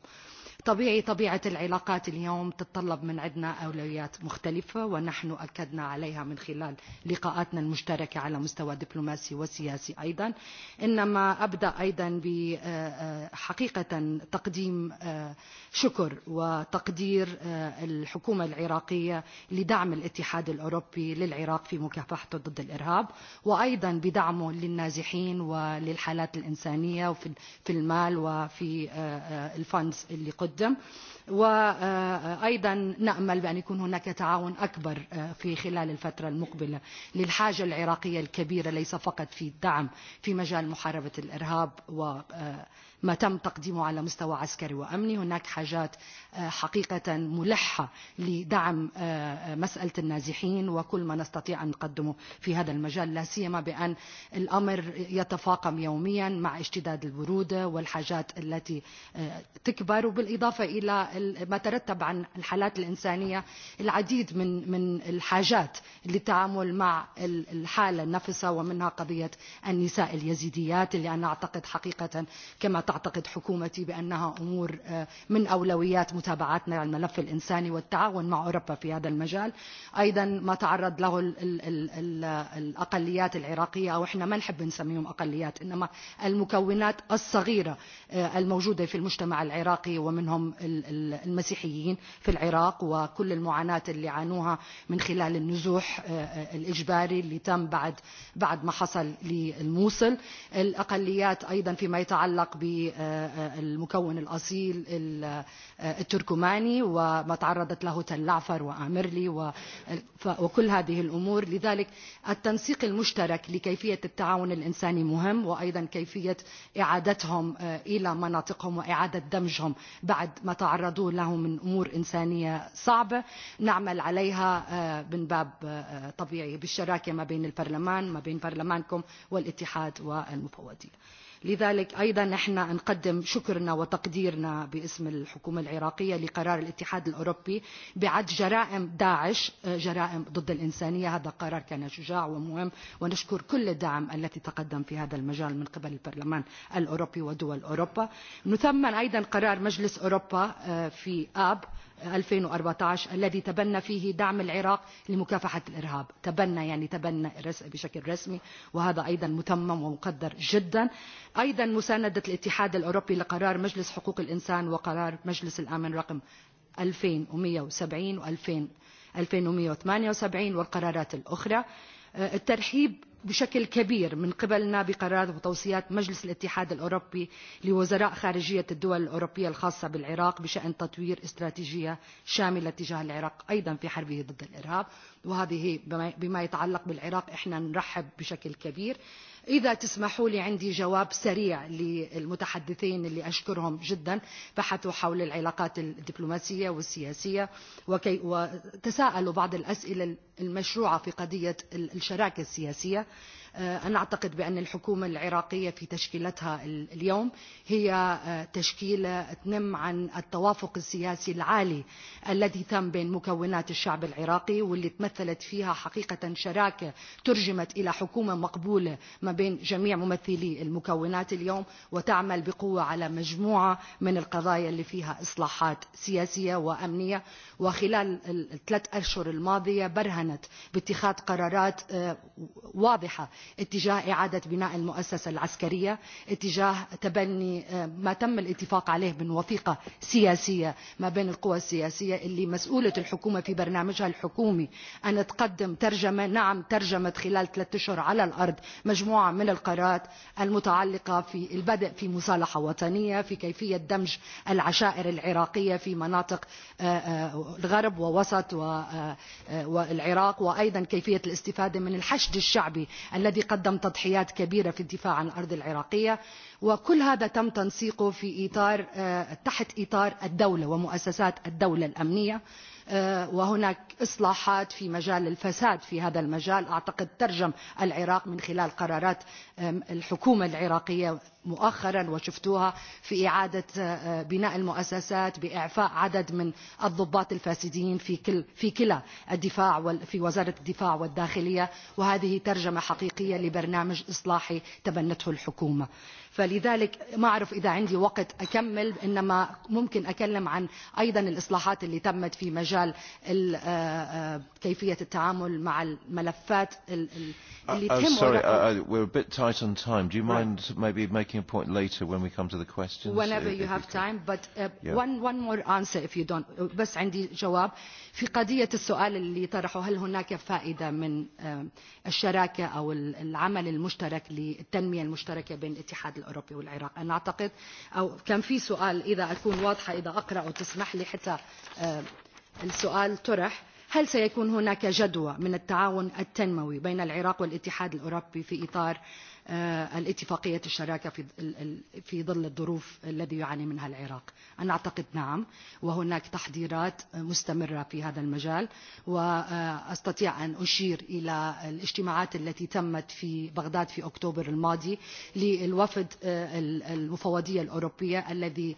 طبيعي طبيعة العلاقات اليوم تتطلب من عندنا أولويات مختلفة ونحن أكدنا عليها من خلال لقاءاتنا المشتركة على مستوى دبلوماسي وسياسي أيضا إنما أبدأ أيضا بحقيقة تقديم شكر وتقدير الحكومة العراقية لدعم الاتحاد الأوروبي للعراق في مكافحته ضد الإرهاب وأيضا بدعمه للنازحين وللحالات الإنسانية وفي المال وفي الفندز اللي قد القدم وأيضا نأمل بأن يكون هناك تعاون أكبر في خلال الفترة المقبلة للحاجة العراقية الكبيرة ليس فقط في الدعم في مجال محاربة الإرهاب و ما تم تقديمه على مستوى عسكري وأمني هناك حاجات حقيقة ملحة لدعم مسألة النازحين وكل ما نستطيع أن نقدمه في هذا المجال لا سيما بأن الأمر يتفاقم يوميا مع اشتداد البرودة والحاجات التي تكبر وبالإضافة إلى ما ترتب عن الحالات الإنسانية العديد من من الحاجات للتعامل مع الحالة نفسها ومنها قضية النساء اليزيديات اللي أنا أعتقد حقيقة كما تعتقد حكومتي بانها امور من اولويات متابعتنا الملف الانساني والتعاون مع اوروبا في هذا المجال ايضا ما تعرض له الـ الـ الـ الاقليات العراقيه او احنا ما نحب نسميهم اقليات انما المكونات الصغيره الموجوده في المجتمع العراقي ومنهم المسيحيين في العراق وكل المعاناه اللي عانوها من خلال النزوح الاجباري اللي تم بعد بعد ما حصل للموصل الاقليات ايضا فيما يتعلق ب المكون الأصيل التركماني وما تعرضت له تل عفر وأمرلي وكل هذه الأمور لذلك التنسيق المشترك لكيفية التعاون الإنساني مهم وأيضا كيفية إعادتهم إلى مناطقهم وإعادة دمجهم بعد ما تعرضوا له من أمور إنسانية صعبة نعمل عليها من باب طبيعي بالشراكة ما بين البرلمان ما بين برلمانكم والاتحاد والمفوضية لذلك أيضا نحن نقدم شكرنا وتقديرنا باسم الحكومة العراقية لقرار الاتحاد الأوروبي بعد جرائم داعش جرائم ضد الإنسانية هذا قرار كان شجاع ومهم ونشكر كل الدعم التي تقدم في هذا المجال من قبل البرلمان الأوروبي ودول أوروبا نثمن أيضا قرار مجلس أوروبا في آب 2014 الذي تبنى فيه دعم العراق لمكافحة الإرهاب تبنى يعني تبنى بشكل رسمي وهذا أيضا متمم ومقدر جدا أيضا مساندة الاتحاد الأوروبي لقرار مجلس حقوق الإنسان وقرار مجلس الأمن رقم 2170 و 2178 والقرارات الأخرى الترحيب بشكل كبير من قبلنا بقرارات وتوصيات مجلس الاتحاد الأوروبي لوزراء خارجية الدول الأوروبية الخاصة بالعراق بشأن تطوير استراتيجية شاملة تجاه العراق أيضا في حربه ضد الإرهاب وهذه بما يتعلق بالعراق إحنا نرحب بشكل كبير آه إذا تسمحوا لي عندي جواب سريع للمتحدثين اللي أشكرهم جدا بحثوا حول العلاقات الدبلوماسية والسياسية وكي وتساءلوا بعض الأسئلة المشروعة في قضية الشراكة السياسية أنا أعتقد بأن الحكومة العراقية في تشكيلتها اليوم هي تشكيلة تنم عن التوافق السياسي العالي الذي تم بين مكونات الشعب العراقي واللي تمثلت فيها حقيقة شراكة ترجمت إلى حكومة مقبولة ما بين جميع ممثلي المكونات اليوم وتعمل بقوة على مجموعة من القضايا اللي فيها إصلاحات سياسية وأمنية وخلال الثلاث أشهر الماضية برهنت باتخاذ قرارات واضحة اتجاه إعادة بناء المؤسسة العسكرية اتجاه تبني ما تم الاتفاق عليه من وثيقة سياسية ما بين القوى السياسية اللي مسؤولة الحكومة في برنامجها الحكومي أن تقدم ترجمة نعم ترجمت خلال ثلاثة أشهر على الأرض مجموعة من القرارات المتعلقة في البدء في مصالحة وطنية في كيفية دمج العشائر العراقية في مناطق الغرب ووسط والعراق وأيضا كيفية الاستفادة من الحشد الشعبي الذي الذي قدم تضحيات كبيرة في الدفاع عن الأرض العراقية وكل هذا تم تنسيقه في إطار تحت إطار الدولة ومؤسسات الدولة الأمنية وهناك إصلاحات في مجال الفساد في هذا المجال أعتقد ترجم العراق من خلال قرارات الحكومة العراقية مؤخرا وشفتوها في إعادة بناء المؤسسات بإعفاء عدد من الضباط الفاسدين في كل في كلا الدفاع في وزارة الدفاع والداخلية وهذه ترجمة حقيقية لبرنامج إصلاحي تبنته الحكومة. فلذلك ما أعرف إذا عندي وقت أكمل إنما ممكن أكلم عن أيضا الإصلاحات اللي تمت في مجال كيفية التعامل مع الملفات اللي تهم sorry, uh, uh, we're a bit tight on time. Do you mind right. maybe making a point later when we come to the questions? Whenever if, you have if time, but uh, yeah. one, one more answer if you don't. بس عندي جواب في قضية السؤال اللي طرحه هل هناك فائدة من الشراكة أو العمل المشترك للتنمية المشتركة بين اتحاد الأوروبي والعراق أنا أعتقد أو كان في سؤال إذا أكون واضحة إذا أقرأ وتسمح لي حتى السؤال طرح هل سيكون هناك جدوى من التعاون التنموي بين العراق والاتحاد الأوروبي في إطار الاتفاقية الشراكة في ظل الظروف الذي يعاني منها العراق أنا أعتقد نعم وهناك تحضيرات مستمرة في هذا المجال وأستطيع أن أشير إلى الاجتماعات التي تمت في بغداد في أكتوبر الماضي للوفد المفوضية الأوروبية الذي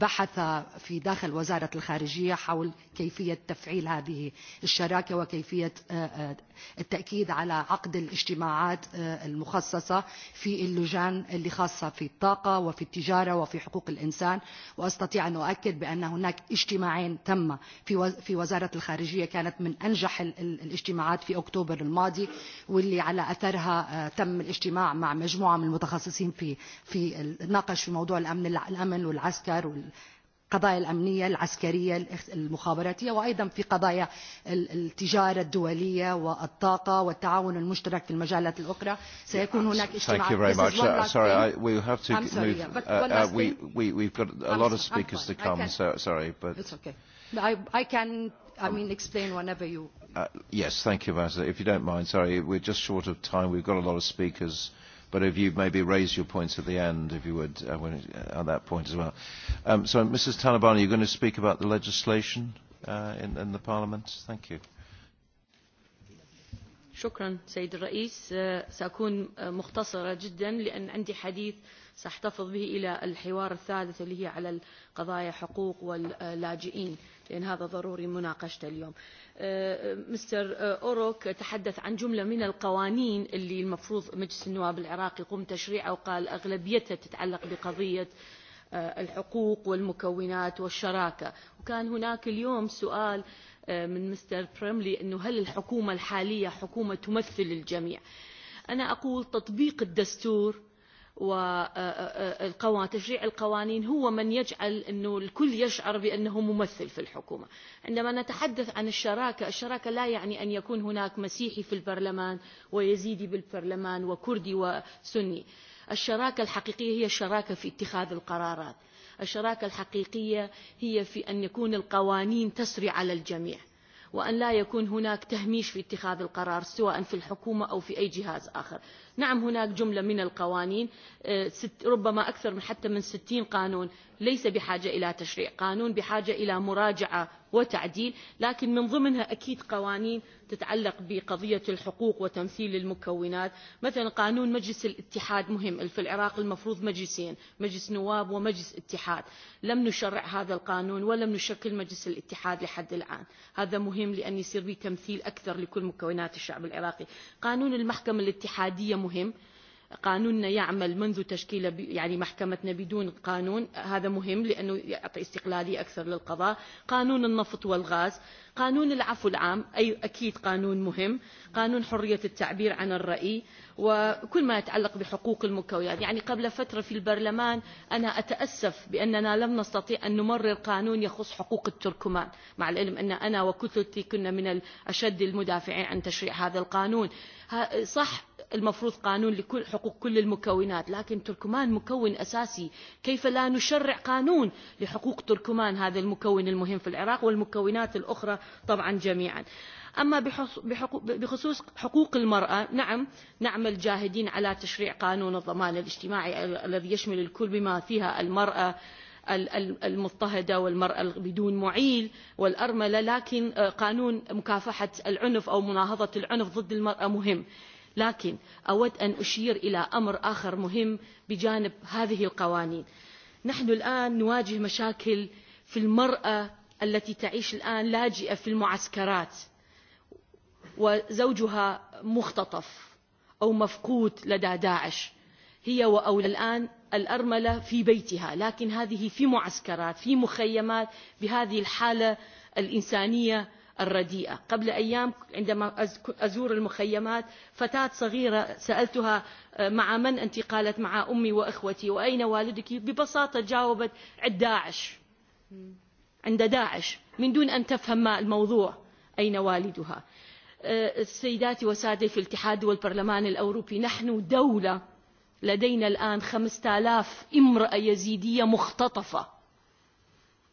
بحث في داخل وزارة الخارجية حول كيفية تفعيل هذه الشراكة وكيفية التأكيد على عقد الاجتماعات المخصصة مخصصة في اللجان اللي خاصة في الطاقة وفي التجارة وفي حقوق الإنسان وأستطيع أن أؤكد بأن هناك اجتماعين تم في في وزارة الخارجية كانت من أنجح الاجتماعات في أكتوبر الماضي واللي على أثرها تم الاجتماع مع مجموعة من المتخصصين في في ناقش في موضوع الأمن الأمن والعسكر وال القضايا الأمنية العسكرية المخابراتية وأيضا في قضايا التجارة الدولية والطاقة والتعاون المشترك في المجالات الأخرى سيكون هناك اجتماع Thank I, mean, explain whenever you... Uh, yes, thank you, Ambassador. If you don't mind, sorry, we're just short of time. We've got a lot of speakers But if you maybe raise your points at the end, if you would, uh, when, uh, at that point as well. Um, so, Mrs. Taliban, are you going to speak about the legislation uh, in, in the Parliament? Thank you. شكرا سيد الرئيس سأكون مختصرة جدا لأن عندي حديث سأحتفظ به إلى الحوار الثالث اللي هي على القضايا حقوق واللاجئين. لأن هذا ضروري مناقشته اليوم مستر أوروك تحدث عن جملة من القوانين اللي المفروض مجلس النواب العراقي يقوم تشريعها وقال أغلبيتها تتعلق بقضية الحقوق والمكونات والشراكة وكان هناك اليوم سؤال من مستر بريملي أنه هل الحكومة الحالية حكومة تمثل الجميع أنا أقول تطبيق الدستور تشريع القوانين هو من يجعل انه الكل يشعر بانه ممثل في الحكومه عندما نتحدث عن الشراكه الشراكه لا يعني ان يكون هناك مسيحي في البرلمان ويزيدي بالبرلمان وكردي وسني الشراكه الحقيقيه هي الشراكه في اتخاذ القرارات الشراكه الحقيقيه هي في ان يكون القوانين تسري على الجميع وان لا يكون هناك تهميش في اتخاذ القرار سواء في الحكومه او في اي جهاز اخر نعم هناك جملة من القوانين ربما أكثر من حتى من ستين قانون ليس بحاجة إلى تشريع قانون بحاجة إلى مراجعة وتعديل لكن من ضمنها أكيد قوانين تتعلق بقضية الحقوق وتمثيل المكونات مثلا قانون مجلس الاتحاد مهم في العراق المفروض مجلسين مجلس نواب ومجلس اتحاد لم نشرع هذا القانون ولم نشكل مجلس الاتحاد لحد الآن هذا مهم لأن يصير به تمثيل أكثر لكل مكونات الشعب العراقي قانون المحكمة الاتحادية مهم قانوننا يعمل منذ تشكيل يعني محكمتنا بدون قانون هذا مهم لأنه يعطي استقلالية أكثر للقضاء قانون النفط والغاز قانون العفو العام أي أكيد قانون مهم قانون حرية التعبير عن الرأي وكل ما يتعلق بحقوق المكويات يعني قبل فترة في البرلمان أنا أتأسف بأننا لم نستطيع أن نمرر قانون يخص حقوق التركمان مع العلم أن أنا وكتلتي كنا من الأشد المدافعين عن تشريع هذا القانون صح المفروض قانون لكل حقوق كل المكونات لكن تركمان مكون أساسي كيف لا نشرع قانون لحقوق تركمان هذا المكون المهم في العراق والمكونات الأخرى طبعا جميعا أما بخصوص حقوق المرأة نعم نعمل جاهدين على تشريع قانون الضمان الاجتماعي الذي يشمل الكل بما فيها المرأة المضطهدة والمرأة بدون معيل والأرملة لكن قانون مكافحة العنف أو مناهضة العنف ضد المرأة مهم لكن أود أن أشير إلى أمر آخر مهم بجانب هذه القوانين نحن الآن نواجه مشاكل في المرأة التي تعيش الآن لاجئة في المعسكرات وزوجها مختطف أو مفقود لدى داعش هي وأولى الآن الأرملة في بيتها لكن هذه في معسكرات في مخيمات بهذه الحالة الإنسانية الرديئة قبل أيام عندما أزور المخيمات فتاة صغيرة سألتها مع من أنت قالت مع أمي وأخوتي وأين والدك ببساطة جاوبت عند داعش عند داعش من دون أن تفهم ما الموضوع أين والدها سيداتي وسادتي في الاتحاد والبرلمان الأوروبي نحن دولة لدينا الآن خمسة آلاف امرأة يزيدية مختطفة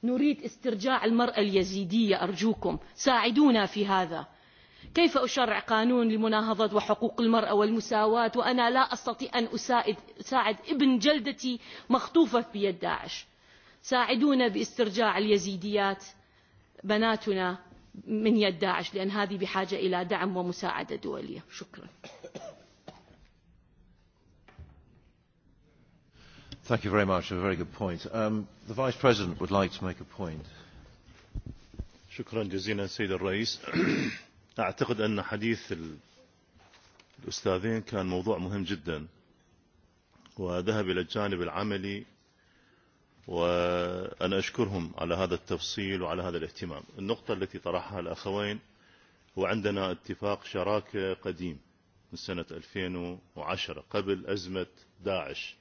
نريد استرجاع المرأة اليزيدية أرجوكم ساعدونا في هذا كيف أشرع قانون لمناهضة وحقوق المرأة والمساواة وأنا لا أستطيع أن أساعد ابن جلدتي مخطوفة بيد داعش ساعدونا باسترجاع اليزيديات بناتنا من يد داعش لأن هذه بحاجة إلى دعم ومساعدة دولية شكرا Thank you very much. A very good point. Um, the Vice President would like to make a point. شكرا جزيلا سيد الرئيس. أعتقد أن حديث الأستاذين كان موضوع مهم جدا وذهب إلى الجانب العملي وأنا أشكرهم على هذا التفصيل وعلى هذا الاهتمام النقطة التي طرحها الأخوين هو عندنا اتفاق شراكة قديم من سنة 2010 قبل أزمة داعش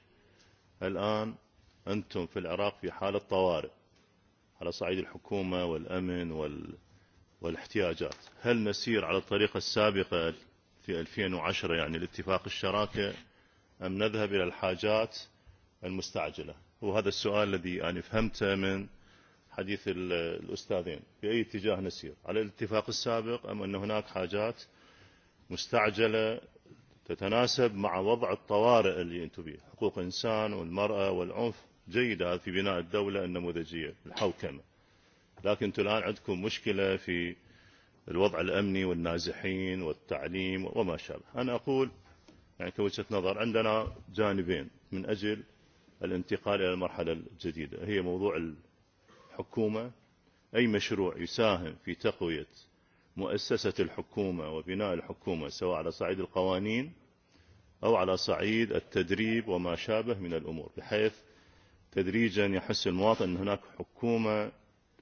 الآن أنتم في العراق في حالة طوارئ على صعيد الحكومة والأمن وال... والاحتياجات هل نسير على الطريقة السابقة في 2010 يعني الاتفاق الشراكة أم نذهب إلى الحاجات المستعجلة وهذا السؤال الذي يعني فهمته من حديث الأستاذين في أي اتجاه نسير على الاتفاق السابق أم أن هناك حاجات مستعجلة تتناسب مع وضع الطوارئ اللي أنتم به حقوق الإنسان والمرأة والعنف جيدة في بناء الدولة النموذجية الحوكمة لكن أنتم الآن عندكم مشكلة في الوضع الأمني والنازحين والتعليم وما شابه أنا أقول يعني كوجهة نظر عندنا جانبين من أجل الانتقال إلى المرحلة الجديدة هي موضوع الحكومة أي مشروع يساهم في تقوية مؤسسة الحكومة وبناء الحكومة سواء على صعيد القوانين أو على صعيد التدريب وما شابه من الأمور بحيث تدريجا يحس المواطن أن هناك حكومة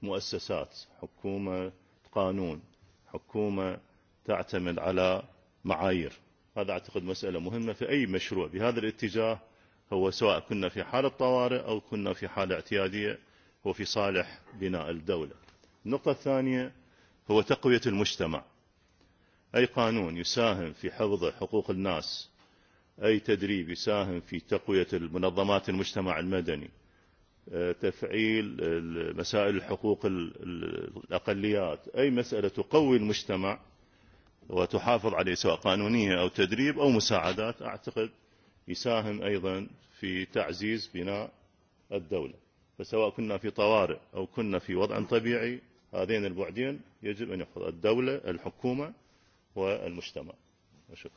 مؤسسات حكومة قانون حكومة تعتمد على معايير هذا أعتقد مسألة مهمة في أي مشروع بهذا الاتجاه هو سواء كنا في حالة طوارئ أو كنا في حالة اعتيادية هو في صالح بناء الدولة النقطة الثانية هو تقوية المجتمع أي قانون يساهم في حفظ حقوق الناس أي تدريب يساهم في تقوية المنظمات المجتمع المدني تفعيل مسائل الحقوق الأقليات أي مسألة تقوي المجتمع وتحافظ عليه سواء قانونية أو تدريب أو مساعدات أعتقد يساهم أيضا في تعزيز بناء الدولة فسواء كنا في طوارئ أو كنا في وضع طبيعي هذين البعدين يجب أن يأخذ الدولة الحكومة والمجتمع وشكرا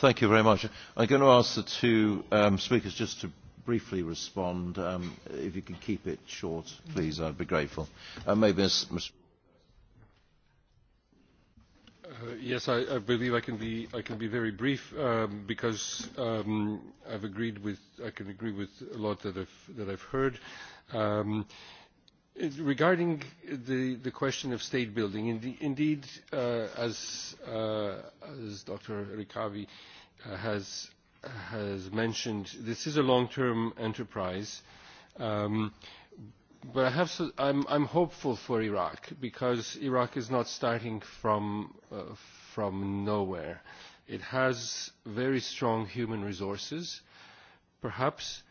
Thank you very much. I'm going to ask the two um, speakers just to briefly respond. Um, if you can keep it short, please, I'd be grateful. Uh, maybe Ms. Yes, I I believe I can be I can be very brief um because um I've agreed with I can agree with a lot that I've that I've heard. Um Regarding the the question of state building, indeed, uh as uh as Dr. Rikavi has has mentioned, this is a long-term enterprise. Um but I have so I'm, I'm hopeful for Iraq because Iraq is not starting from, uh, from nowhere. It has very strong human resources. Perhaps,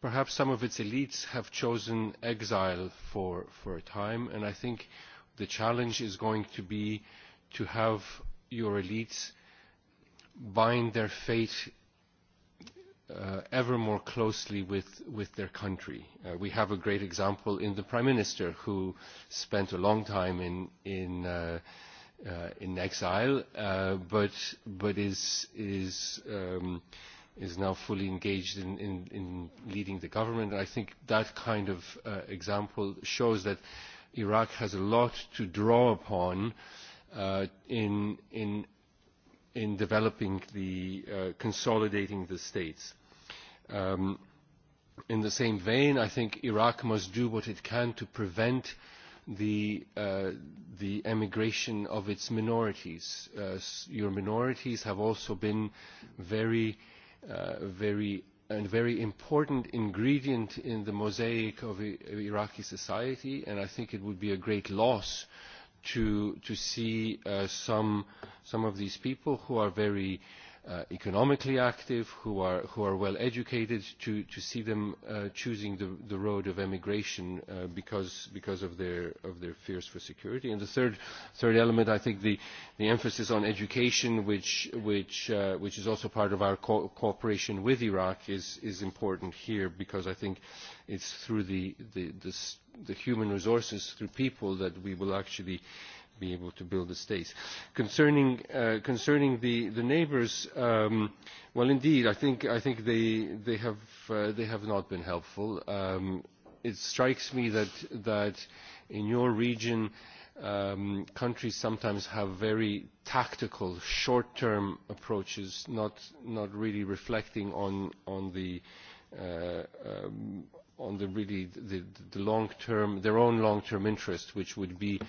perhaps some of its elites have chosen exile for, for a time, and I think the challenge is going to be to have your elites bind their fate uh ever more closely with, with their country. we have a great example in the Prime Minister who spent a long time in, in, uh, uh, in exile, uh, but, but is, is, um, is now fully engaged in, in, in leading the government. And I think that kind of uh, example shows that Iraq has a lot to draw upon uh, in, in in developing the uh, consolidating the states. Um, in the same vein, I think Iraq must do what it can to prevent the, uh, the emigration of its minorities. Uh, your minorities have also been very, uh, very a very important ingredient in the mosaic of Iraqi society, and I think it would be a great loss uh, to to see uh, some some of these people who are very uh, uh, economically active, who are, who are well educated, to, to see them uh, choosing the, the road of emigration uh, because, because of, their, of their fears for security. And the third, third element, I think the, the emphasis on education, which, which, uh, which is also part of our co cooperation with Iraq, is, is important here because I think it's through the, the, the, the human resources, through people that we will actually uh, be able to build the states. Concerning, uh, concerning the, the neighbors, um, well, indeed, I think, I think they, they, have, uh, they have not been helpful. Um, it strikes me that, that in your region, um, countries sometimes have very tactical, short-term approaches, not, not really reflecting on, on the uh, um, on the really the, the long term, their own long term interest, which would be uh,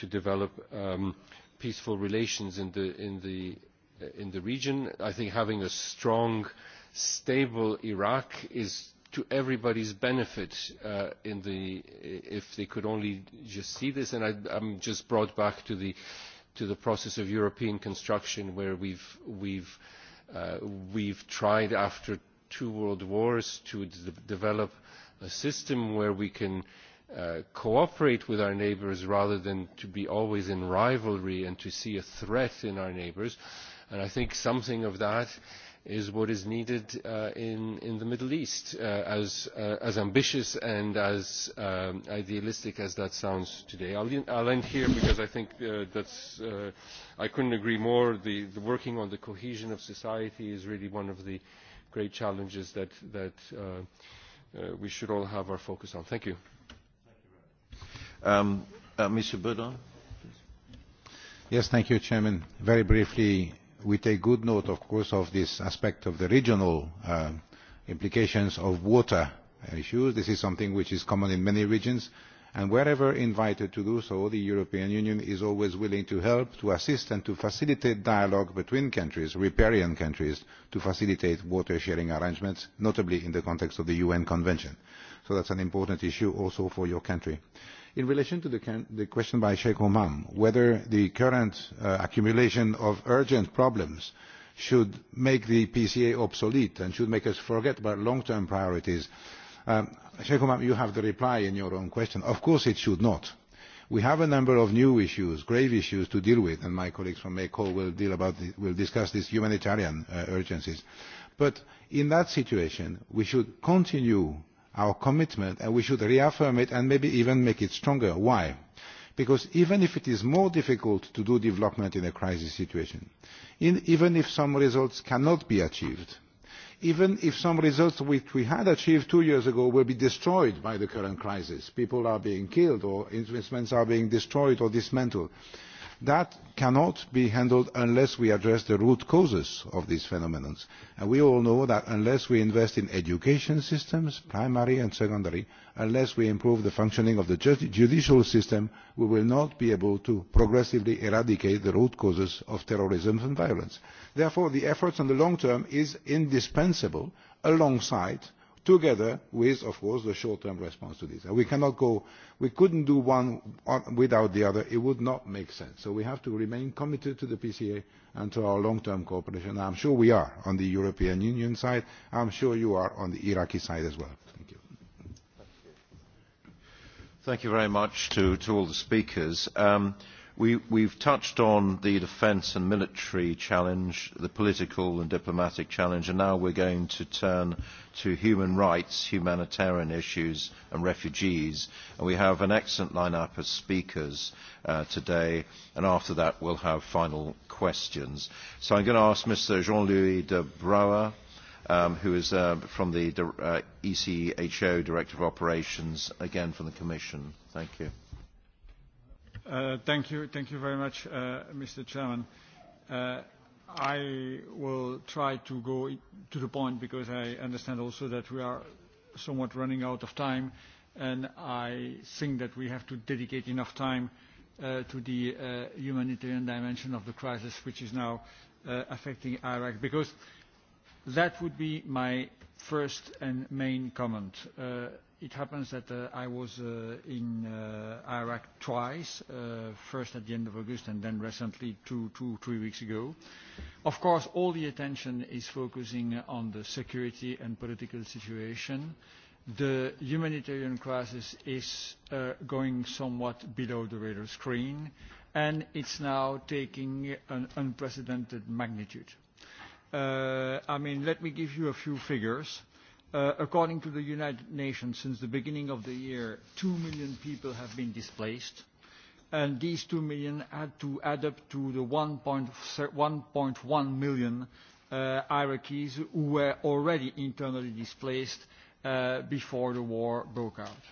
to develop um, peaceful relations in the, in, the, in the region. I think having a strong, stable Iraq is to everybody's benefit uh, in the, if they could only just see this. And I, I'm just brought back to the, to the process of European construction where we've, we've, uh, we've tried after two world wars to develop a system where we can uh, uh, cooperate with our neighbours rather than to be always in rivalry and to see a threat in our neighbours. And I think something of that is what is needed uh, in, in the Middle East, uh, as, uh, as ambitious and as um, idealistic as that sounds today. I'll, I'll end here because I think uh, that's, uh, I couldn't agree more. The, the working on the cohesion of society is really one of the great challenges that, that uh, uh, we should all have our focus on. Thank you. Mr. Budon? Yes, thank you, Very briefly, we take good note, of course, of this aspect of the regional implications of water issues. This is something which is common in many regions, and wherever invited to do so, the European Union is always willing to help, to assist, and to facilitate dialogue between countries, riparian countries, to facilitate water sharing arrangements, notably in the context of the UN Convention. So that is an important issue also for your country. In relation to the, the question by Sheikh Omam, whether the current uh, accumulation of urgent problems should make the PCA obsolete and should make us forget about long-term priorities, um, Sheikh Omam, you have the reply in your own question. Of course it should not. We have a number of new issues, grave issues to deal with, and my colleagues from MECO will, deal about the, will discuss these humanitarian uh, urgencies. But in that situation, we should continue our commitment, and we should reaffirm it and maybe even make it stronger. Why? Because even if it is more difficult to do development in a crisis situation, in, even if some results cannot be achieved, even if some results which we had achieved two years ago will be destroyed by the current crisis, people are being killed or investments are being destroyed or dismantled, That cannot be handled unless we address the root causes of these phenomena. And we all know that unless we invest in education systems, primary and secondary, unless we improve the functioning of the judicial system, we will not be able to progressively eradicate the root causes of terrorism and violence. Therefore, the efforts on the long term is indispensable alongside together with, of course, the short-term response to this. We cannot go, we couldn't do one without the other. It would not make sense. So we have to remain committed to the PCA and to our long-term cooperation. I'm sure we are on the European Union side. I'm sure you are on the Iraqi side as well. Thank you. Thank you very much to, to all the speakers. Um, We, have touched on the defence and military challenge, the political and diplomatic challenge, and now we are going to turn to human rights, humanitarian issues, and refugees. And we have an excellent lineup of speakers uh, today, and after that we'll have final questions. So I am going to ask Mr. Jean-Louis de Brouwer, um, who is uh, from the uh, ECHO Director of Operations, again from the Commission. Thank you. Thank you. Thank you very much, Mr. Chairman. I will try to go to the point because I understand also that we are somewhat running out of time, and I think that we have to dedicate enough time to the humanitarian dimension of the crisis, which is now affecting Iraq. Because that would be my first and main comment. It happens that I was in Iraq twice, first at the end of August and then recently two, two, three weeks ago. Of course, all the attention is focusing on the security and political situation. The humanitarian crisis is uh, going somewhat below the radar screen, and it's now taking an unprecedented magnitude. Uh, I mean, let me give you a few figures according to the United Nations, since the beginning of the year, 2 million people have been displaced. And these 2 million had to add up to the 1.1 million uh, Iraqis who were already internally displaced uh, before the war broke out.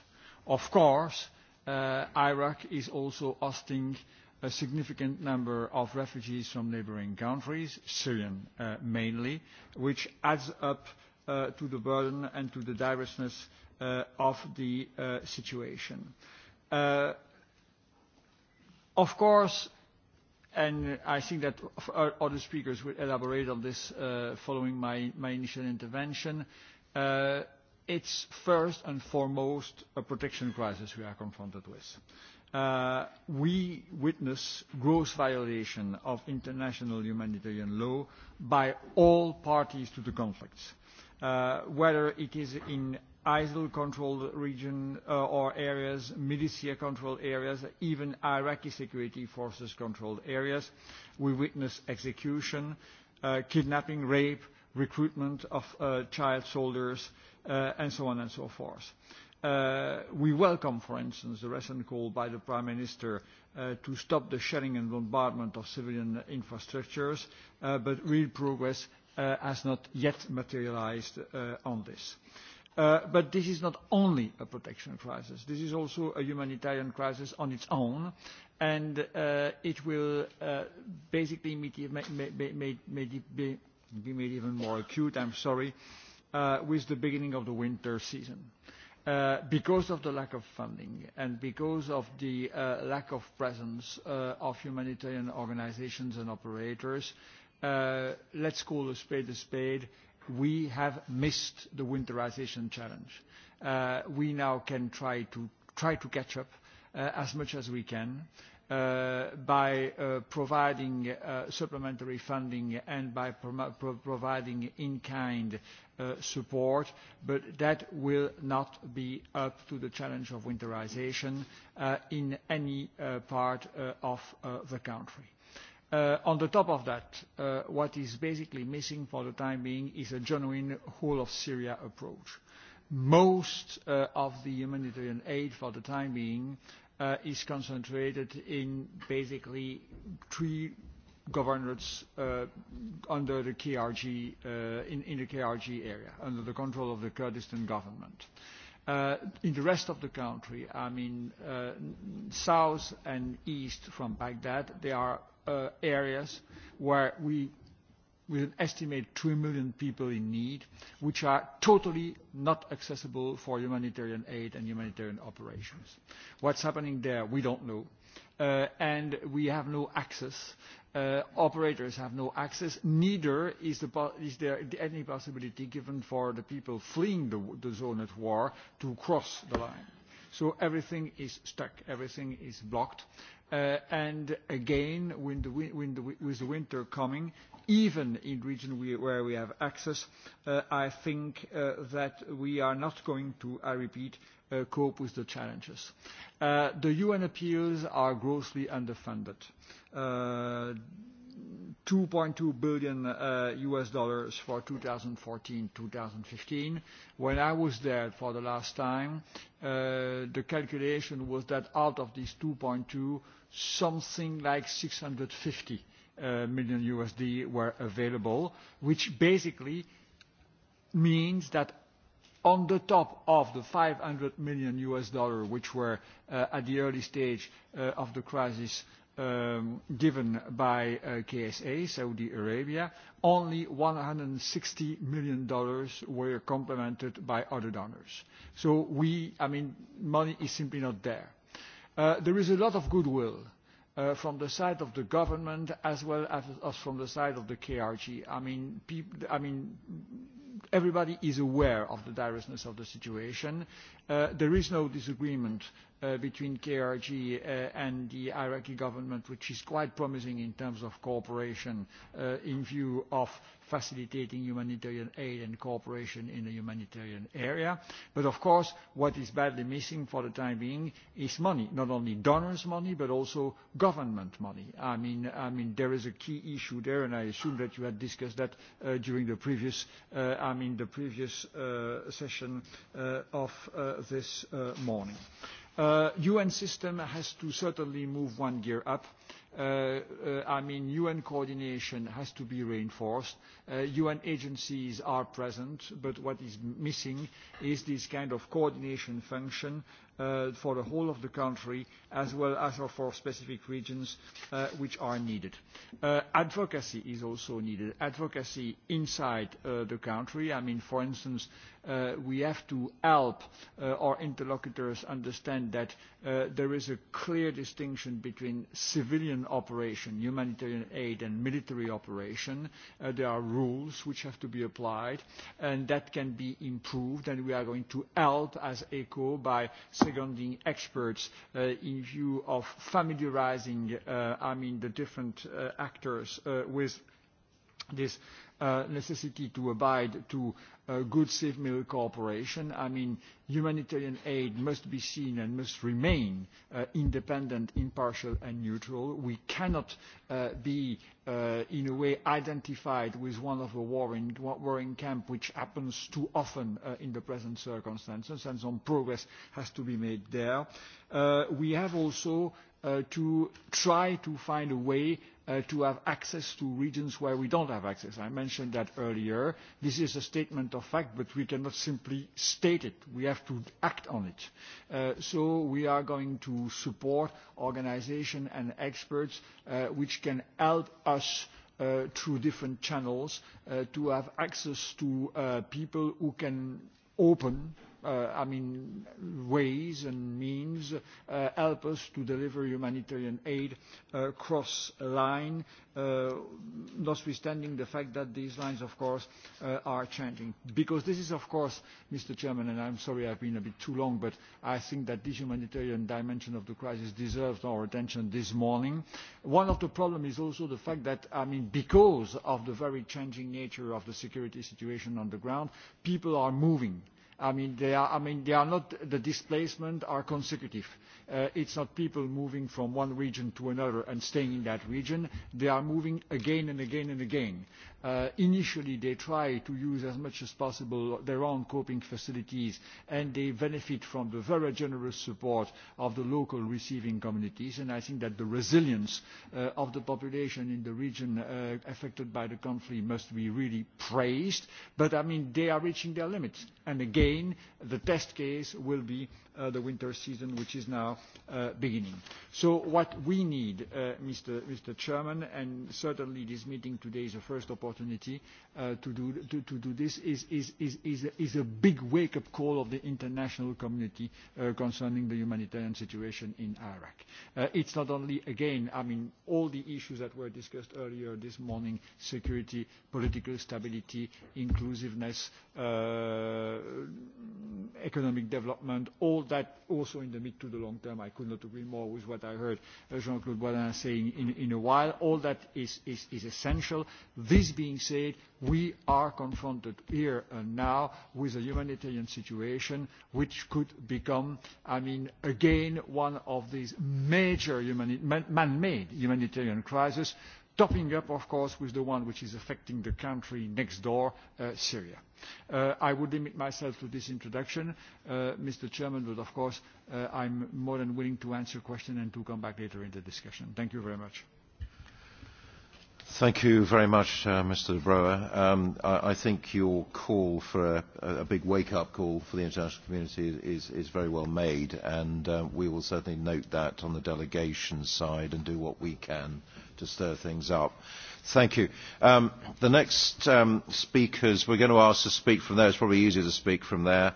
Of course, uh, Iraq is also hosting a significant number of refugees from neighboring countries, Syrian uh, mainly, which adds up uh, to the burden and to the directness uh, of the uh, situation. Uh, of course, and I think that other speakers will elaborate on this uh, following my, my initial intervention, uh, it's first and foremost a protection crisis we are confronted with we witness gross violation of international humanitarian law by all parties to the conflicts whether it is in ISIL-controlled region or areas, militia-controlled areas, even Iraqi security forces-controlled areas. We witness execution, kidnapping, rape, recruitment of child soldiers, and so on and so forth. We welcome, for instance, the recent call by the Prime Minister to stop the shelling and bombardment of civilian infrastructures, but real progress has not yet materialized on this. But this is not only a protection crisis. This is also a humanitarian crisis on its own, and it will basically be made even more acute, I'm sorry, with the beginning of the winter season. Because of the lack of funding and because of the lack of presence of humanitarian organizations and operators, uh, let's call a spade a spade, we have missed the winterization challenge. Uh, we now can try to, try to catch up uh, as much as we can uh, by uh, providing uh, supplementary funding and by pro pro providing in-kind support, but that will not be up to the challenge of winterization in any part of the country On the top of that, what is basically missing for the time being is a genuine whole of Syria approach. Most of the humanitarian aid for the time being is concentrated in basically three governors under the KRG in the KRG area, under the control of the Kurdistan government. In the rest of the country, I mean, south and east from Baghdad, they are areas where we with an estimated three million people in need, which are totally not accessible for humanitarian aid and humanitarian operations. What's happening there, we don't know. Uh, and we have no access. Uh, operators have no access. Neither is, the, is there any possibility given for the people fleeing the, the zone at war to cross the line. So everything is stuck, everything is blocked and again, with the winter coming, even in region where we have access, I think that we are not going to, I repeat, cope with the challenges. The UN appeals are grossly underfunded. $2.2 billion US dollars for 2014, 2015. When I was there for the last time, the calculation was that out of these 2.2, something like $650 million USD were available, which basically means that on the top of the $500 million US dollar, which were at the early stage of the crisis given by KSA, Saudi Arabia, only $160 million were complemented by other donors. So we I mean Money is simply not there there is a lot of goodwill from the side of the government as well as from the side of the KRG. I mean, peop I mean everybody is aware of the direness of the situation. there is no disagreement between KRG and the Iraqi government, which is quite promising in terms of cooperation in view of facilitating humanitarian aid and cooperation in the humanitarian area. But of course, what is badly missing for the time being is money, not only donors' money, but also government money. I mean, I mean there is a key issue there, and I assume that you had discussed that uh, during the previous, uh, I mean, the previous uh, session uh, of uh, this uh, morning. Uh, UN system has to certainly move one gear up. I mean, UN coordination has to be reinforced. UN agencies are present, but what is missing is this kind of coordination function uh, for the whole of the country as well as for specific regions uh, which are needed. Uh, advocacy is also needed, advocacy inside uh, the country. I mean, for instance, uh, we have to help uh, our interlocutors understand that uh, there is a clear distinction between civilian operation, humanitarian aid, and military operation. Uh, there are rules which have to be applied, and that can be improved, and we are going to help as ECHO by seconding experts in view of familiarizing, I mean, the different actors with this necessity to abide to good safe cooperation. I mean, humanitarian aid must be seen and must remain independent, impartial and neutral. We cannot be, in a way, identified with one of the warring, warring which happens too often in the present circumstances, and some progress has to be made there. we have also to try to find a way to have access to regions where we don't have access. I mentioned that earlier. This is a statement of fact, but we cannot simply state it. We have to act on it. So we are going to support organizations and experts which can help us through different channels to have access to people who can open I mean, ways and means help us to deliver humanitarian aid across line, notwithstanding the fact that these lines, of course, are changing. Because this is, of course, Mr. Chairman, and I'm sorry I've been a bit too long, but I think that this humanitarian dimension of the crisis deserves our attention this morning. One of the problems is also the fact that, I mean, because of the very changing nature of the security situation on the ground, people are moving. I mean, they are, I mean, they are not, the displacement are consecutive. Uh, it's not people moving from one region to another and staying in that region. They are moving again and again and again initially they try to use as much as possible their own coping facilities and they benefit from the very generous support of the local receiving communities and I think that the resilience of the population in the region affected by the conflict must be really praised but I mean they are reaching their limits and again the test case will be the winter season, which is now beginning. So what we need, Mr. Chairman, and certainly this meeting today is the first opportunity to do this, is a big wake-up call of the international community concerning the humanitarian situation in Iraq. It's not only, again, I mean, all the issues that were discussed earlier this morning, security, political stability, inclusiveness, economic development, all that also in the mid to the long term, I could not agree more with what I heard Jean-Claude Boisdin saying in in a while. All that is is is essential. This being said, we are confronted here and now with a humanitarian situation which could become, I mean, again, one of these major man-made humanitarian crises topping up, of course, with the one which is affecting the country next door, Syria. I would limit myself to this introduction, Mr. Chairman, but of course, I am more than willing to answer questions and to come back later in the discussion. Thank you very much. Thank you very much, uh, Mr. De Broer. Um, I, I think your call for a, a big wake-up call for the international community is, is very well made, and uh, we will certainly note that on the delegation side and do what we can uh, to stir things up. Thank you. Um, the next um, speakers, we're going to ask to speak from there. It's probably easier to speak from there.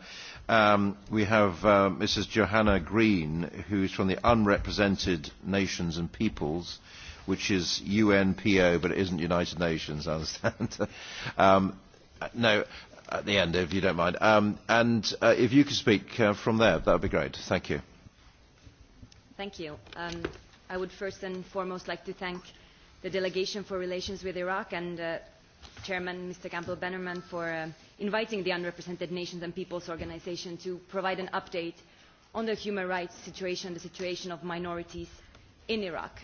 Um, we have uh, Mrs. Johanna Green, who's from the Unrepresented Nations and Peoples, which is UNPO, but it isn't United Nations, I understand. um, no, at the end, if you don't mind. Um, and uh, if you could speak uh, from there, that would be great. Thank you. Thank you. Um, I would first and foremost like to thank the Delegation for Relations with Iraq and uh, Chairman Mr. Campbell Bannerman for uh, inviting the Unrepresented Nations and Peoples Organization to provide an update on the human rights situation, the situation of minorities in Iraq.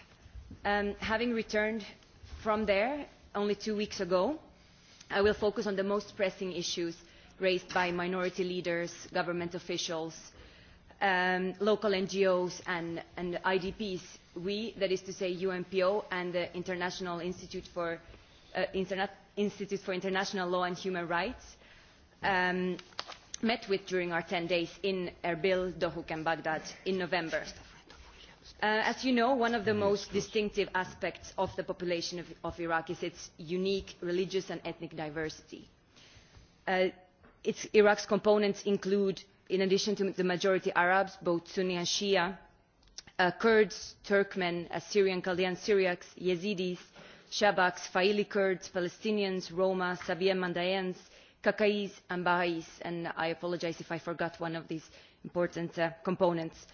Um, having returned from there only two weeks ago, I will focus on the most pressing issues raised by minority leaders, government officials, um, local NGOs and, and IDPs we, that is to say UNPO and the International Institute for, uh, Interna Institute for International Law and Human Rights, um, met with during our 10 days in Erbil, Dohuk and Baghdad in November. as you know, one of the most distinctive aspects of the population of, of Iraq is its unique religious and ethnic diversity. Uh, its, Iraq's components include, in addition to the majority Arabs, both Sunni and Shia, kurds turkmen assyrian chaldeans syriacs yazidis shabaks faili kurds palestinians roma sabian mandayans kakais and bahais and i apologise if i forgot one of these important components.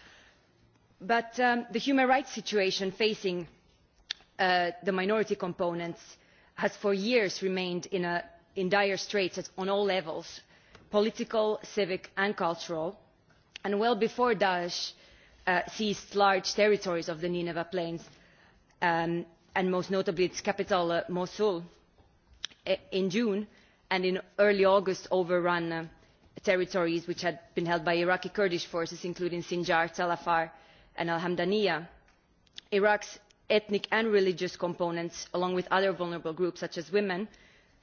but the human rights situation facing the minority components has for years remained in dire straits on all levels political civic and cultural and well before daesh seized large territories of the Nineveh Plains, and most notably its capital, Mosul, in June, and in early August overrun territories which had been held by Iraqi Kurdish forces, including Sinjar, Tal Afar, and Al-Hamdaniya. Iraq's ethnic and religious components, along with other vulnerable groups such as women,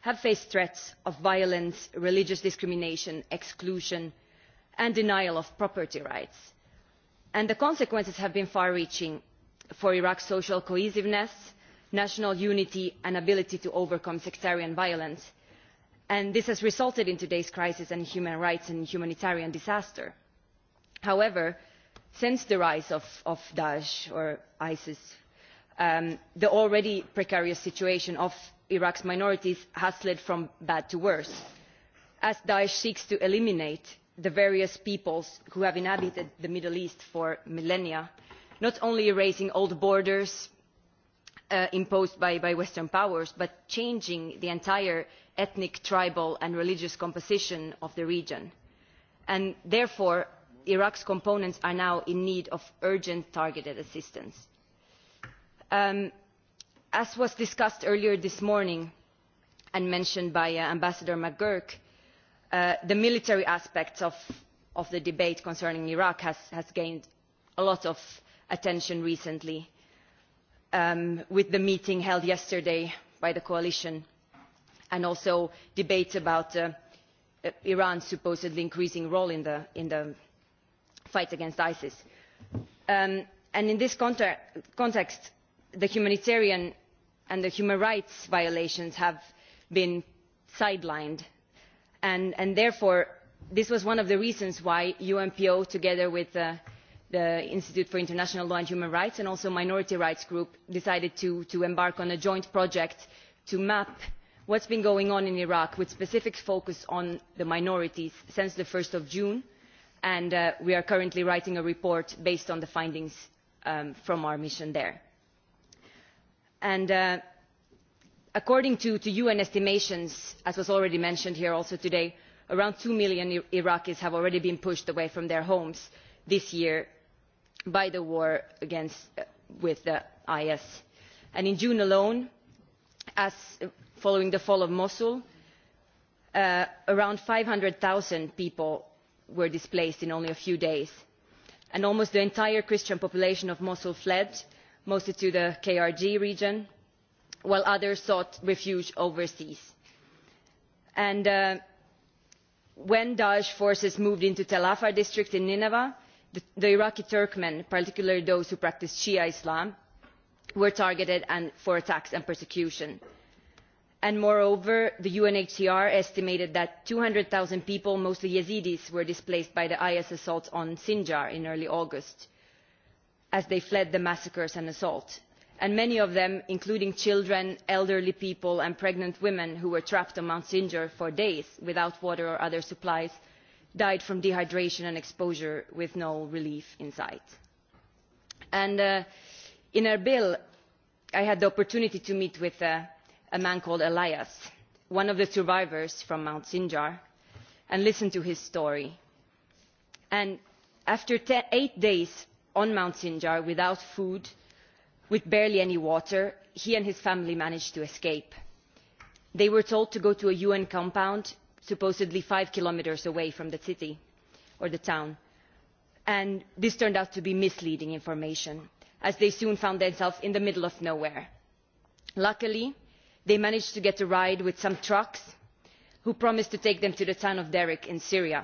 have faced threats of violence, religious discrimination, exclusion, and denial of property rights and the consequences have been far reaching for iraq's social cohesiveness national unity and ability to overcome sectarian violence and this has resulted in today's crisis and human rights and humanitarian disaster. however since the rise of daesh or isis the already precarious situation of iraq's minorities has slid from bad to worse as daesh seeks to eliminate the various peoples who have inhabited the middle east for millennia not only erasing old borders imposed by western powers but changing the entire ethnic tribal and religious composition of the region. therefore iraq's components are now in need of urgent targeted assistance. as was discussed earlier this morning and mentioned by ambassador mcgurk the military aspect of the debate concerning iraq has gained a lot of attention recently with the meeting held yesterday by the coalition and also debates about iran's supposedly increasing role in the fight against isis. in this context the humanitarian and human rights violations have been sidelined and therefore this was one of the reasons why UNPO, together with the Institute for International Law and Human Rights and also Minority Rights Group, decided to, embark on a joint project to map what has been going on in Iraq with specific focus on the minorities since the of June. And we are currently writing a report based on the findings from our mission there. And according to un estimations as was already mentioned here also today around two million iraqis have already been pushed away from their homes this year by the war with is. in june alone following the fall of mosul around five hundred zero people were displaced in only a few days and almost the entire christian population of mosul fled mostly to the krg region while others sought refuge overseas. when daesh forces moved into the afar district in nineveh the iraqi turkmen particularly those who practice shia islam were targeted for attacks and persecution. moreover the unhcr estimated that two hundred zero people mostly yazidis were displaced by the is assault on sinjar in early august as they fled the massacres and assault and many of them including children elderly people and pregnant women who were trapped on Mount sinjar for days without water or other supplies died from dehydration and exposure with no relief in sight. in erbil i had the opportunity to meet with a man called elias one of the survivors from mount sinjar and listen to his story. after eight days on mount sinjar without food with barely any water he and his family managed to escape. they were told to go to a un compound supposedly five kilometres away from the city or the town and this turned out to be misleading information as they soon found themselves in the middle of nowhere. luckily they managed to get a ride with some trucks who promised to take them to the town of derik in syria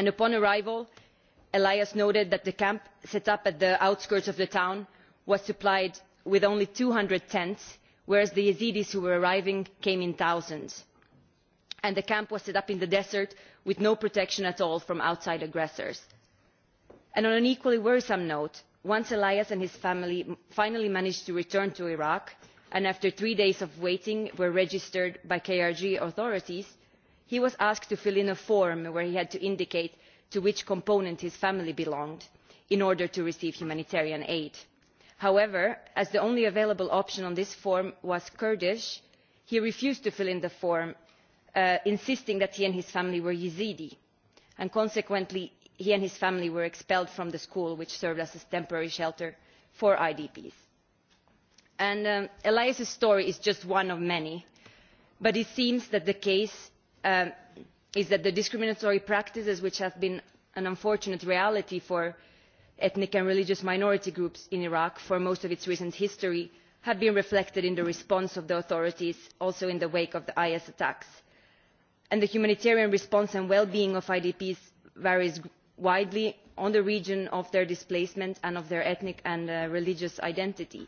and upon arrival elias noted that the camp set up at the outskirts of the town was supplied with only two hundred tents whereas the yazidis who were arriving came in thousands and the camp was set up in the desert with no protection at all from outside aggressors. on an equally worrisome note once elias and his family finally managed to return to iraq and after three days of waiting were registered by krg authorities he was asked to fill in a form where he had to indicate to which component his family belonged in order to receive humanitarian aid however as the only available option on this form was kurdish he refused to fill in the form insisting that he and his family were yazidi and consequently he and his family were expelled from the school which served as a temporary shelter for idps. elias's story is just one of many but it seems that the case is that the discriminatory practices which have been an unfortunate reality for ethnic and religious minority groups in iraq for most of its recent history have been reflected in the response of the authorities also in the wake of the is attacks and the humanitarian response and well being of idps varies widely on the region of their displacement and of their ethnic and religious identity.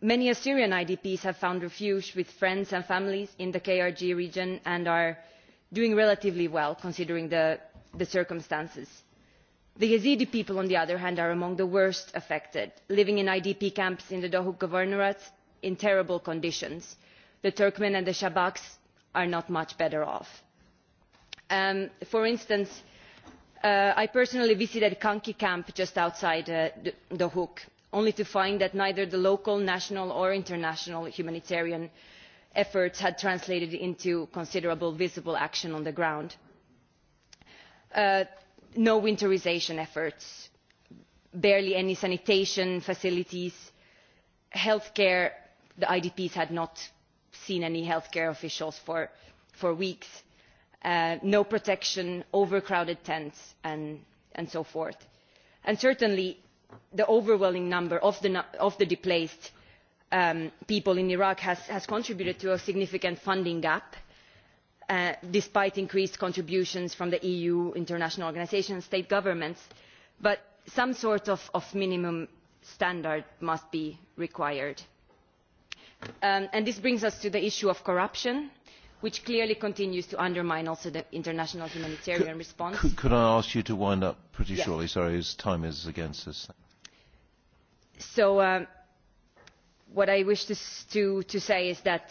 many assyrian idps have found refuge with friends and families in the krg region and are doing relatively well considering the circumstances the yazidi people on the other hand are among the worst affected living in idp camps in the dohuk governorate in terrible conditions. the turkmen and the shabaks are not much better off. for instance i personally visited kanki camp just outside dohuk only to find that neither the local national or international humanitarian efforts had translated into considerable visible action on the ground no winterisation efforts barely any sanitation facilities healthcare the idps had not seen any healthcare officials for for weeks no protection overcrowded tents and and so forth and certainly the overwhelming number of the displaced people in iraq has contributed to a significant funding gap despite increased contributions from the eu international organisations and state governments but some sort of minimum standard must be required. this brings us to the issue of corruption which clearly continues to undermine the international humanitarian response. could i ask you to wind up pretty shortly sorry time is against us. so what i wish to say is that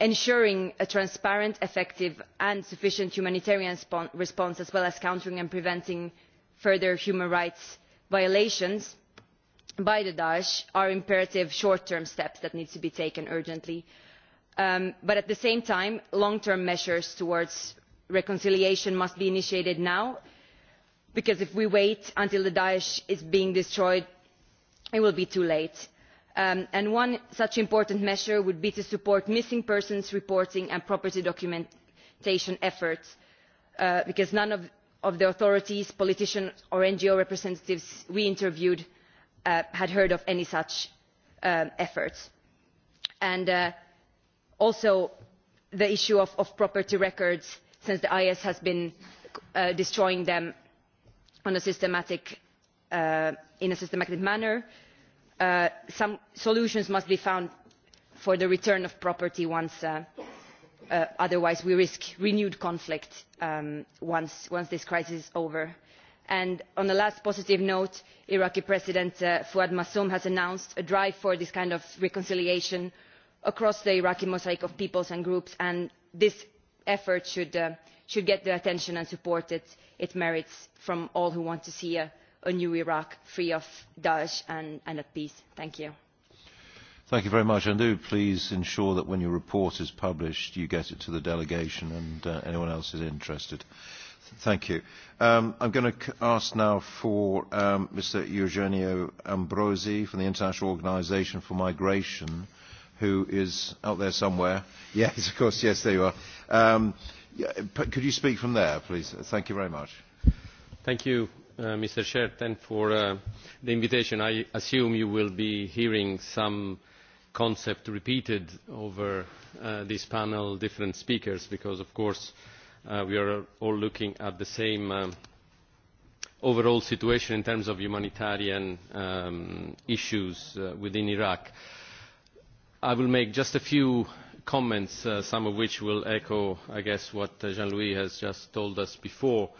ensuring a transparent effective and sufficient humanitarian response as well as countering and preventing further human rights violations by daesh are imperative short term steps that need to be taken urgently but at the same time long term measures towards reconciliation must be initiated now because if we wait until daesh is being destroyed it will be too late and one such important measure would be to support missing persons reporting and property documentation efforts because none of the authorities politicians or ngo representatives we interviewed had heard of any such efforts. also the issue of property records since the is has been destroying them in a systematic manner some solutions must be found for the return of property otherwise we risk renewed conflict once this crisis is over. on the last positive note iraqi president fouad massoum has announced a drive for this kind of reconciliation across the iraqi mosaic of peoples and groups and this effort should get the attention and support it merits from all who want to see a new iraq free of daesh and, and at peace. thank you. Thank you very much. And do please ensure that when your report is published, you get it to the delegation and uh, anyone else is interested. Thank you. Um, I'm going to ask now for um, Mr. Eugenio Ambrosi from the International Organization for Migration, who is out there somewhere. Yes, of course. Yes, there you are. Um, could you speak from there, please? Thank you very much. Thank you, Mr. and for the invitation. I assume you will be hearing some concept repeated over this panel, different speakers, because, of course, we are all looking at the same overall situation in terms of humanitarian issues within Iraq. I will make just a few comments, some of which will echo, I guess, what Jean-Louis has just told us before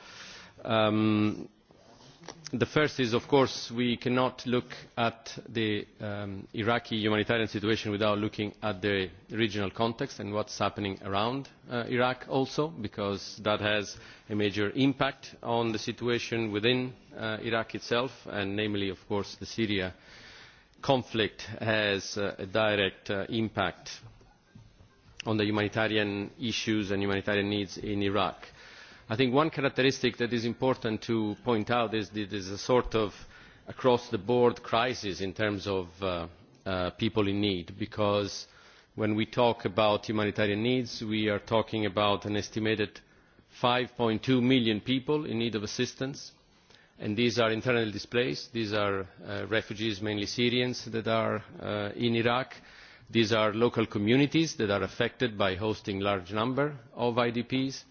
the first is of course we cannot look at the iraqi humanitarian situation without looking at the regional context and what is happening around iraq also because that has a major impact on the situation within iraq itself and namely of course the syria conflict has a direct impact on the humanitarian issues and humanitarian needs in iraq i think one characteristic that is important to point out is that there is a sort of across the board crisis in terms of people in need because when we talk about humanitarian needs we are talking about an estimated five two million people in need of assistance and these are internally displaced these are refugees mainly syrians that are in iraq these are local communities that are affected by hosting a large number of idps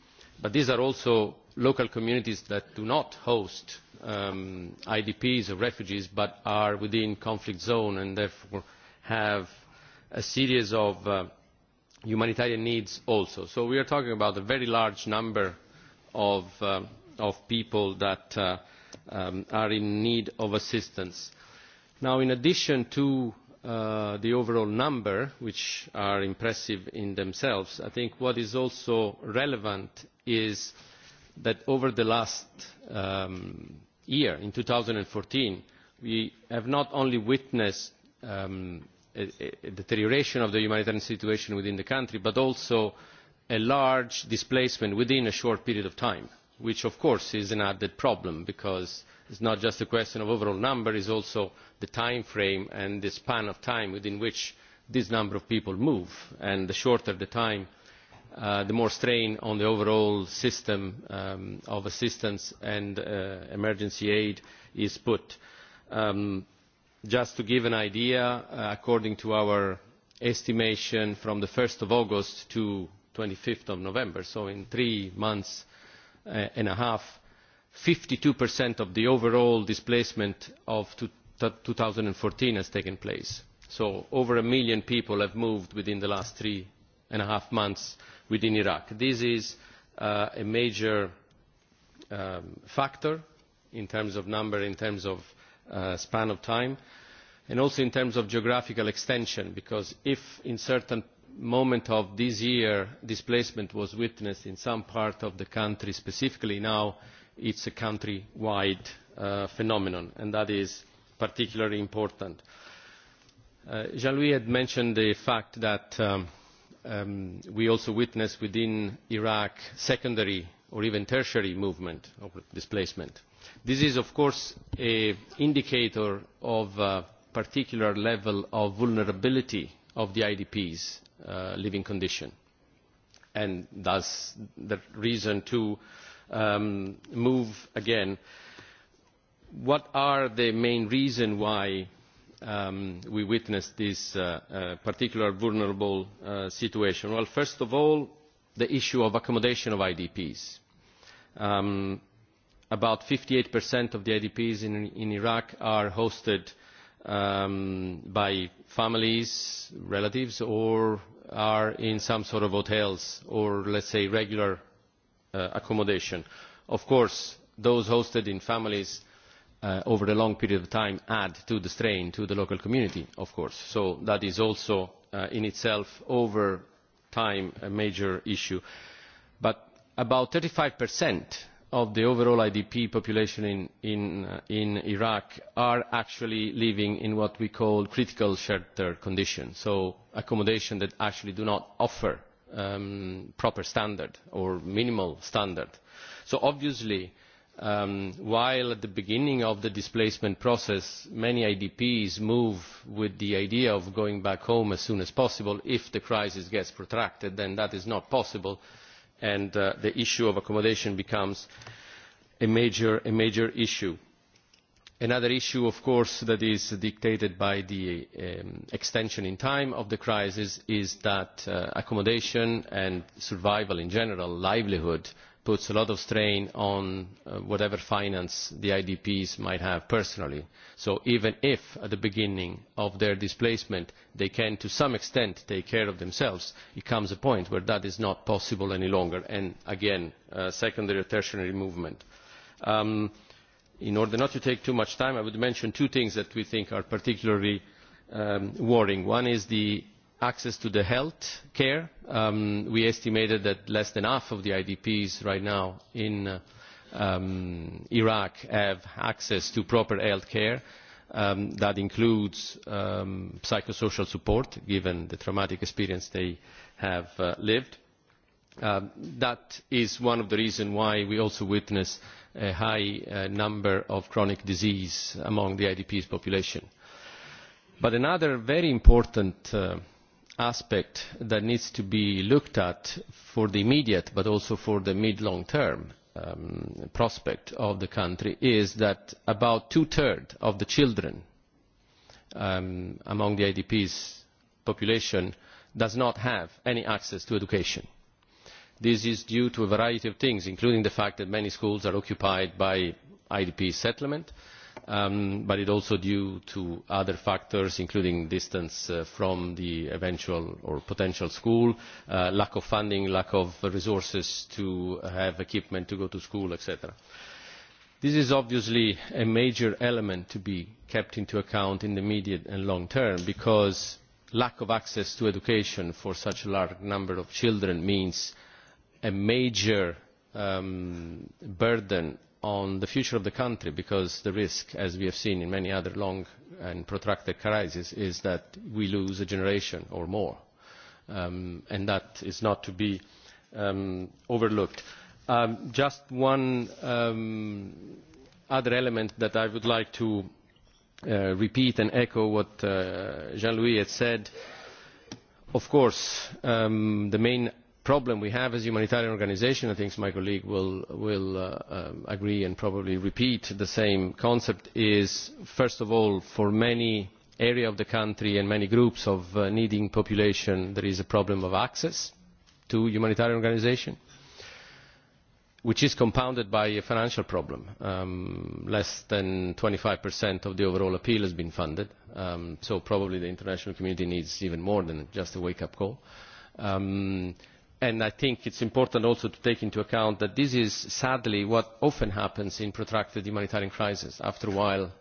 but these are also local communities that do not host idps or refugees but are within conflict zones and therefore have a series of humanitarian needs also. so we are talking about a very large number of people that are in need of assistance. in addition the overall number which are impressive in themselves i think what is also relevant is that over the last year in two thousand and fourteen we have not only witnessed a deterioration of the humanitarian situation within the country but also a large displacement within a short period of time which of course is an added problem because it is not just a question of overall number it is also the time frame and the span of time within which this number of people move and the shorter the time the more strain on the overall system of assistance and emergency aid is put. just to give an idea according to our estimation from one august to twenty five november so in three months and a half, fifty two of the overall displacement of fourteen has taken place. So over a million people have moved within the last three and a half months within Iraq. This is a major factor in terms of number, in terms of span of time, and also in terms of geographical extension, because if in certain moment of this year displacement was witnessed in some part of the country specifically now it is a country wide phenomenon and that is particularly important. jean louis had mentioned the fact that we also witness within iraq secondary or even tertiary movement of displacement. this is of course an indicator of a particular level of vulnerability of the idps uh, living condition. And thus the reason to um, move again. What are the main reasons why um, we witness this uh, uh, particular vulnerable uh, situation? Well, first of all, the issue of accommodation of IDPs. Um, about 58% of the IDPs in, in Iraq are hosted uh, um, by families, relatives, or are in some sort of hotels or, let's say, regular uh, accommodation. Of course, those hosted in families uh, over a long period of time add to the strain to the local community, of course. So that is also uh, in itself, over time, a major issue. But about 35 percent of the overall idp population in iraq are actually living in what we call critical shelter conditions so accommodation that actually do not offer proper standard or minimal standard. so obviously while at the beginning of the displacement process many idps move with the idea of going back home as soon as possible if the crisis gets protracted then that is not possible and uh, the issue of accommodation becomes a major, a major issue. Another issue, of course, that is dictated by the um, extension in time of the crisis is that uh, accommodation and survival in general, livelihood, puts a lot of strain on whatever finance the idps might have personally. so even if at the beginning of their displacement they can to some extent take care of themselves there comes a point where that is not possible any longer and again secondary or tertiary movement. in order not to take too much time i would mention two things that we think are particularly worrying. one is the access to health care. we estimated that less than half of the IDPs right now in Iraq have access to proper health care. that includes psycho psychosocial support, given the traumatic experience they have lived. that is one of the reasons why we also witness a high number of chronic diseases among the IDP's population. But another very important aspect that needs to be looked at for the immediate but also for the mid long term prospect of the country is that about two thirds of the children among the idp's population does not have any access to education. this is due to a variety of things including the fact that many schools are occupied by idp settlements but it is also due to other factors including distance from the eventual or potential school lack of funding lack of resources to have equipment to go to school etc. this is obviously a major element to be kept into account in the immediate and long term because lack of access to education for such a large number of children means a major burden on the future of the country because the risk, as we have seen in many other long and protracted crises, is that we lose a generation or more. and that is not to be overlooked. just one other element that I would like to repeat and echo what Jean-Louis had said. Of course, the main problem we have as a humanitarian organisation, I think my colleague will, will uh, agree and probably repeat the same concept, is first of all for many areas of the country and many groups of needing population there is a problem of access to humanitarian organisation which is compounded by a financial problem. Um, less than twenty five of the overall appeal has been funded, um, so probably the international community needs even more than just a wake-up call. Um, and i think it is important also to take into account that this is sadly what often happens in protracted humanitarian crises after a while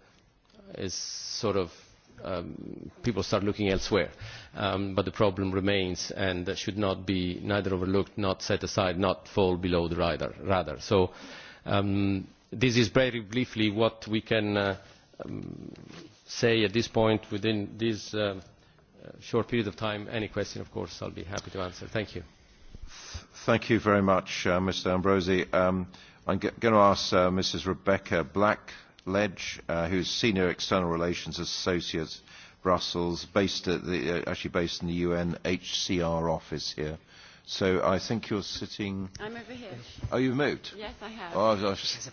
people start looking elsewhere but the problem remains and should not be neither overlooked or set aside or fall below the radar so this is very briefly what we can say at this point within this short period of time any question of course i will be happy to answer thank you Thank you very much, uh, Mr. Ambrosi. Um, I'm going to ask uh, Mrs. Rebecca Blackledge, uh, who's Senior External Relations Associate, Brussels, based at the, uh, actually based in the UNHCR office here. So I think you're sitting. I'm over here. Oh, you've moved. Yes, I have. Oh, I was, I was just...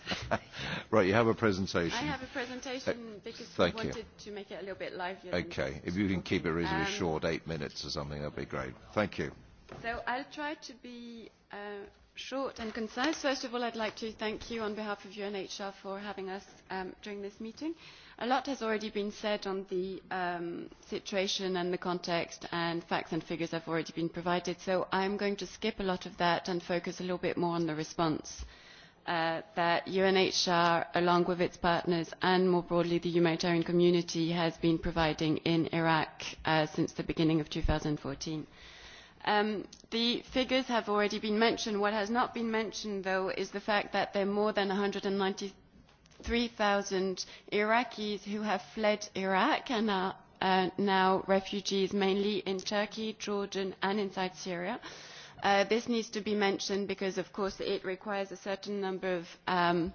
right, you have a presentation. I have a presentation because Thank we wanted you. to make it a little bit livelier. Okay, if you can keep it reasonably um, short, eight minutes or something, that'd be great. Thank you. So I'll try to be uh, short and concise. First of all, I'd like to thank you on behalf of UNHCR for having us um, during this meeting. A lot has already been said on the um, situation and the context, and facts and figures have already been provided. So I'm going to skip a lot of that and focus a little bit more on the response uh, that UNHCR, along with its partners and more broadly the humanitarian community, has been providing in Iraq uh, since the beginning of 2014 the figures have already been mentioned. What has not been mentioned, though, is the fact that there are more than one hundred and ninety three 193,000 Iraqis who have fled Iraq and are uh, now refugees mainly in Turkey, Jordan, and inside Syria. Uh, this needs to be mentioned because, of course, it requires a certain number of um,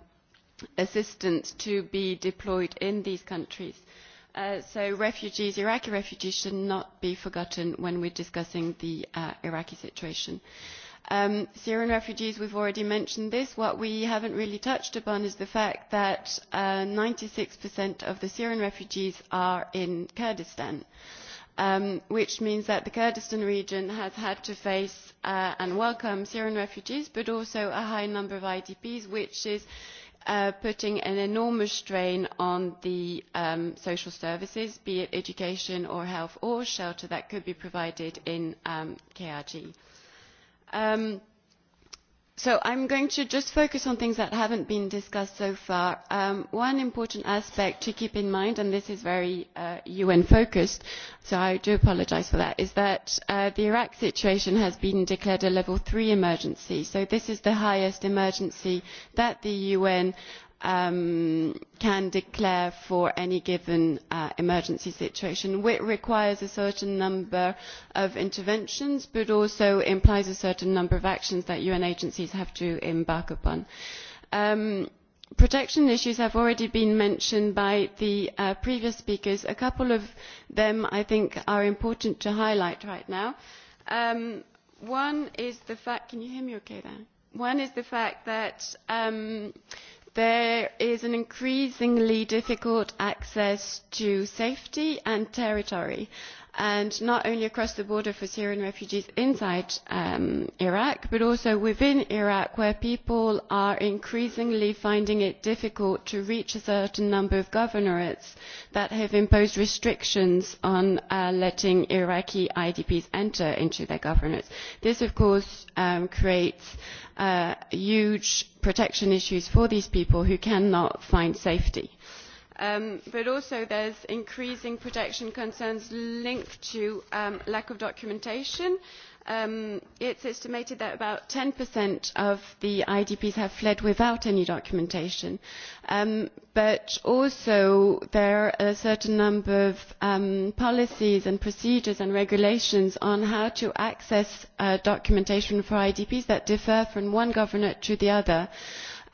assistance to be deployed in these countries so refugees, Iraqi refugees should not be forgotten when we're discussing the uh, Iraqi situation. Um, Syrian refugees, we've already mentioned this. What we haven't really touched upon is the fact that uh, 96% of the Syrian refugees are in Kurdistan, um, which means that the Kurdistan region has had to face uh, and welcome Syrian refugees, but also a high number of IDPs, which is putting an enormous strain on the social services, be it education or health or shelter that could be provided in KRG. So I'm going to just focus on things that haven't been discussed so far. Um, one important aspect to keep in mind, and this is very uh, UN-focused, so I do apologize for that, is that uh, the Iraq situation has been declared a level three emergency. So this is the highest emergency that the UN can declare for any given emergency situation, which requires a certain number of interventions, but also implies a certain number of actions that UN agencies have to embark upon. protection issues have already been mentioned by the previous speakers. A couple of them, I think, are important to highlight right now. one is the fact, can you hear me okay there? One is the fact that there is an increasingly difficult access to safety and territory and not only across the border for Syrian refugees inside Iraq, but also within Iraq, where people are increasingly finding it difficult to reach a certain number of governorates that have imposed restrictions on letting Iraqi IDPs enter into their governorates. This, of course, creates uh, huge protection issues for these people who cannot find safety. Um, but also there's increasing protection concerns linked to um, lack of documentation um, it's estimated that about ten of the IDPs have fled without any documentation. Um, but also there are a certain number of um, policies and procedures and regulations on how to access uh, documentation for IDPs that differ from one governor to the other.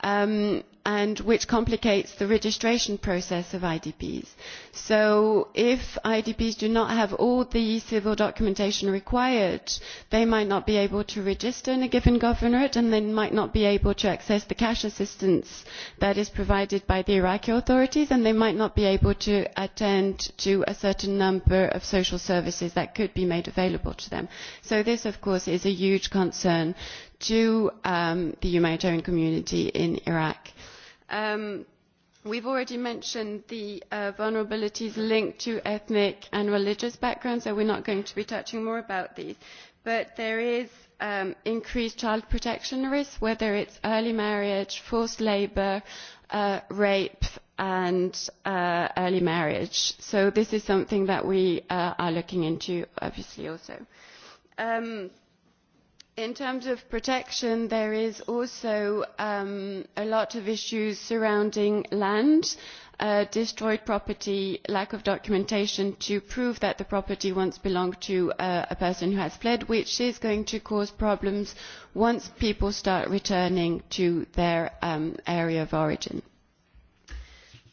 Um, and which complicates the registration process of IDPs. So if IDPs do not have all the civil documentation required, they might not be able to register in a given governorate and they might not be able to access the cash assistance that is provided by the Iraqi authorities and they might not be able to attend to a certain number of social services that could be made available to them. So this of course is a huge concern to um, the humanitarian community in Iraq. Um, we've already mentioned the uh, vulnerabilities linked to ethnic and religious backgrounds, so we're not going to be touching more about these. But there is um, increased child protection risk, whether it's early marriage, forced labour, uh, rape, and uh, early marriage. So this is something that we uh, are looking into, obviously, also. Um, in terms of protection there is also a lot of issues surrounding land destroyed property lack of documentation to prove that the property once belonged to a person who has fled which is going to cause problems once people start returning to their area of origin.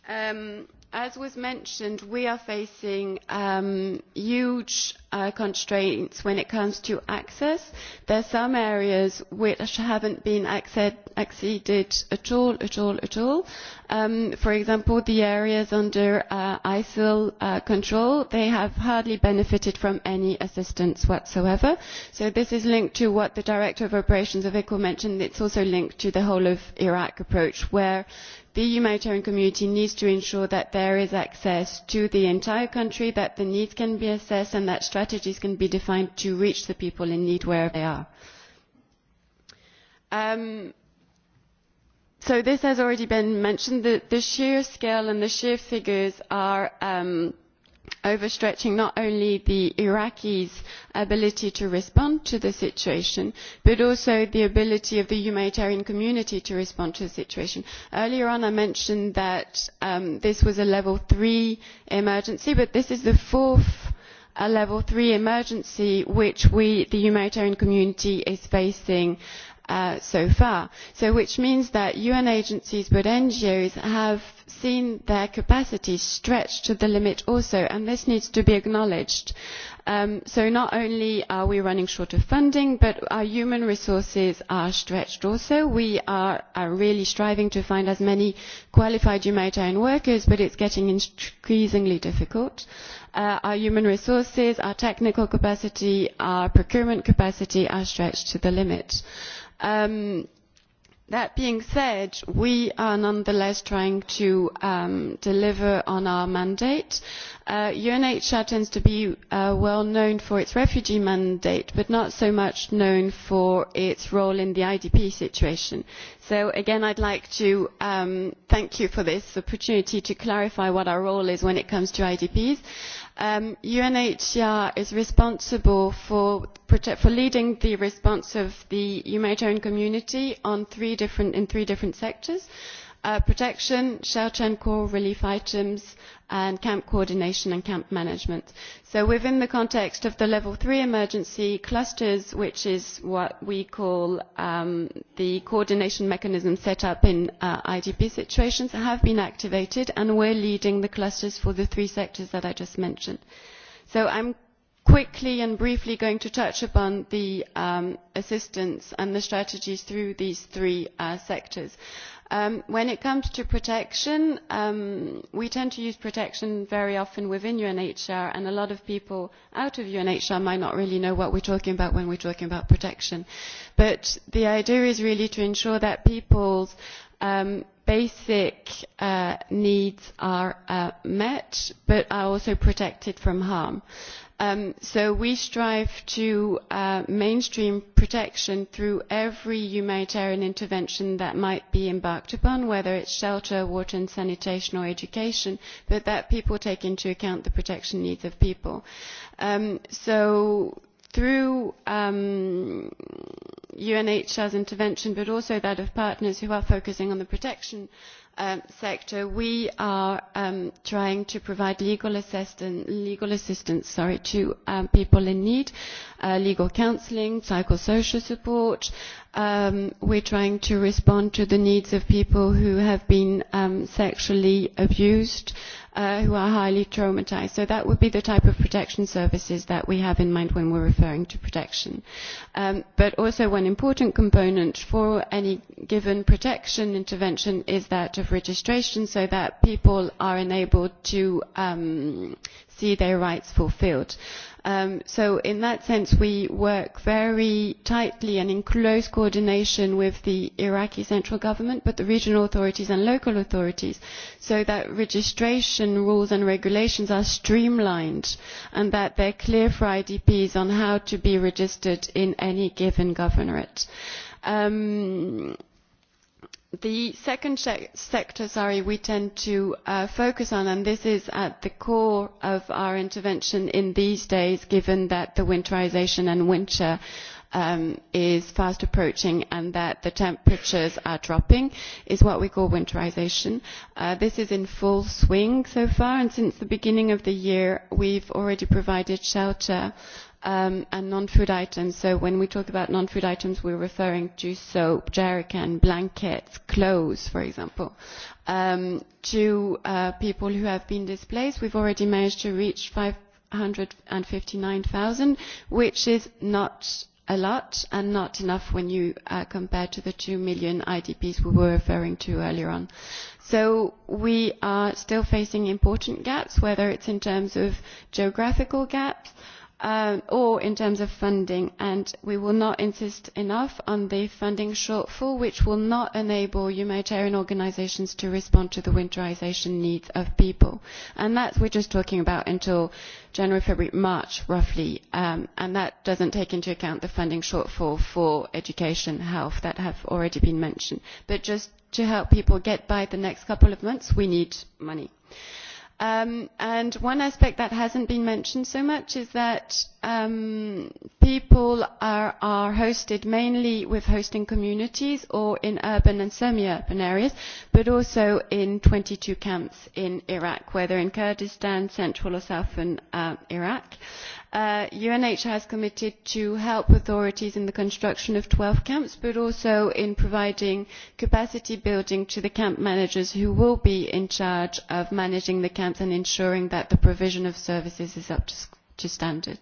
Um, As was mentioned, we are facing um, huge uh, constraints when it comes to access. There are some areas which haven't been acced- acceded at all, at all, at all. Um, for example, the areas under uh, ISIL uh, control, they have hardly benefited from any assistance whatsoever. So this is linked to what the Director of Operations of ICO mentioned. It's also linked to the whole of Iraq approach, where the humanitarian community needs to ensure that there is access to the entire country, that the needs can be assessed and that strategies can be defined to reach the people in need where they are. Um, so this has already been mentioned. The, the sheer scale and the sheer figures are um, – overstretching not only the Iraqis' ability to respond to the situation, but also the ability of the humanitarian community to respond to the situation. Earlier on, I mentioned that um, this was a level three emergency, but this is the fourth a level three emergency which we, the humanitarian community, is facing so far. So which means that UN agencies but NGOs have seen their capacity stretched to the limit also, and this needs to be acknowledged. so not only are we running short of funding, but our human resources are stretched also. We are, really striving to find as many qualified humanitarian workers, but it's getting increasingly difficult. our human resources, our technical capacity, our procurement capacity are stretched to the limit That being said, we are nonetheless trying to deliver on our mandate. UNHCR tends to be well known for its refugee mandate, but not so much known for its role in the IDP situation. So again, I'd like to thank you for this opportunity to clarify what our role is when it comes to IDPs Um, UNHCR is responsible for, protect, for leading the response of the Umaid own community on three different, in three different sectors protection, shelter and core relief items, and camp coordination and camp management. So within the context of the level three emergency clusters, which is what we call um, the coordination mechanism set up in uh, IDP situations, have been activated and we're leading the clusters for the three sectors that I just mentioned. So I'm quickly and briefly going to touch upon the um, assistance and the strategies through these three uh, sectors when it comes to protection, we tend to use protection very often within UNHCR, and a lot of people out of UNHCR might not really know what we're talking about when we're talking about protection. But the idea is really to ensure that people's um, basic uh, needs are uh, met, but are also protected from harm so we strive to mainstream protection through every humanitarian intervention that might be embarked upon, whether it is shelter, water and sanitation or education, but that people take into account the protection needs of people. so through um, UNHCR's intervention, but also that of partners who are focusing on the protection sector, we are trying to provide legal assistance, to people in need, legal counselling, psychosocial support. We are trying to respond to the needs of people who have been sexually abused who are highly traumatised. So that would be the type of protection services that we have in mind when we are referring to protection. but also one important component for any given protection intervention is that of registration so that people are enabled to see their rights fulfilled so in that sense, we work very tightly and in close coordination with the Iraqi central government, but the regional authorities and local authorities, so that registration rules and regulations are streamlined and that they're clear for IDPs on how to be registered in any given governorate. Um, The second sector we tend to focus on, and this is at the core of our intervention in these days, given that the winterisation and winter is fast approaching and that the temperatures are dropping, is what we call winterisation. this is in full swing so far, and since the beginning of the year, we have already provided shelter um, and non-food items. So when we talk about non-food items, we're referring to soap, jerrycan, blankets, clothes, for example. Um, to uh, people who have been displaced, we've already managed to reach 559,000, which is not a lot and not enough when you uh, compare to the 2 million IDPs we were referring to earlier on. So we are still facing important gaps, whether it's in terms of geographical gaps, or in terms of funding, and we will not insist enough on the funding shortfall, which will not enable humanitarian organisations to respond to the winterisation needs of people. And that we're just talking about until January, February, March, roughly, and that doesn't take into account the funding shortfall for education, health, that have already been mentioned. But just to help people get by the next couple of months, we need money. Uh, and one aspect that hasn't been mentioned so much is that um, people are, are hosted mainly with hosting communities or in urban and semi-urban areas, but also in 22 camps in Iraq, whether in Kurdistan, central or southern uh, Iraq UNHCR has committed to help authorities in the construction of twelve camps, but also in providing capacity building to the camp managers who will be in charge of managing the camps and ensuring that the provision of services is up to, standard.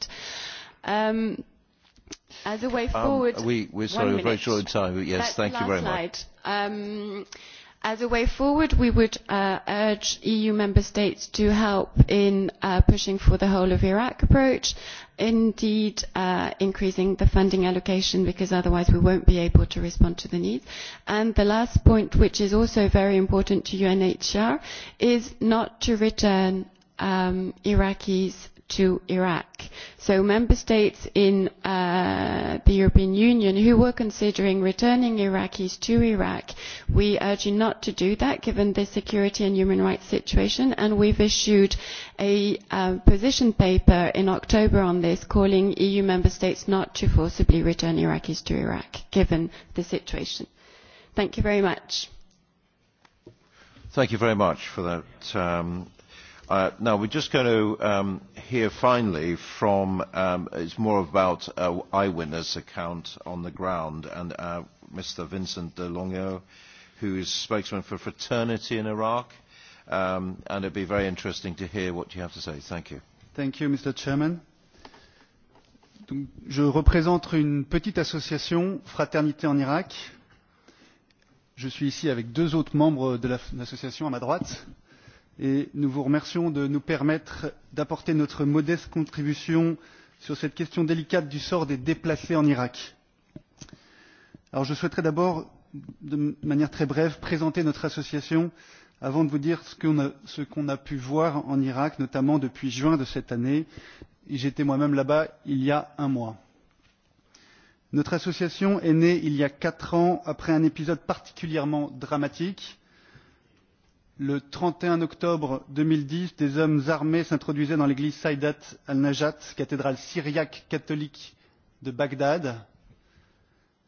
as a way forward, As a way forward, we would uh, urge EU member states to help in uh, pushing for the whole of Iraq approach, indeed uh, increasing the funding allocation because otherwise we won't be able to respond to the needs. And the last point, which is also very important to UNHCR, is not to return Iraqis to Iraq. So member states in uh, the European Union who were considering returning Iraqis to Iraq, we urge you not to do that given the security and human rights situation and we've issued a uh, position paper in October on this calling EU member states not to forcibly return Iraqis to Iraq given the situation. Thank you very much. Thank you very much for that um, Uh, now, we're just going to um, hear finally from, um, it's more about uh, eyewitness account on the ground, and uh, Mr. Vincent de Longo, who is spokesman for fraternity in Iraq. Um, and it'd be very interesting to hear what you have to say. Thank you. Thank you, Mr. Chairman. Donc, je représente une petite association, Fraternité en Irak. Je suis ici avec deux autres membres de l'association à ma droite et nous vous remercions de nous permettre d'apporter notre modeste contribution sur cette question délicate du sort des déplacés en Irak. Alors je souhaiterais d'abord, de manière très brève, présenter notre association avant de vous dire ce qu'on a, qu a pu voir en Irak, notamment depuis juin de cette année. J'étais moi-même là-bas il y a un mois. Notre association est née il y a quatre ans après un épisode particulièrement dramatique le trente et un octobre deux mille dix des hommes armés s'introduisaient dans l'église saïdat al najat cathédrale syriaque catholique de bagdad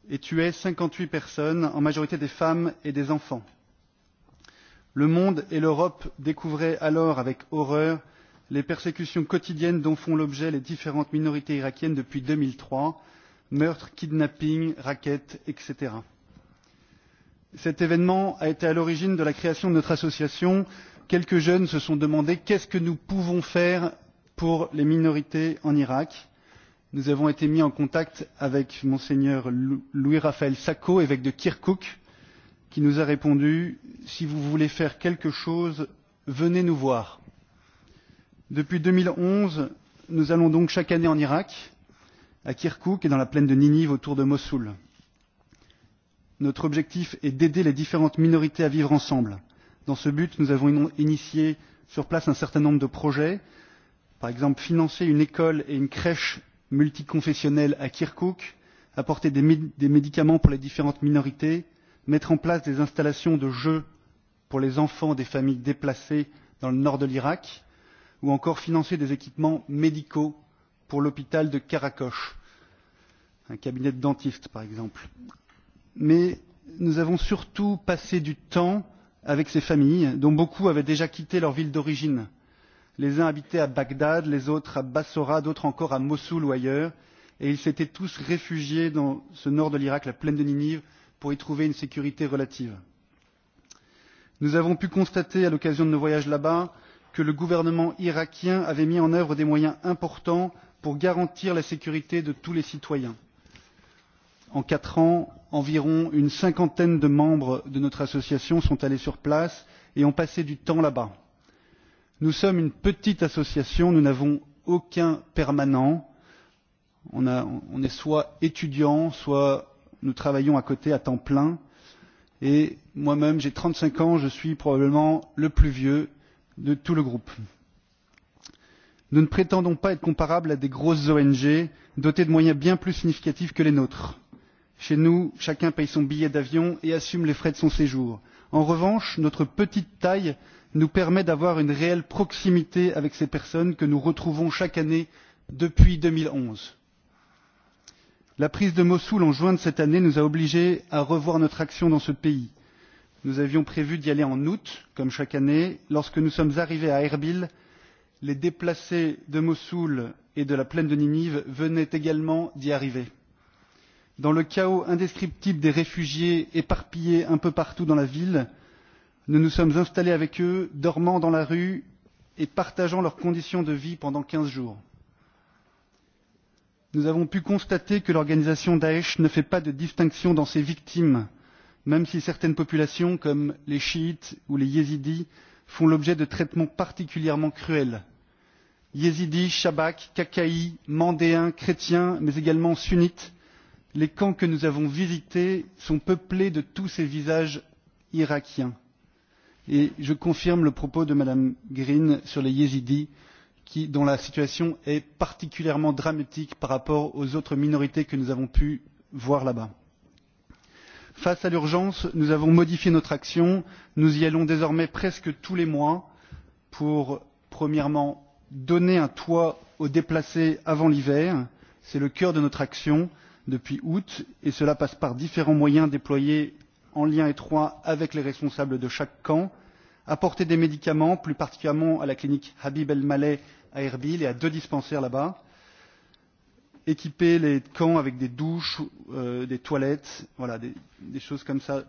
et tuaient cinquante huit personnes en majorité des femmes et des enfants. le monde et l'europe découvraient alors avec horreur les persécutions quotidiennes dont font l'objet les différentes minorités irakiennes depuis deux mille trois meurtres kidnappings rackets etc. Cet événement a été à l'origine de la création de notre association. Quelques jeunes se sont demandé qu'est-ce que nous pouvons faire pour les minorités en Irak. Nous avons été mis en contact avec Monseigneur Louis-Raphaël Sacco, évêque de Kirkouk, qui nous a répondu Si vous voulez faire quelque chose, venez nous voir. Depuis deux mille onze, nous allons donc chaque année en Irak, à Kirkouk et dans la plaine de Ninive autour de Mossoul. Notre objectif est d'aider les différentes minorités à vivre ensemble. Dans ce but, nous avons initié sur place un certain nombre de projets. Par exemple, financer une école et une crèche multiconfessionnelle à Kirkuk, apporter des, des médicaments pour les différentes minorités, mettre en place des installations de jeux pour les enfants des familles déplacées dans le nord de l'Irak, ou encore financer des équipements médicaux pour l'hôpital de Karakosh, un cabinet de dentiste par exemple mais nous avons surtout passé du temps avec ces familles dont beaucoup avaient déjà quitté leur ville d'origine. Les uns habitaient à Bagdad, les autres à Bassora, d'autres encore à Mossoul ou ailleurs, et ils s'étaient tous réfugiés dans ce nord de l'Irak, la plaine de Ninive, pour y trouver une sécurité relative. Nous avons pu constater à l'occasion de nos voyages là-bas que le gouvernement irakien avait mis en œuvre des moyens importants pour garantir la sécurité de tous les citoyens en quatre ans, environ une cinquantaine de membres de notre association sont allés sur place et ont passé du temps là-bas. Nous sommes une petite association, nous n'avons aucun permanent. On, a, on est soit étudiant, soit nous travaillons à côté à temps plein. Et moi-même, j'ai trente cinq ans, je suis probablement le plus vieux de tout le groupe. Nous ne prétendons pas être comparables à des grosses ONG dotées de moyens bien plus significatifs que les nôtres Chez nous, chacun paye son billet d'avion et assume les frais de son séjour. En revanche, notre petite taille nous permet d'avoir une réelle proximité avec ces personnes que nous retrouvons chaque année depuis deux mille onze. La prise de Mossoul en juin de cette année nous a obligés à revoir notre action dans ce pays. Nous avions prévu d'y aller en août, comme chaque année. Lorsque nous sommes arrivés à Erbil, les déplacés de Mossoul et de la plaine de Ninive venaient également d'y arriver dans le chaos indescriptible des réfugiés éparpillés un peu partout dans la ville nous nous sommes installés avec eux dormant dans la rue et partageant leurs conditions de vie pendant quinze jours. nous avons pu constater que l'organisation daech ne fait pas de distinction dans ses victimes même si certaines populations comme les chiites ou les yézidis font l'objet de traitements particulièrement cruels yézidis chabaks kakaïs mandéens chrétiens mais également sunnites les camps que nous avons visités sont peuplés de tous ces visages irakiens. Et je confirme le propos de Mme Green sur les yézidis, qui, dont la situation est particulièrement dramatique par rapport aux autres minorités que nous avons pu voir là-bas. Face à l'urgence, nous avons modifié notre action. Nous y allons désormais presque tous les mois pour, premièrement, donner un toit aux déplacés avant l'hiver. C'est le cœur de notre action depuis août et cela passe par différents moyens déployés en lien étroit avec les responsables de chaque camp apporter des médicaments plus particulièrement à la clinique habib el maleh à erbil et à deux dispensaires là bas équiper les camps avec des douches des toilettes voilà des, des choses comme ça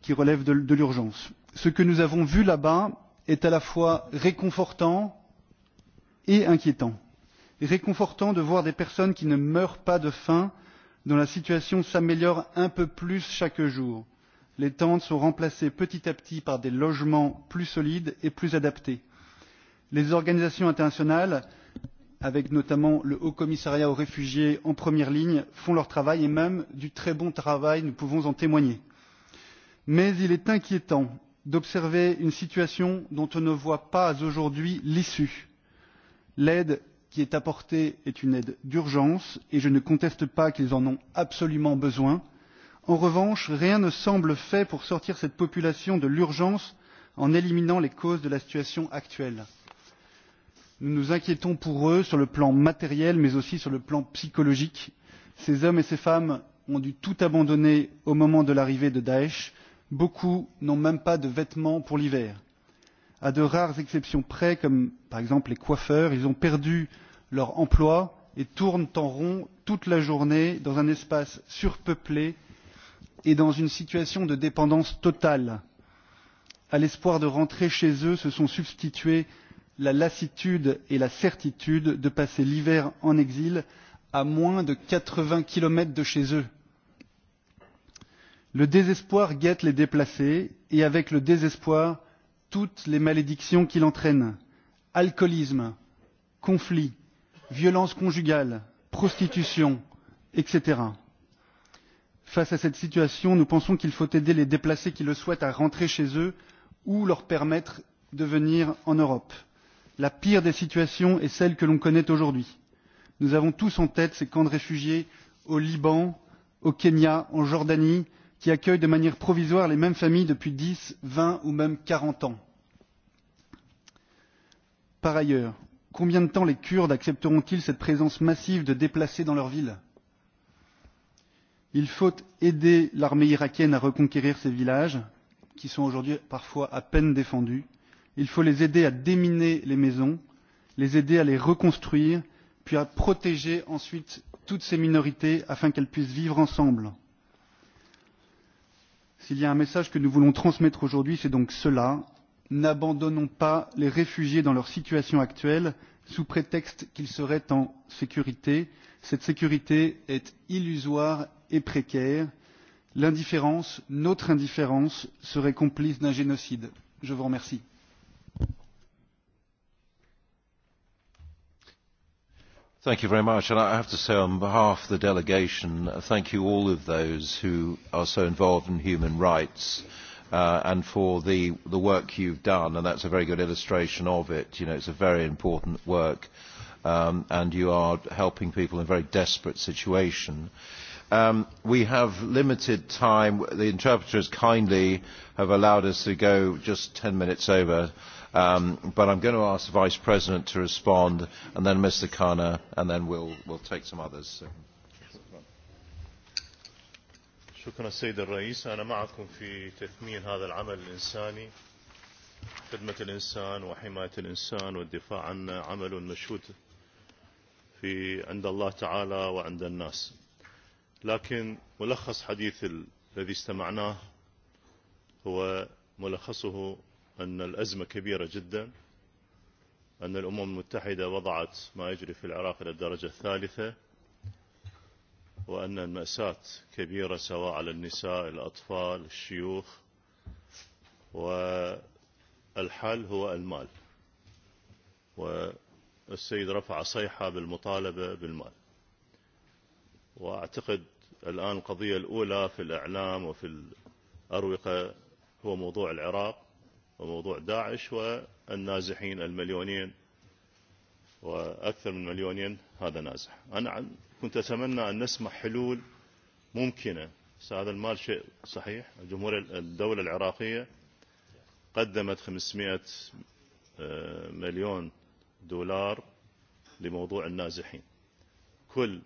qui relèvent de, de l'urgence. Ce que nous avons vu là-bas est à la fois réconfortant et inquiétant réconfortant de voir des personnes qui ne meurent pas de faim dont la situation s'améliore un peu plus chaque jour. les tentes sont remplacées petit à petit par des logements plus solides et plus adaptés. les organisations internationales avec notamment le haut commissariat aux réfugiés en première ligne font leur travail et même du très bon travail nous pouvons en témoigner. mais il est inquiétant d'observer une situation dont on ne voit pas aujourd'hui l'issue. l'aide qui est apportée est une aide d'urgence et je ne conteste pas qu'ils en ont absolument besoin. En revanche, rien ne semble fait pour sortir cette population de l'urgence en éliminant les causes de la situation actuelle. Nous nous inquiétons pour eux sur le plan matériel mais aussi sur le plan psychologique. Ces hommes et ces femmes ont dû tout abandonner au moment de l'arrivée de Daech. Beaucoup n'ont même pas de vêtements pour l'hiver à de rares exceptions près, comme par exemple les coiffeurs, ils ont perdu leur emploi et tournent en rond toute la journée dans un espace surpeuplé et dans une situation de dépendance totale. À l'espoir de rentrer chez eux, se sont substitués la lassitude et la certitude de passer l'hiver en exil à moins de 80 kilomètres de chez eux. Le désespoir guette les déplacés et avec le désespoir, toutes les malédictions qu'il entraîne alcoolisme, conflit, violence conjugale, prostitution, etc. Face à cette situation, nous pensons qu'il faut aider les déplacés qui le souhaitent à rentrer chez eux ou leur permettre de venir en Europe. La pire des situations est celle que l'on connaît aujourd'hui. Nous avons tous en tête ces camps de réfugiés au Liban, au Kenya, en Jordanie, qui accueillent de manière provisoire les mêmes familles depuis dix, vingt ou même quarante ans. Par ailleurs, combien de temps les Kurdes accepteront-ils cette présence massive de déplacés dans leur ville Il faut aider l'armée irakienne à reconquérir ces villages, qui sont aujourd'hui parfois à peine défendus. Il faut les aider à déminer les maisons, les aider à les reconstruire, puis à protéger ensuite toutes ces minorités afin qu'elles puissent vivre ensemble. S'il y a un message que nous voulons transmettre aujourd'hui, c'est donc cela. N'abandonnons pas les réfugiés dans leur situation actuelle sous prétexte qu'ils seraient en sécurité. Cette sécurité est illusoire et précaire. L'indifférence, notre indifférence, serait complice d'un génocide. Je vous remercie. Thank you very much. And I have to say, on behalf of the delegation, thank you all of those who are so involved in human rights uh, and for the, the work you've done. And that's a very good illustration of it. You know, it's a very important work. Um, and you are helping people in a very desperate situation. Um, we have limited time. The interpreters kindly have allowed us to go just 10 minutes over Um, but I'm going to ask the Vice President to respond, and then Mr. Khanna, and then we'll, we'll take some others. شكرا السيد الرئيس أنا معكم في تثمين هذا العمل الإنساني خدمة الإنسان وحماية الإنسان والدفاع عنه عمل مشهود في عند الله تعالى وعند الناس لكن ملخص حديث الذي استمعناه هو ملخصه أن الأزمة كبيرة جدا أن الأمم المتحدة وضعت ما يجري في العراق إلى الدرجة الثالثة وأن المأساة كبيرة سواء على النساء الأطفال الشيوخ والحل هو المال والسيد رفع صيحة بالمطالبة بالمال وأعتقد الآن القضية الأولى في الإعلام وفي الأروقة هو موضوع العراق وموضوع داعش والنازحين المليونين وأكثر من مليونين هذا نازح أنا كنت أتمنى أن نسمع حلول ممكنة هذا المال شيء صحيح الجمهورية الدولة العراقية قدمت 500 مليون دولار لموضوع النازحين كل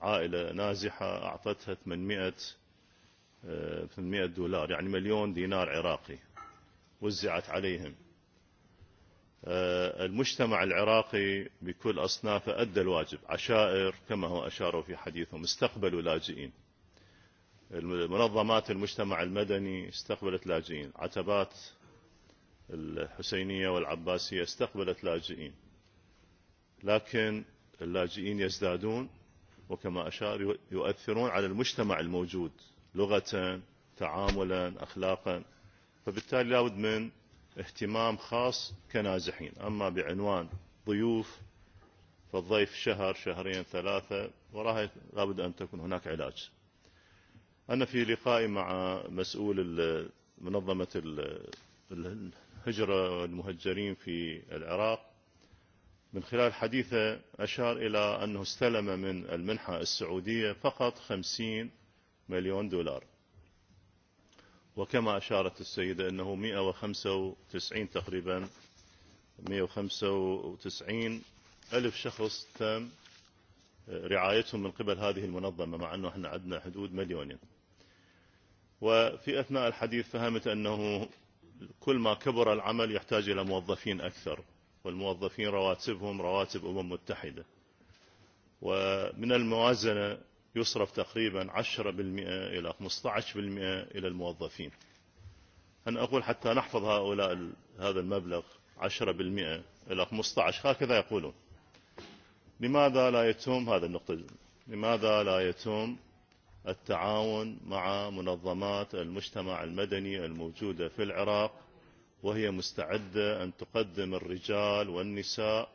عائلة نازحة أعطتها 800 دولار يعني مليون دينار عراقي وزعت عليهم المجتمع العراقي بكل أصنافه أدى الواجب عشائر كما هو أشاروا في حديثهم استقبلوا لاجئين منظمات المجتمع المدني استقبلت لاجئين عتبات الحسينية والعباسية استقبلت لاجئين لكن اللاجئين يزدادون وكما أشار يؤثرون على المجتمع الموجود لغة تعاملا أخلاقا فبالتالي لابد من اهتمام خاص كنازحين اما بعنوان ضيوف فالضيف شهر شهرين ثلاثة وراها لابد ان تكون هناك علاج انا في لقائي مع مسؤول منظمة الهجرة والمهجرين في العراق من خلال حديثه أشار إلى أنه استلم من المنحة السعودية فقط خمسين مليون دولار وكما أشارت السيدة أنه 195 تقريبا 195 ألف شخص تم رعايتهم من قبل هذه المنظمة مع أنه احنا عندنا حدود مليونين وفي أثناء الحديث فهمت أنه كل ما كبر العمل يحتاج إلى موظفين أكثر والموظفين رواتبهم رواتب أمم متحدة ومن الموازنة يصرف تقريبا 10% إلى 15% إلى الموظفين أنا أقول حتى نحفظ هؤلاء هذا المبلغ 10% إلى 15 هكذا يقولون لماذا لا يتم هذا النقطة لماذا لا يتم التعاون مع منظمات المجتمع المدني الموجودة في العراق وهي مستعدة أن تقدم الرجال والنساء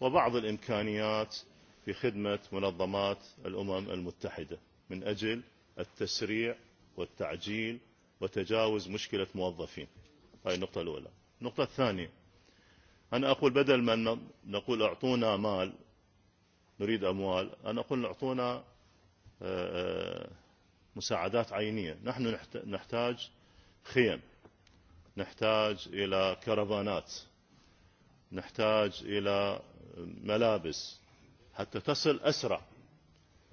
وبعض الإمكانيات في خدمة منظمات الأمم المتحدة من أجل التسريع والتعجيل وتجاوز مشكلة موظفين هذه النقطة الأولى النقطة الثانية أنا أقول بدل ما نقول أعطونا مال نريد أموال أنا أقول أعطونا مساعدات عينية نحن نحتاج خيم نحتاج إلى كرفانات نحتاج إلى ملابس حتى تصل أسرع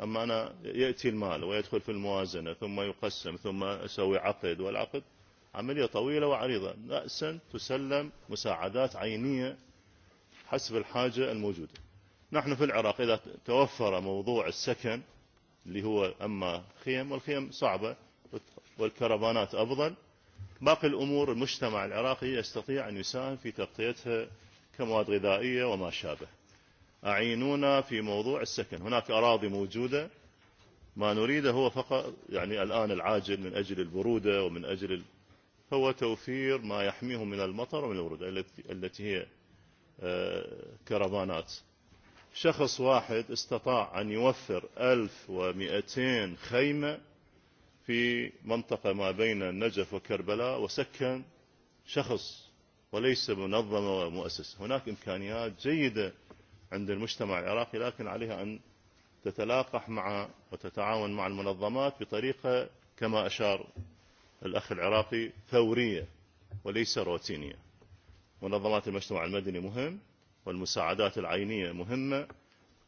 أما أنا يأتي المال ويدخل في الموازنة ثم يقسم ثم أسوي عقد والعقد عملية طويلة وعريضة نأسا تسلم مساعدات عينية حسب الحاجة الموجودة نحن في العراق إذا توفر موضوع السكن اللي هو أما خيم والخيم صعبة والكربانات أفضل باقي الأمور المجتمع العراقي يستطيع أن يساهم في تغطيتها كمواد غذائية وما شابه أعينونا في موضوع السكن هناك أراضي موجودة ما نريده هو فقط يعني الآن العاجل من أجل البرودة ومن أجل هو توفير ما يحميهم من المطر ومن البرودة التي هي كرفانات شخص واحد استطاع أن يوفر ألف ومئتين خيمة في منطقة ما بين النجف وكربلاء وسكن شخص وليس منظمة ومؤسسة هناك إمكانيات جيدة عند المجتمع العراقي لكن عليها أن تتلاقح مع وتتعاون مع المنظمات بطريقة كما أشار الأخ العراقي ثورية وليس روتينية منظمات المجتمع المدني مهم والمساعدات العينية مهمة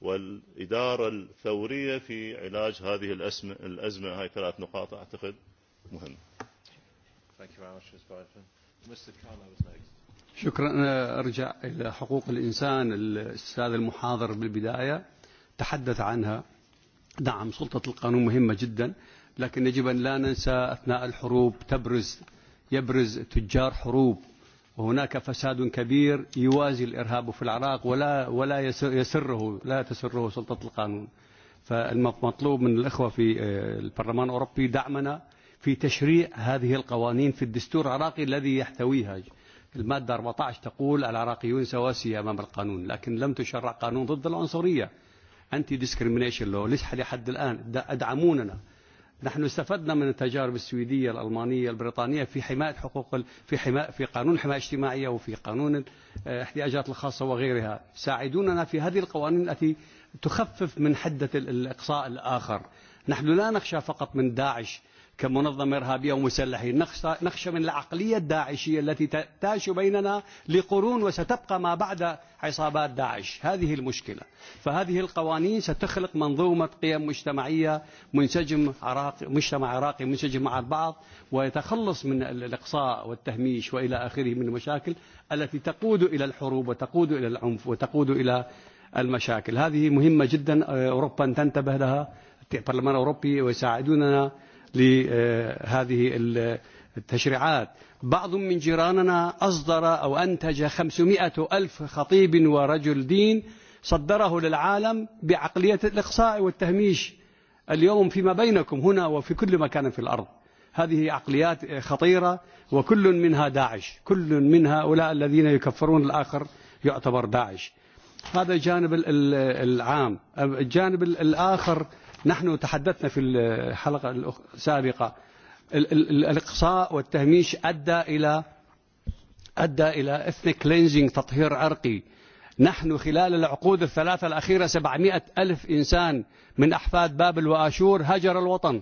والإدارة الثورية في علاج هذه الأزمة, الأزمة هاي ثلاث نقاط أعتقد مهمة Thank you very much, Ms. Mr. Khan, I was next. شكرا أرجع إلى حقوق الإنسان الأستاذ المحاضر بالبداية تحدث عنها نعم سلطة القانون مهمة جدا لكن يجب أن لا ننسى أثناء الحروب تبرز يبرز تجار حروب وهناك فساد كبير يوازي الإرهاب في العراق ولا ولا يسره لا تسره سلطة القانون فالمطلوب من الإخوة في البرلمان الأوروبي دعمنا في تشريع هذه القوانين في الدستور العراقي الذي يحتويها المادة 14 تقول العراقيون سواسية أمام القانون لكن لم تشرع قانون ضد العنصرية أنتي ديسكريمينيشن لو ليش لحد الآن أدعموننا نحن استفدنا من التجارب السويدية الألمانية البريطانية في حماية حقوق في حماء في قانون الحماية الاجتماعية وفي قانون الاحتياجات الخاصة وغيرها ساعدوننا في هذه القوانين التي تخفف من حدة الإقصاء الآخر نحن لا نخشى فقط من داعش كمنظمة إرهابية ومسلحين نخشى, من العقلية الداعشية التي تاش بيننا لقرون وستبقى ما بعد عصابات داعش هذه المشكلة فهذه القوانين ستخلق منظومة قيم مجتمعية منسجم عراقي مجتمع عراقي منسجم مع البعض ويتخلص من الإقصاء والتهميش وإلى آخره من المشاكل التي تقود إلى الحروب وتقود إلى العنف وتقود إلى المشاكل هذه مهمة جدا أوروبا تنتبه لها البرلمان الأوروبي ويساعدوننا لهذه التشريعات بعض من جيراننا أصدر أو أنتج خمسمائة ألف خطيب ورجل دين صدره للعالم بعقلية الإقصاء والتهميش اليوم فيما بينكم هنا وفي كل مكان في الأرض هذه عقليات خطيرة وكل منها داعش كل من هؤلاء الذين يكفرون الآخر يعتبر داعش هذا الجانب العام الجانب الآخر نحن تحدثنا في الحلقة السابقة الإقصاء والتهميش أدى إلى أدى إلى إثنيك كلينزينج تطهير عرقي نحن خلال العقود الثلاثة الأخيرة سبعمائة ألف إنسان من أحفاد بابل وآشور هجر الوطن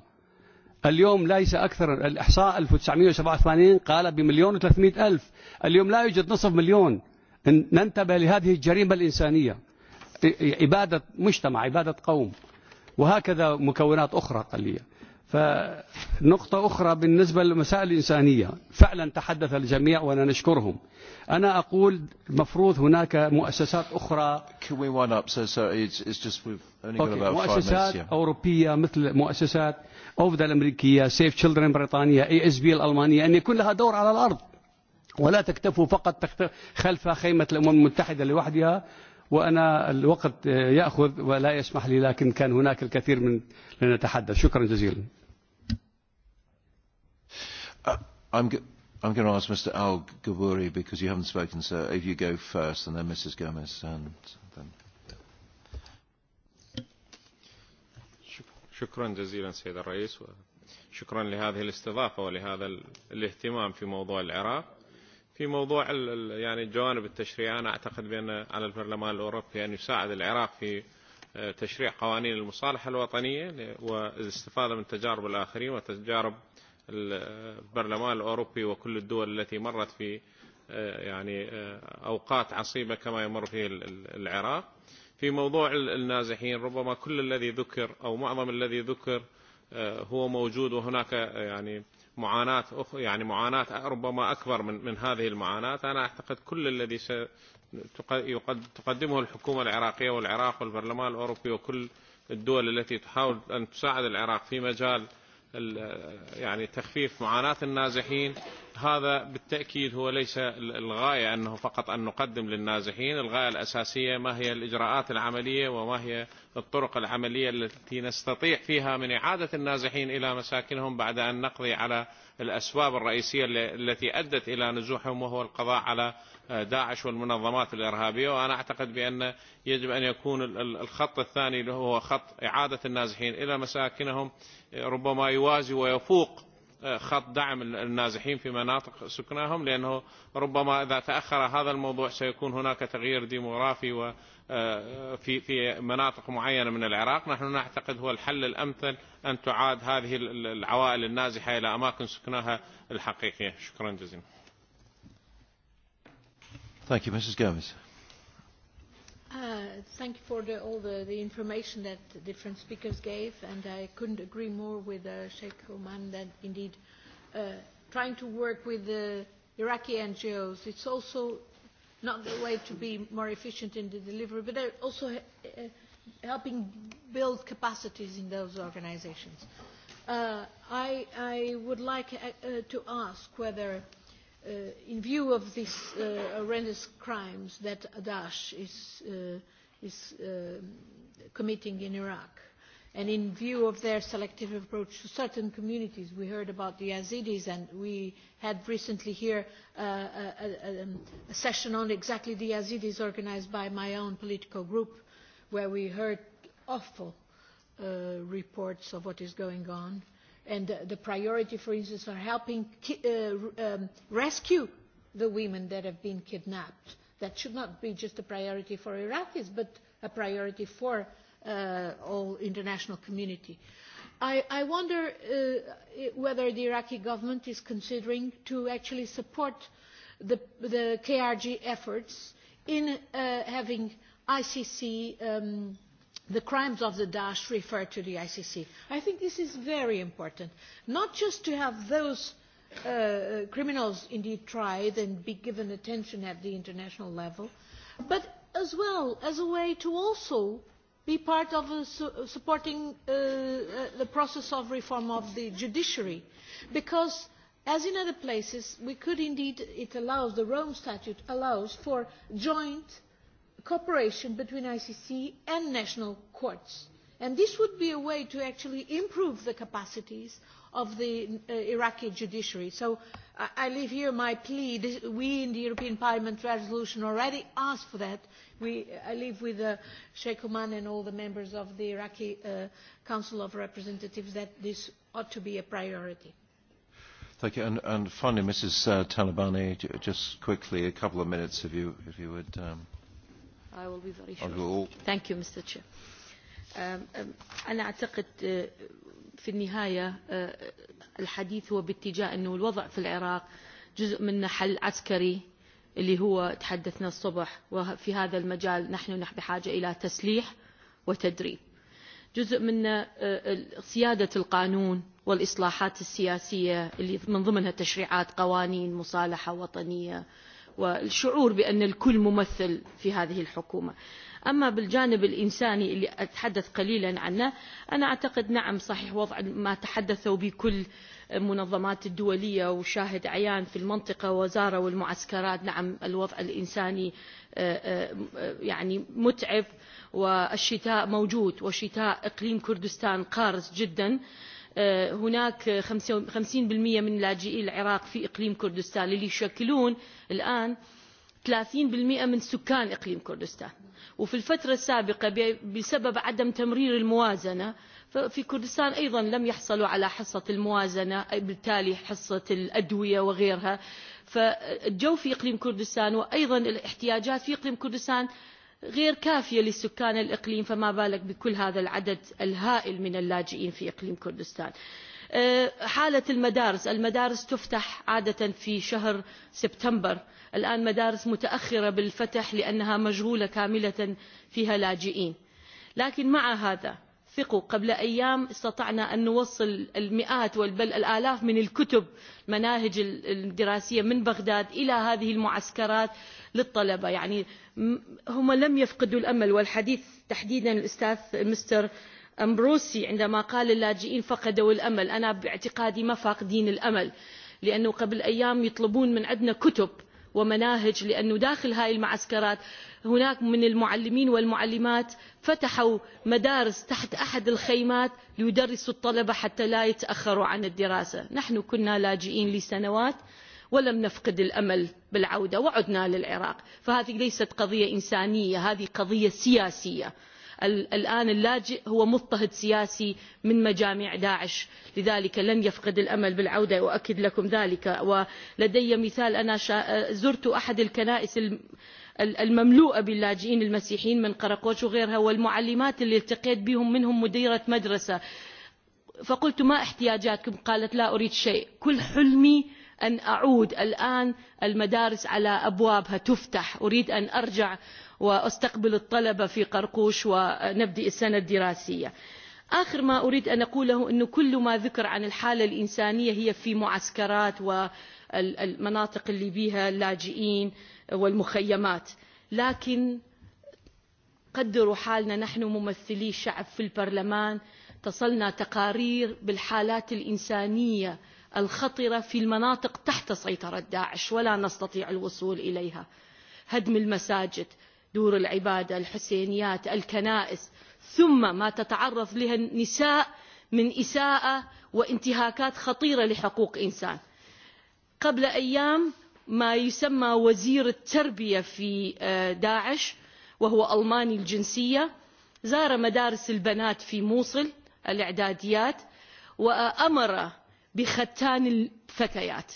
اليوم ليس أكثر الإحصاء 1987 قال بمليون وثلاثمائة ألف اليوم لا يوجد نصف مليون ننتبه لهذه الجريمة الإنسانية إبادة مجتمع إبادة قوم وهكذا مكونات أخرى قلية فنقطة أخرى بالنسبة للمسائل الإنسانية فعلا تحدث الجميع وأنا نشكرهم أنا أقول مفروض هناك مؤسسات أخرى مؤسسات أوروبية مثل مؤسسات أوفدا الأمريكية سيف تشيلدرن بريطانيا اي اس بي الألمانية أن يكون لها دور على الأرض ولا تكتفوا فقط خلف خيمة الأمم المتحدة لوحدها وأنا الوقت يأخذ ولا يسمح لي لكن كان هناك الكثير من لنتحدث شكرا جزيلا I'm, g- I'm going to ask Mr. Al Gaburi because you haven't spoken, so if you go first, and then Mrs. Gomez, and then. شكرا جزيلا سيد الرئيس وشكرا لهذه الاستضافة ولهذا الاهتمام في موضوع العراق في موضوع يعني الجوانب التشريعية أنا أعتقد بأن على البرلمان الأوروبي أن يساعد العراق في تشريع قوانين المصالحة الوطنية والاستفادة من تجارب الآخرين وتجارب البرلمان الأوروبي وكل الدول التي مرت في يعني أوقات عصيبة كما يمر فيه العراق في موضوع النازحين ربما كل الذي ذكر أو معظم الذي ذكر هو موجود وهناك يعني معاناة أخ يعني معاناة ربما أكبر من من هذه المعاناة أنا أعتقد كل الذي تقدمه الحكومة العراقية والعراق والبرلمان الأوروبي وكل الدول التي تحاول أن تساعد العراق في مجال يعني تخفيف معاناة النازحين هذا بالتأكيد هو ليس الغاية أنه فقط أن نقدم للنازحين الغاية الأساسية ما هي الإجراءات العملية وما هي الطرق العملية التي نستطيع فيها من إعادة النازحين إلى مساكنهم بعد أن نقضي على الأسباب الرئيسية التي أدت إلى نزوحهم وهو القضاء على داعش والمنظمات الإرهابية وأنا أعتقد بأن يجب أن يكون الخط الثاني اللي هو خط إعادة النازحين إلى مساكنهم ربما يوازي ويفوق خط دعم النازحين في مناطق سكناهم لأنه ربما إذا تأخر هذا الموضوع سيكون هناك تغيير ديموغرافي و في في مناطق معينة من العراق نحن نعتقد هو الحل الأمثل أن تعاد هذه العوائل النازحة إلى أماكن سكناها الحقيقية شكرا جزيلا Thank you, Mrs. Gomez. Uh, thank you for the, all the, the information that the different speakers gave, and I couldn't agree more with uh, Sheikh Oman that indeed uh, trying to work with the Iraqi NGOs, it's also not the way to be more efficient in the delivery, but also uh, helping build capacities in those organizations. Uh, I, I would like uh, to ask whether in view of these horrendous crimes that Daesh is, is committing in Iraq, and in view of their selective approach to certain communities, we heard about the Yazidis, and we had recently here a, session on exactly the Yazidis organised by my own political group, where we heard awful reports of what is going on and the, the priority, for instance, for helping ki- uh, um, rescue the women that have been kidnapped. That should not be just a priority for Iraqis, but a priority for uh, all international community. I, I wonder uh, whether the Iraqi government is considering to actually support the, the KRG efforts in uh, having ICC um, the crimes of the Daesh referred to the ICC. I think this is very important, not just to have those uh, criminals indeed tried and be given attention at the international level, but as well as a way to also be part of a, supporting uh, the process of reform of the judiciary. Because, as in other places, we could indeed, it allows, the Rome Statute allows for joint cooperation between ICC and national courts. And this would be a way to actually improve the capacities of the Iraqi judiciary. So I leave here my plea. We in the European Parliament resolution already asked for that. We, I leave with uh, Sheikh Oman and all the members of the Iraqi uh, Council of Representatives that this ought to be a priority. Thank you. And, and finally, Mrs. Uh, j just quickly, a couple of minutes, if you, if you would. Um I will be very short. Thank you, Mr. Chair. أنا أعتقد في النهاية الحديث هو باتجاه أنه الوضع في العراق جزء منه حل عسكري اللي هو تحدثنا الصبح وفي هذا المجال نحن بحاجة إلى تسليح وتدريب جزء من سيادة القانون والإصلاحات السياسية اللي من ضمنها تشريعات قوانين مصالحة وطنية آه والشعور بأن الكل ممثل في هذه الحكومة أما بالجانب الإنساني اللي أتحدث قليلا عنه أنا أعتقد نعم صحيح وضع ما تحدثوا بكل كل المنظمات الدولية وشاهد عيان في المنطقة وزارة والمعسكرات نعم الوضع الإنساني يعني متعب والشتاء موجود وشتاء إقليم كردستان قارس جداً هناك 50% من لاجئي العراق في إقليم كردستان اللي يشكلون الآن 30% من سكان إقليم كردستان وفي الفترة السابقة بسبب عدم تمرير الموازنة في كردستان أيضا لم يحصلوا على حصة الموازنة بالتالي حصة الأدوية وغيرها فالجو في إقليم كردستان وأيضا الاحتياجات في إقليم كردستان غير كافية لسكان الإقليم فما بالك بكل هذا العدد الهائل من اللاجئين في إقليم كردستان حالة المدارس المدارس تفتح عادة في شهر سبتمبر الآن مدارس متأخرة بالفتح لأنها مجهولة كاملة فيها لاجئين لكن مع هذا ثقوا قبل أيام استطعنا أن نوصل المئات بل الآلاف من الكتب مناهج الدراسية من بغداد إلى هذه المعسكرات للطلبة يعني هم لم يفقدوا الأمل والحديث تحديدا الأستاذ مستر أمبروسي عندما قال اللاجئين فقدوا الأمل أنا باعتقادي ما فاقدين الأمل لأنه قبل أيام يطلبون من عندنا كتب ومناهج لأنه داخل هاي المعسكرات هناك من المعلمين والمعلمات فتحوا مدارس تحت أحد الخيمات ليدرسوا الطلبة حتى لا يتأخروا عن الدراسة نحن كنا لاجئين لسنوات ولم نفقد الأمل بالعودة وعدنا للعراق فهذه ليست قضية إنسانية هذه قضية سياسية الآن اللاجئ هو مضطهد سياسي من مجامع داعش لذلك لن يفقد الأمل بالعودة وأؤكد لكم ذلك ولدي مثال أنا زرت أحد الكنائس المملوءه باللاجئين المسيحيين من قرقوش وغيرها والمعلمات اللي التقيت بهم منهم مديره مدرسه فقلت ما احتياجاتكم قالت لا اريد شيء كل حلمي ان اعود الان المدارس على ابوابها تفتح اريد ان ارجع واستقبل الطلبه في قرقوش ونبدأ السنه الدراسيه اخر ما اريد ان اقوله انه كل ما ذكر عن الحاله الانسانيه هي في معسكرات والمناطق اللي بيها اللاجئين والمخيمات لكن قدروا حالنا نحن ممثلي شعب في البرلمان تصلنا تقارير بالحالات الإنسانية الخطرة في المناطق تحت سيطرة داعش ولا نستطيع الوصول إليها هدم المساجد دور العبادة الحسينيات الكنائس ثم ما تتعرض لها النساء من إساءة وانتهاكات خطيرة لحقوق إنسان قبل أيام ما يسمى وزير التربية في داعش وهو ألماني الجنسية زار مدارس البنات في موصل الإعداديات وأمر بختان الفتيات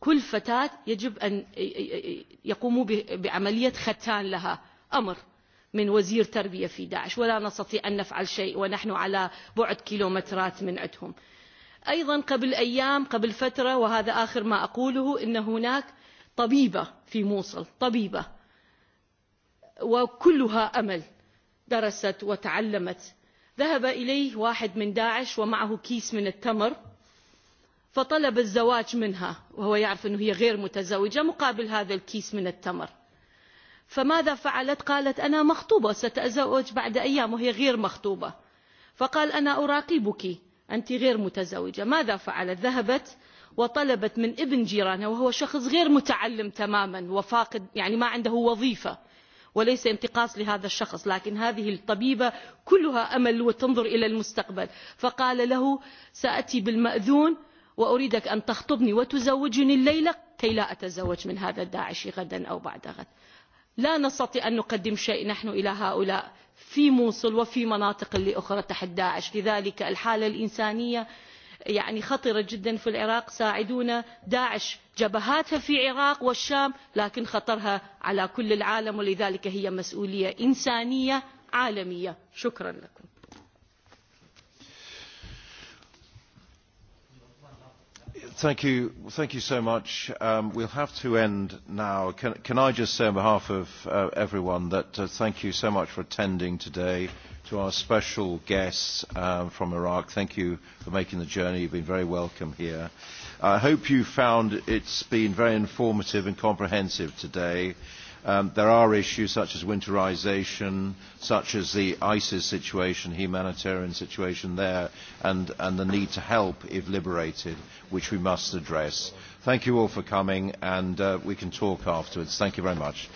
كل فتاة يجب أن يقوموا بعملية ختان لها أمر من وزير تربية في داعش ولا نستطيع أن نفعل شيء ونحن على بعد كيلومترات من عندهم أيضا قبل أيام قبل فترة وهذا آخر ما أقوله أن هناك طبيبة في موصل طبيبة وكلها أمل درست وتعلمت ذهب إليه واحد من داعش ومعه كيس من التمر فطلب الزواج منها وهو يعرف أنه هي غير متزوجة مقابل هذا الكيس من التمر فماذا فعلت قالت أنا مخطوبة ستتزوج بعد أيام وهي غير مخطوبة فقال أنا أراقبك أنت غير متزوجة ماذا فعلت ذهبت وطلبت من ابن جيرانها وهو شخص غير متعلم تماما وفاقد يعني ما عنده وظيفة وليس انتقاص لهذا الشخص لكن هذه الطبيبة كلها أمل وتنظر إلى المستقبل فقال له سأتي بالمأذون وأريدك أن تخطبني وتزوجني الليلة كي لا أتزوج من هذا الداعش غدا أو بعد غد لا نستطيع أن نقدم شيء نحن إلى هؤلاء في موصل وفي مناطق أخرى تحت داعش لذلك الحالة الإنسانية يعني خطرة جدا في العراق ساعدونا داعش جبهاتها في العراق والشام لكن خطرها على كل العالم ولذلك هي مسؤولية إنسانية عالمية شكرا لكم Thank you. Well, Thank you so much. Um, we'll have to end now. Can, can I just say on behalf of uh, everyone that uh, thank you so much for attending today to our special guests um, from Iraq. Thank you for making the journey. You've been very welcome here. I hope you found it's been very informative and comprehensive today. Um, there are issues such as winterization, such as the ISIS situation, humanitarian situation there, and, and the need to help if liberated, which we must address. Thank you all for coming, and uh, we can talk afterwards. Thank you very much.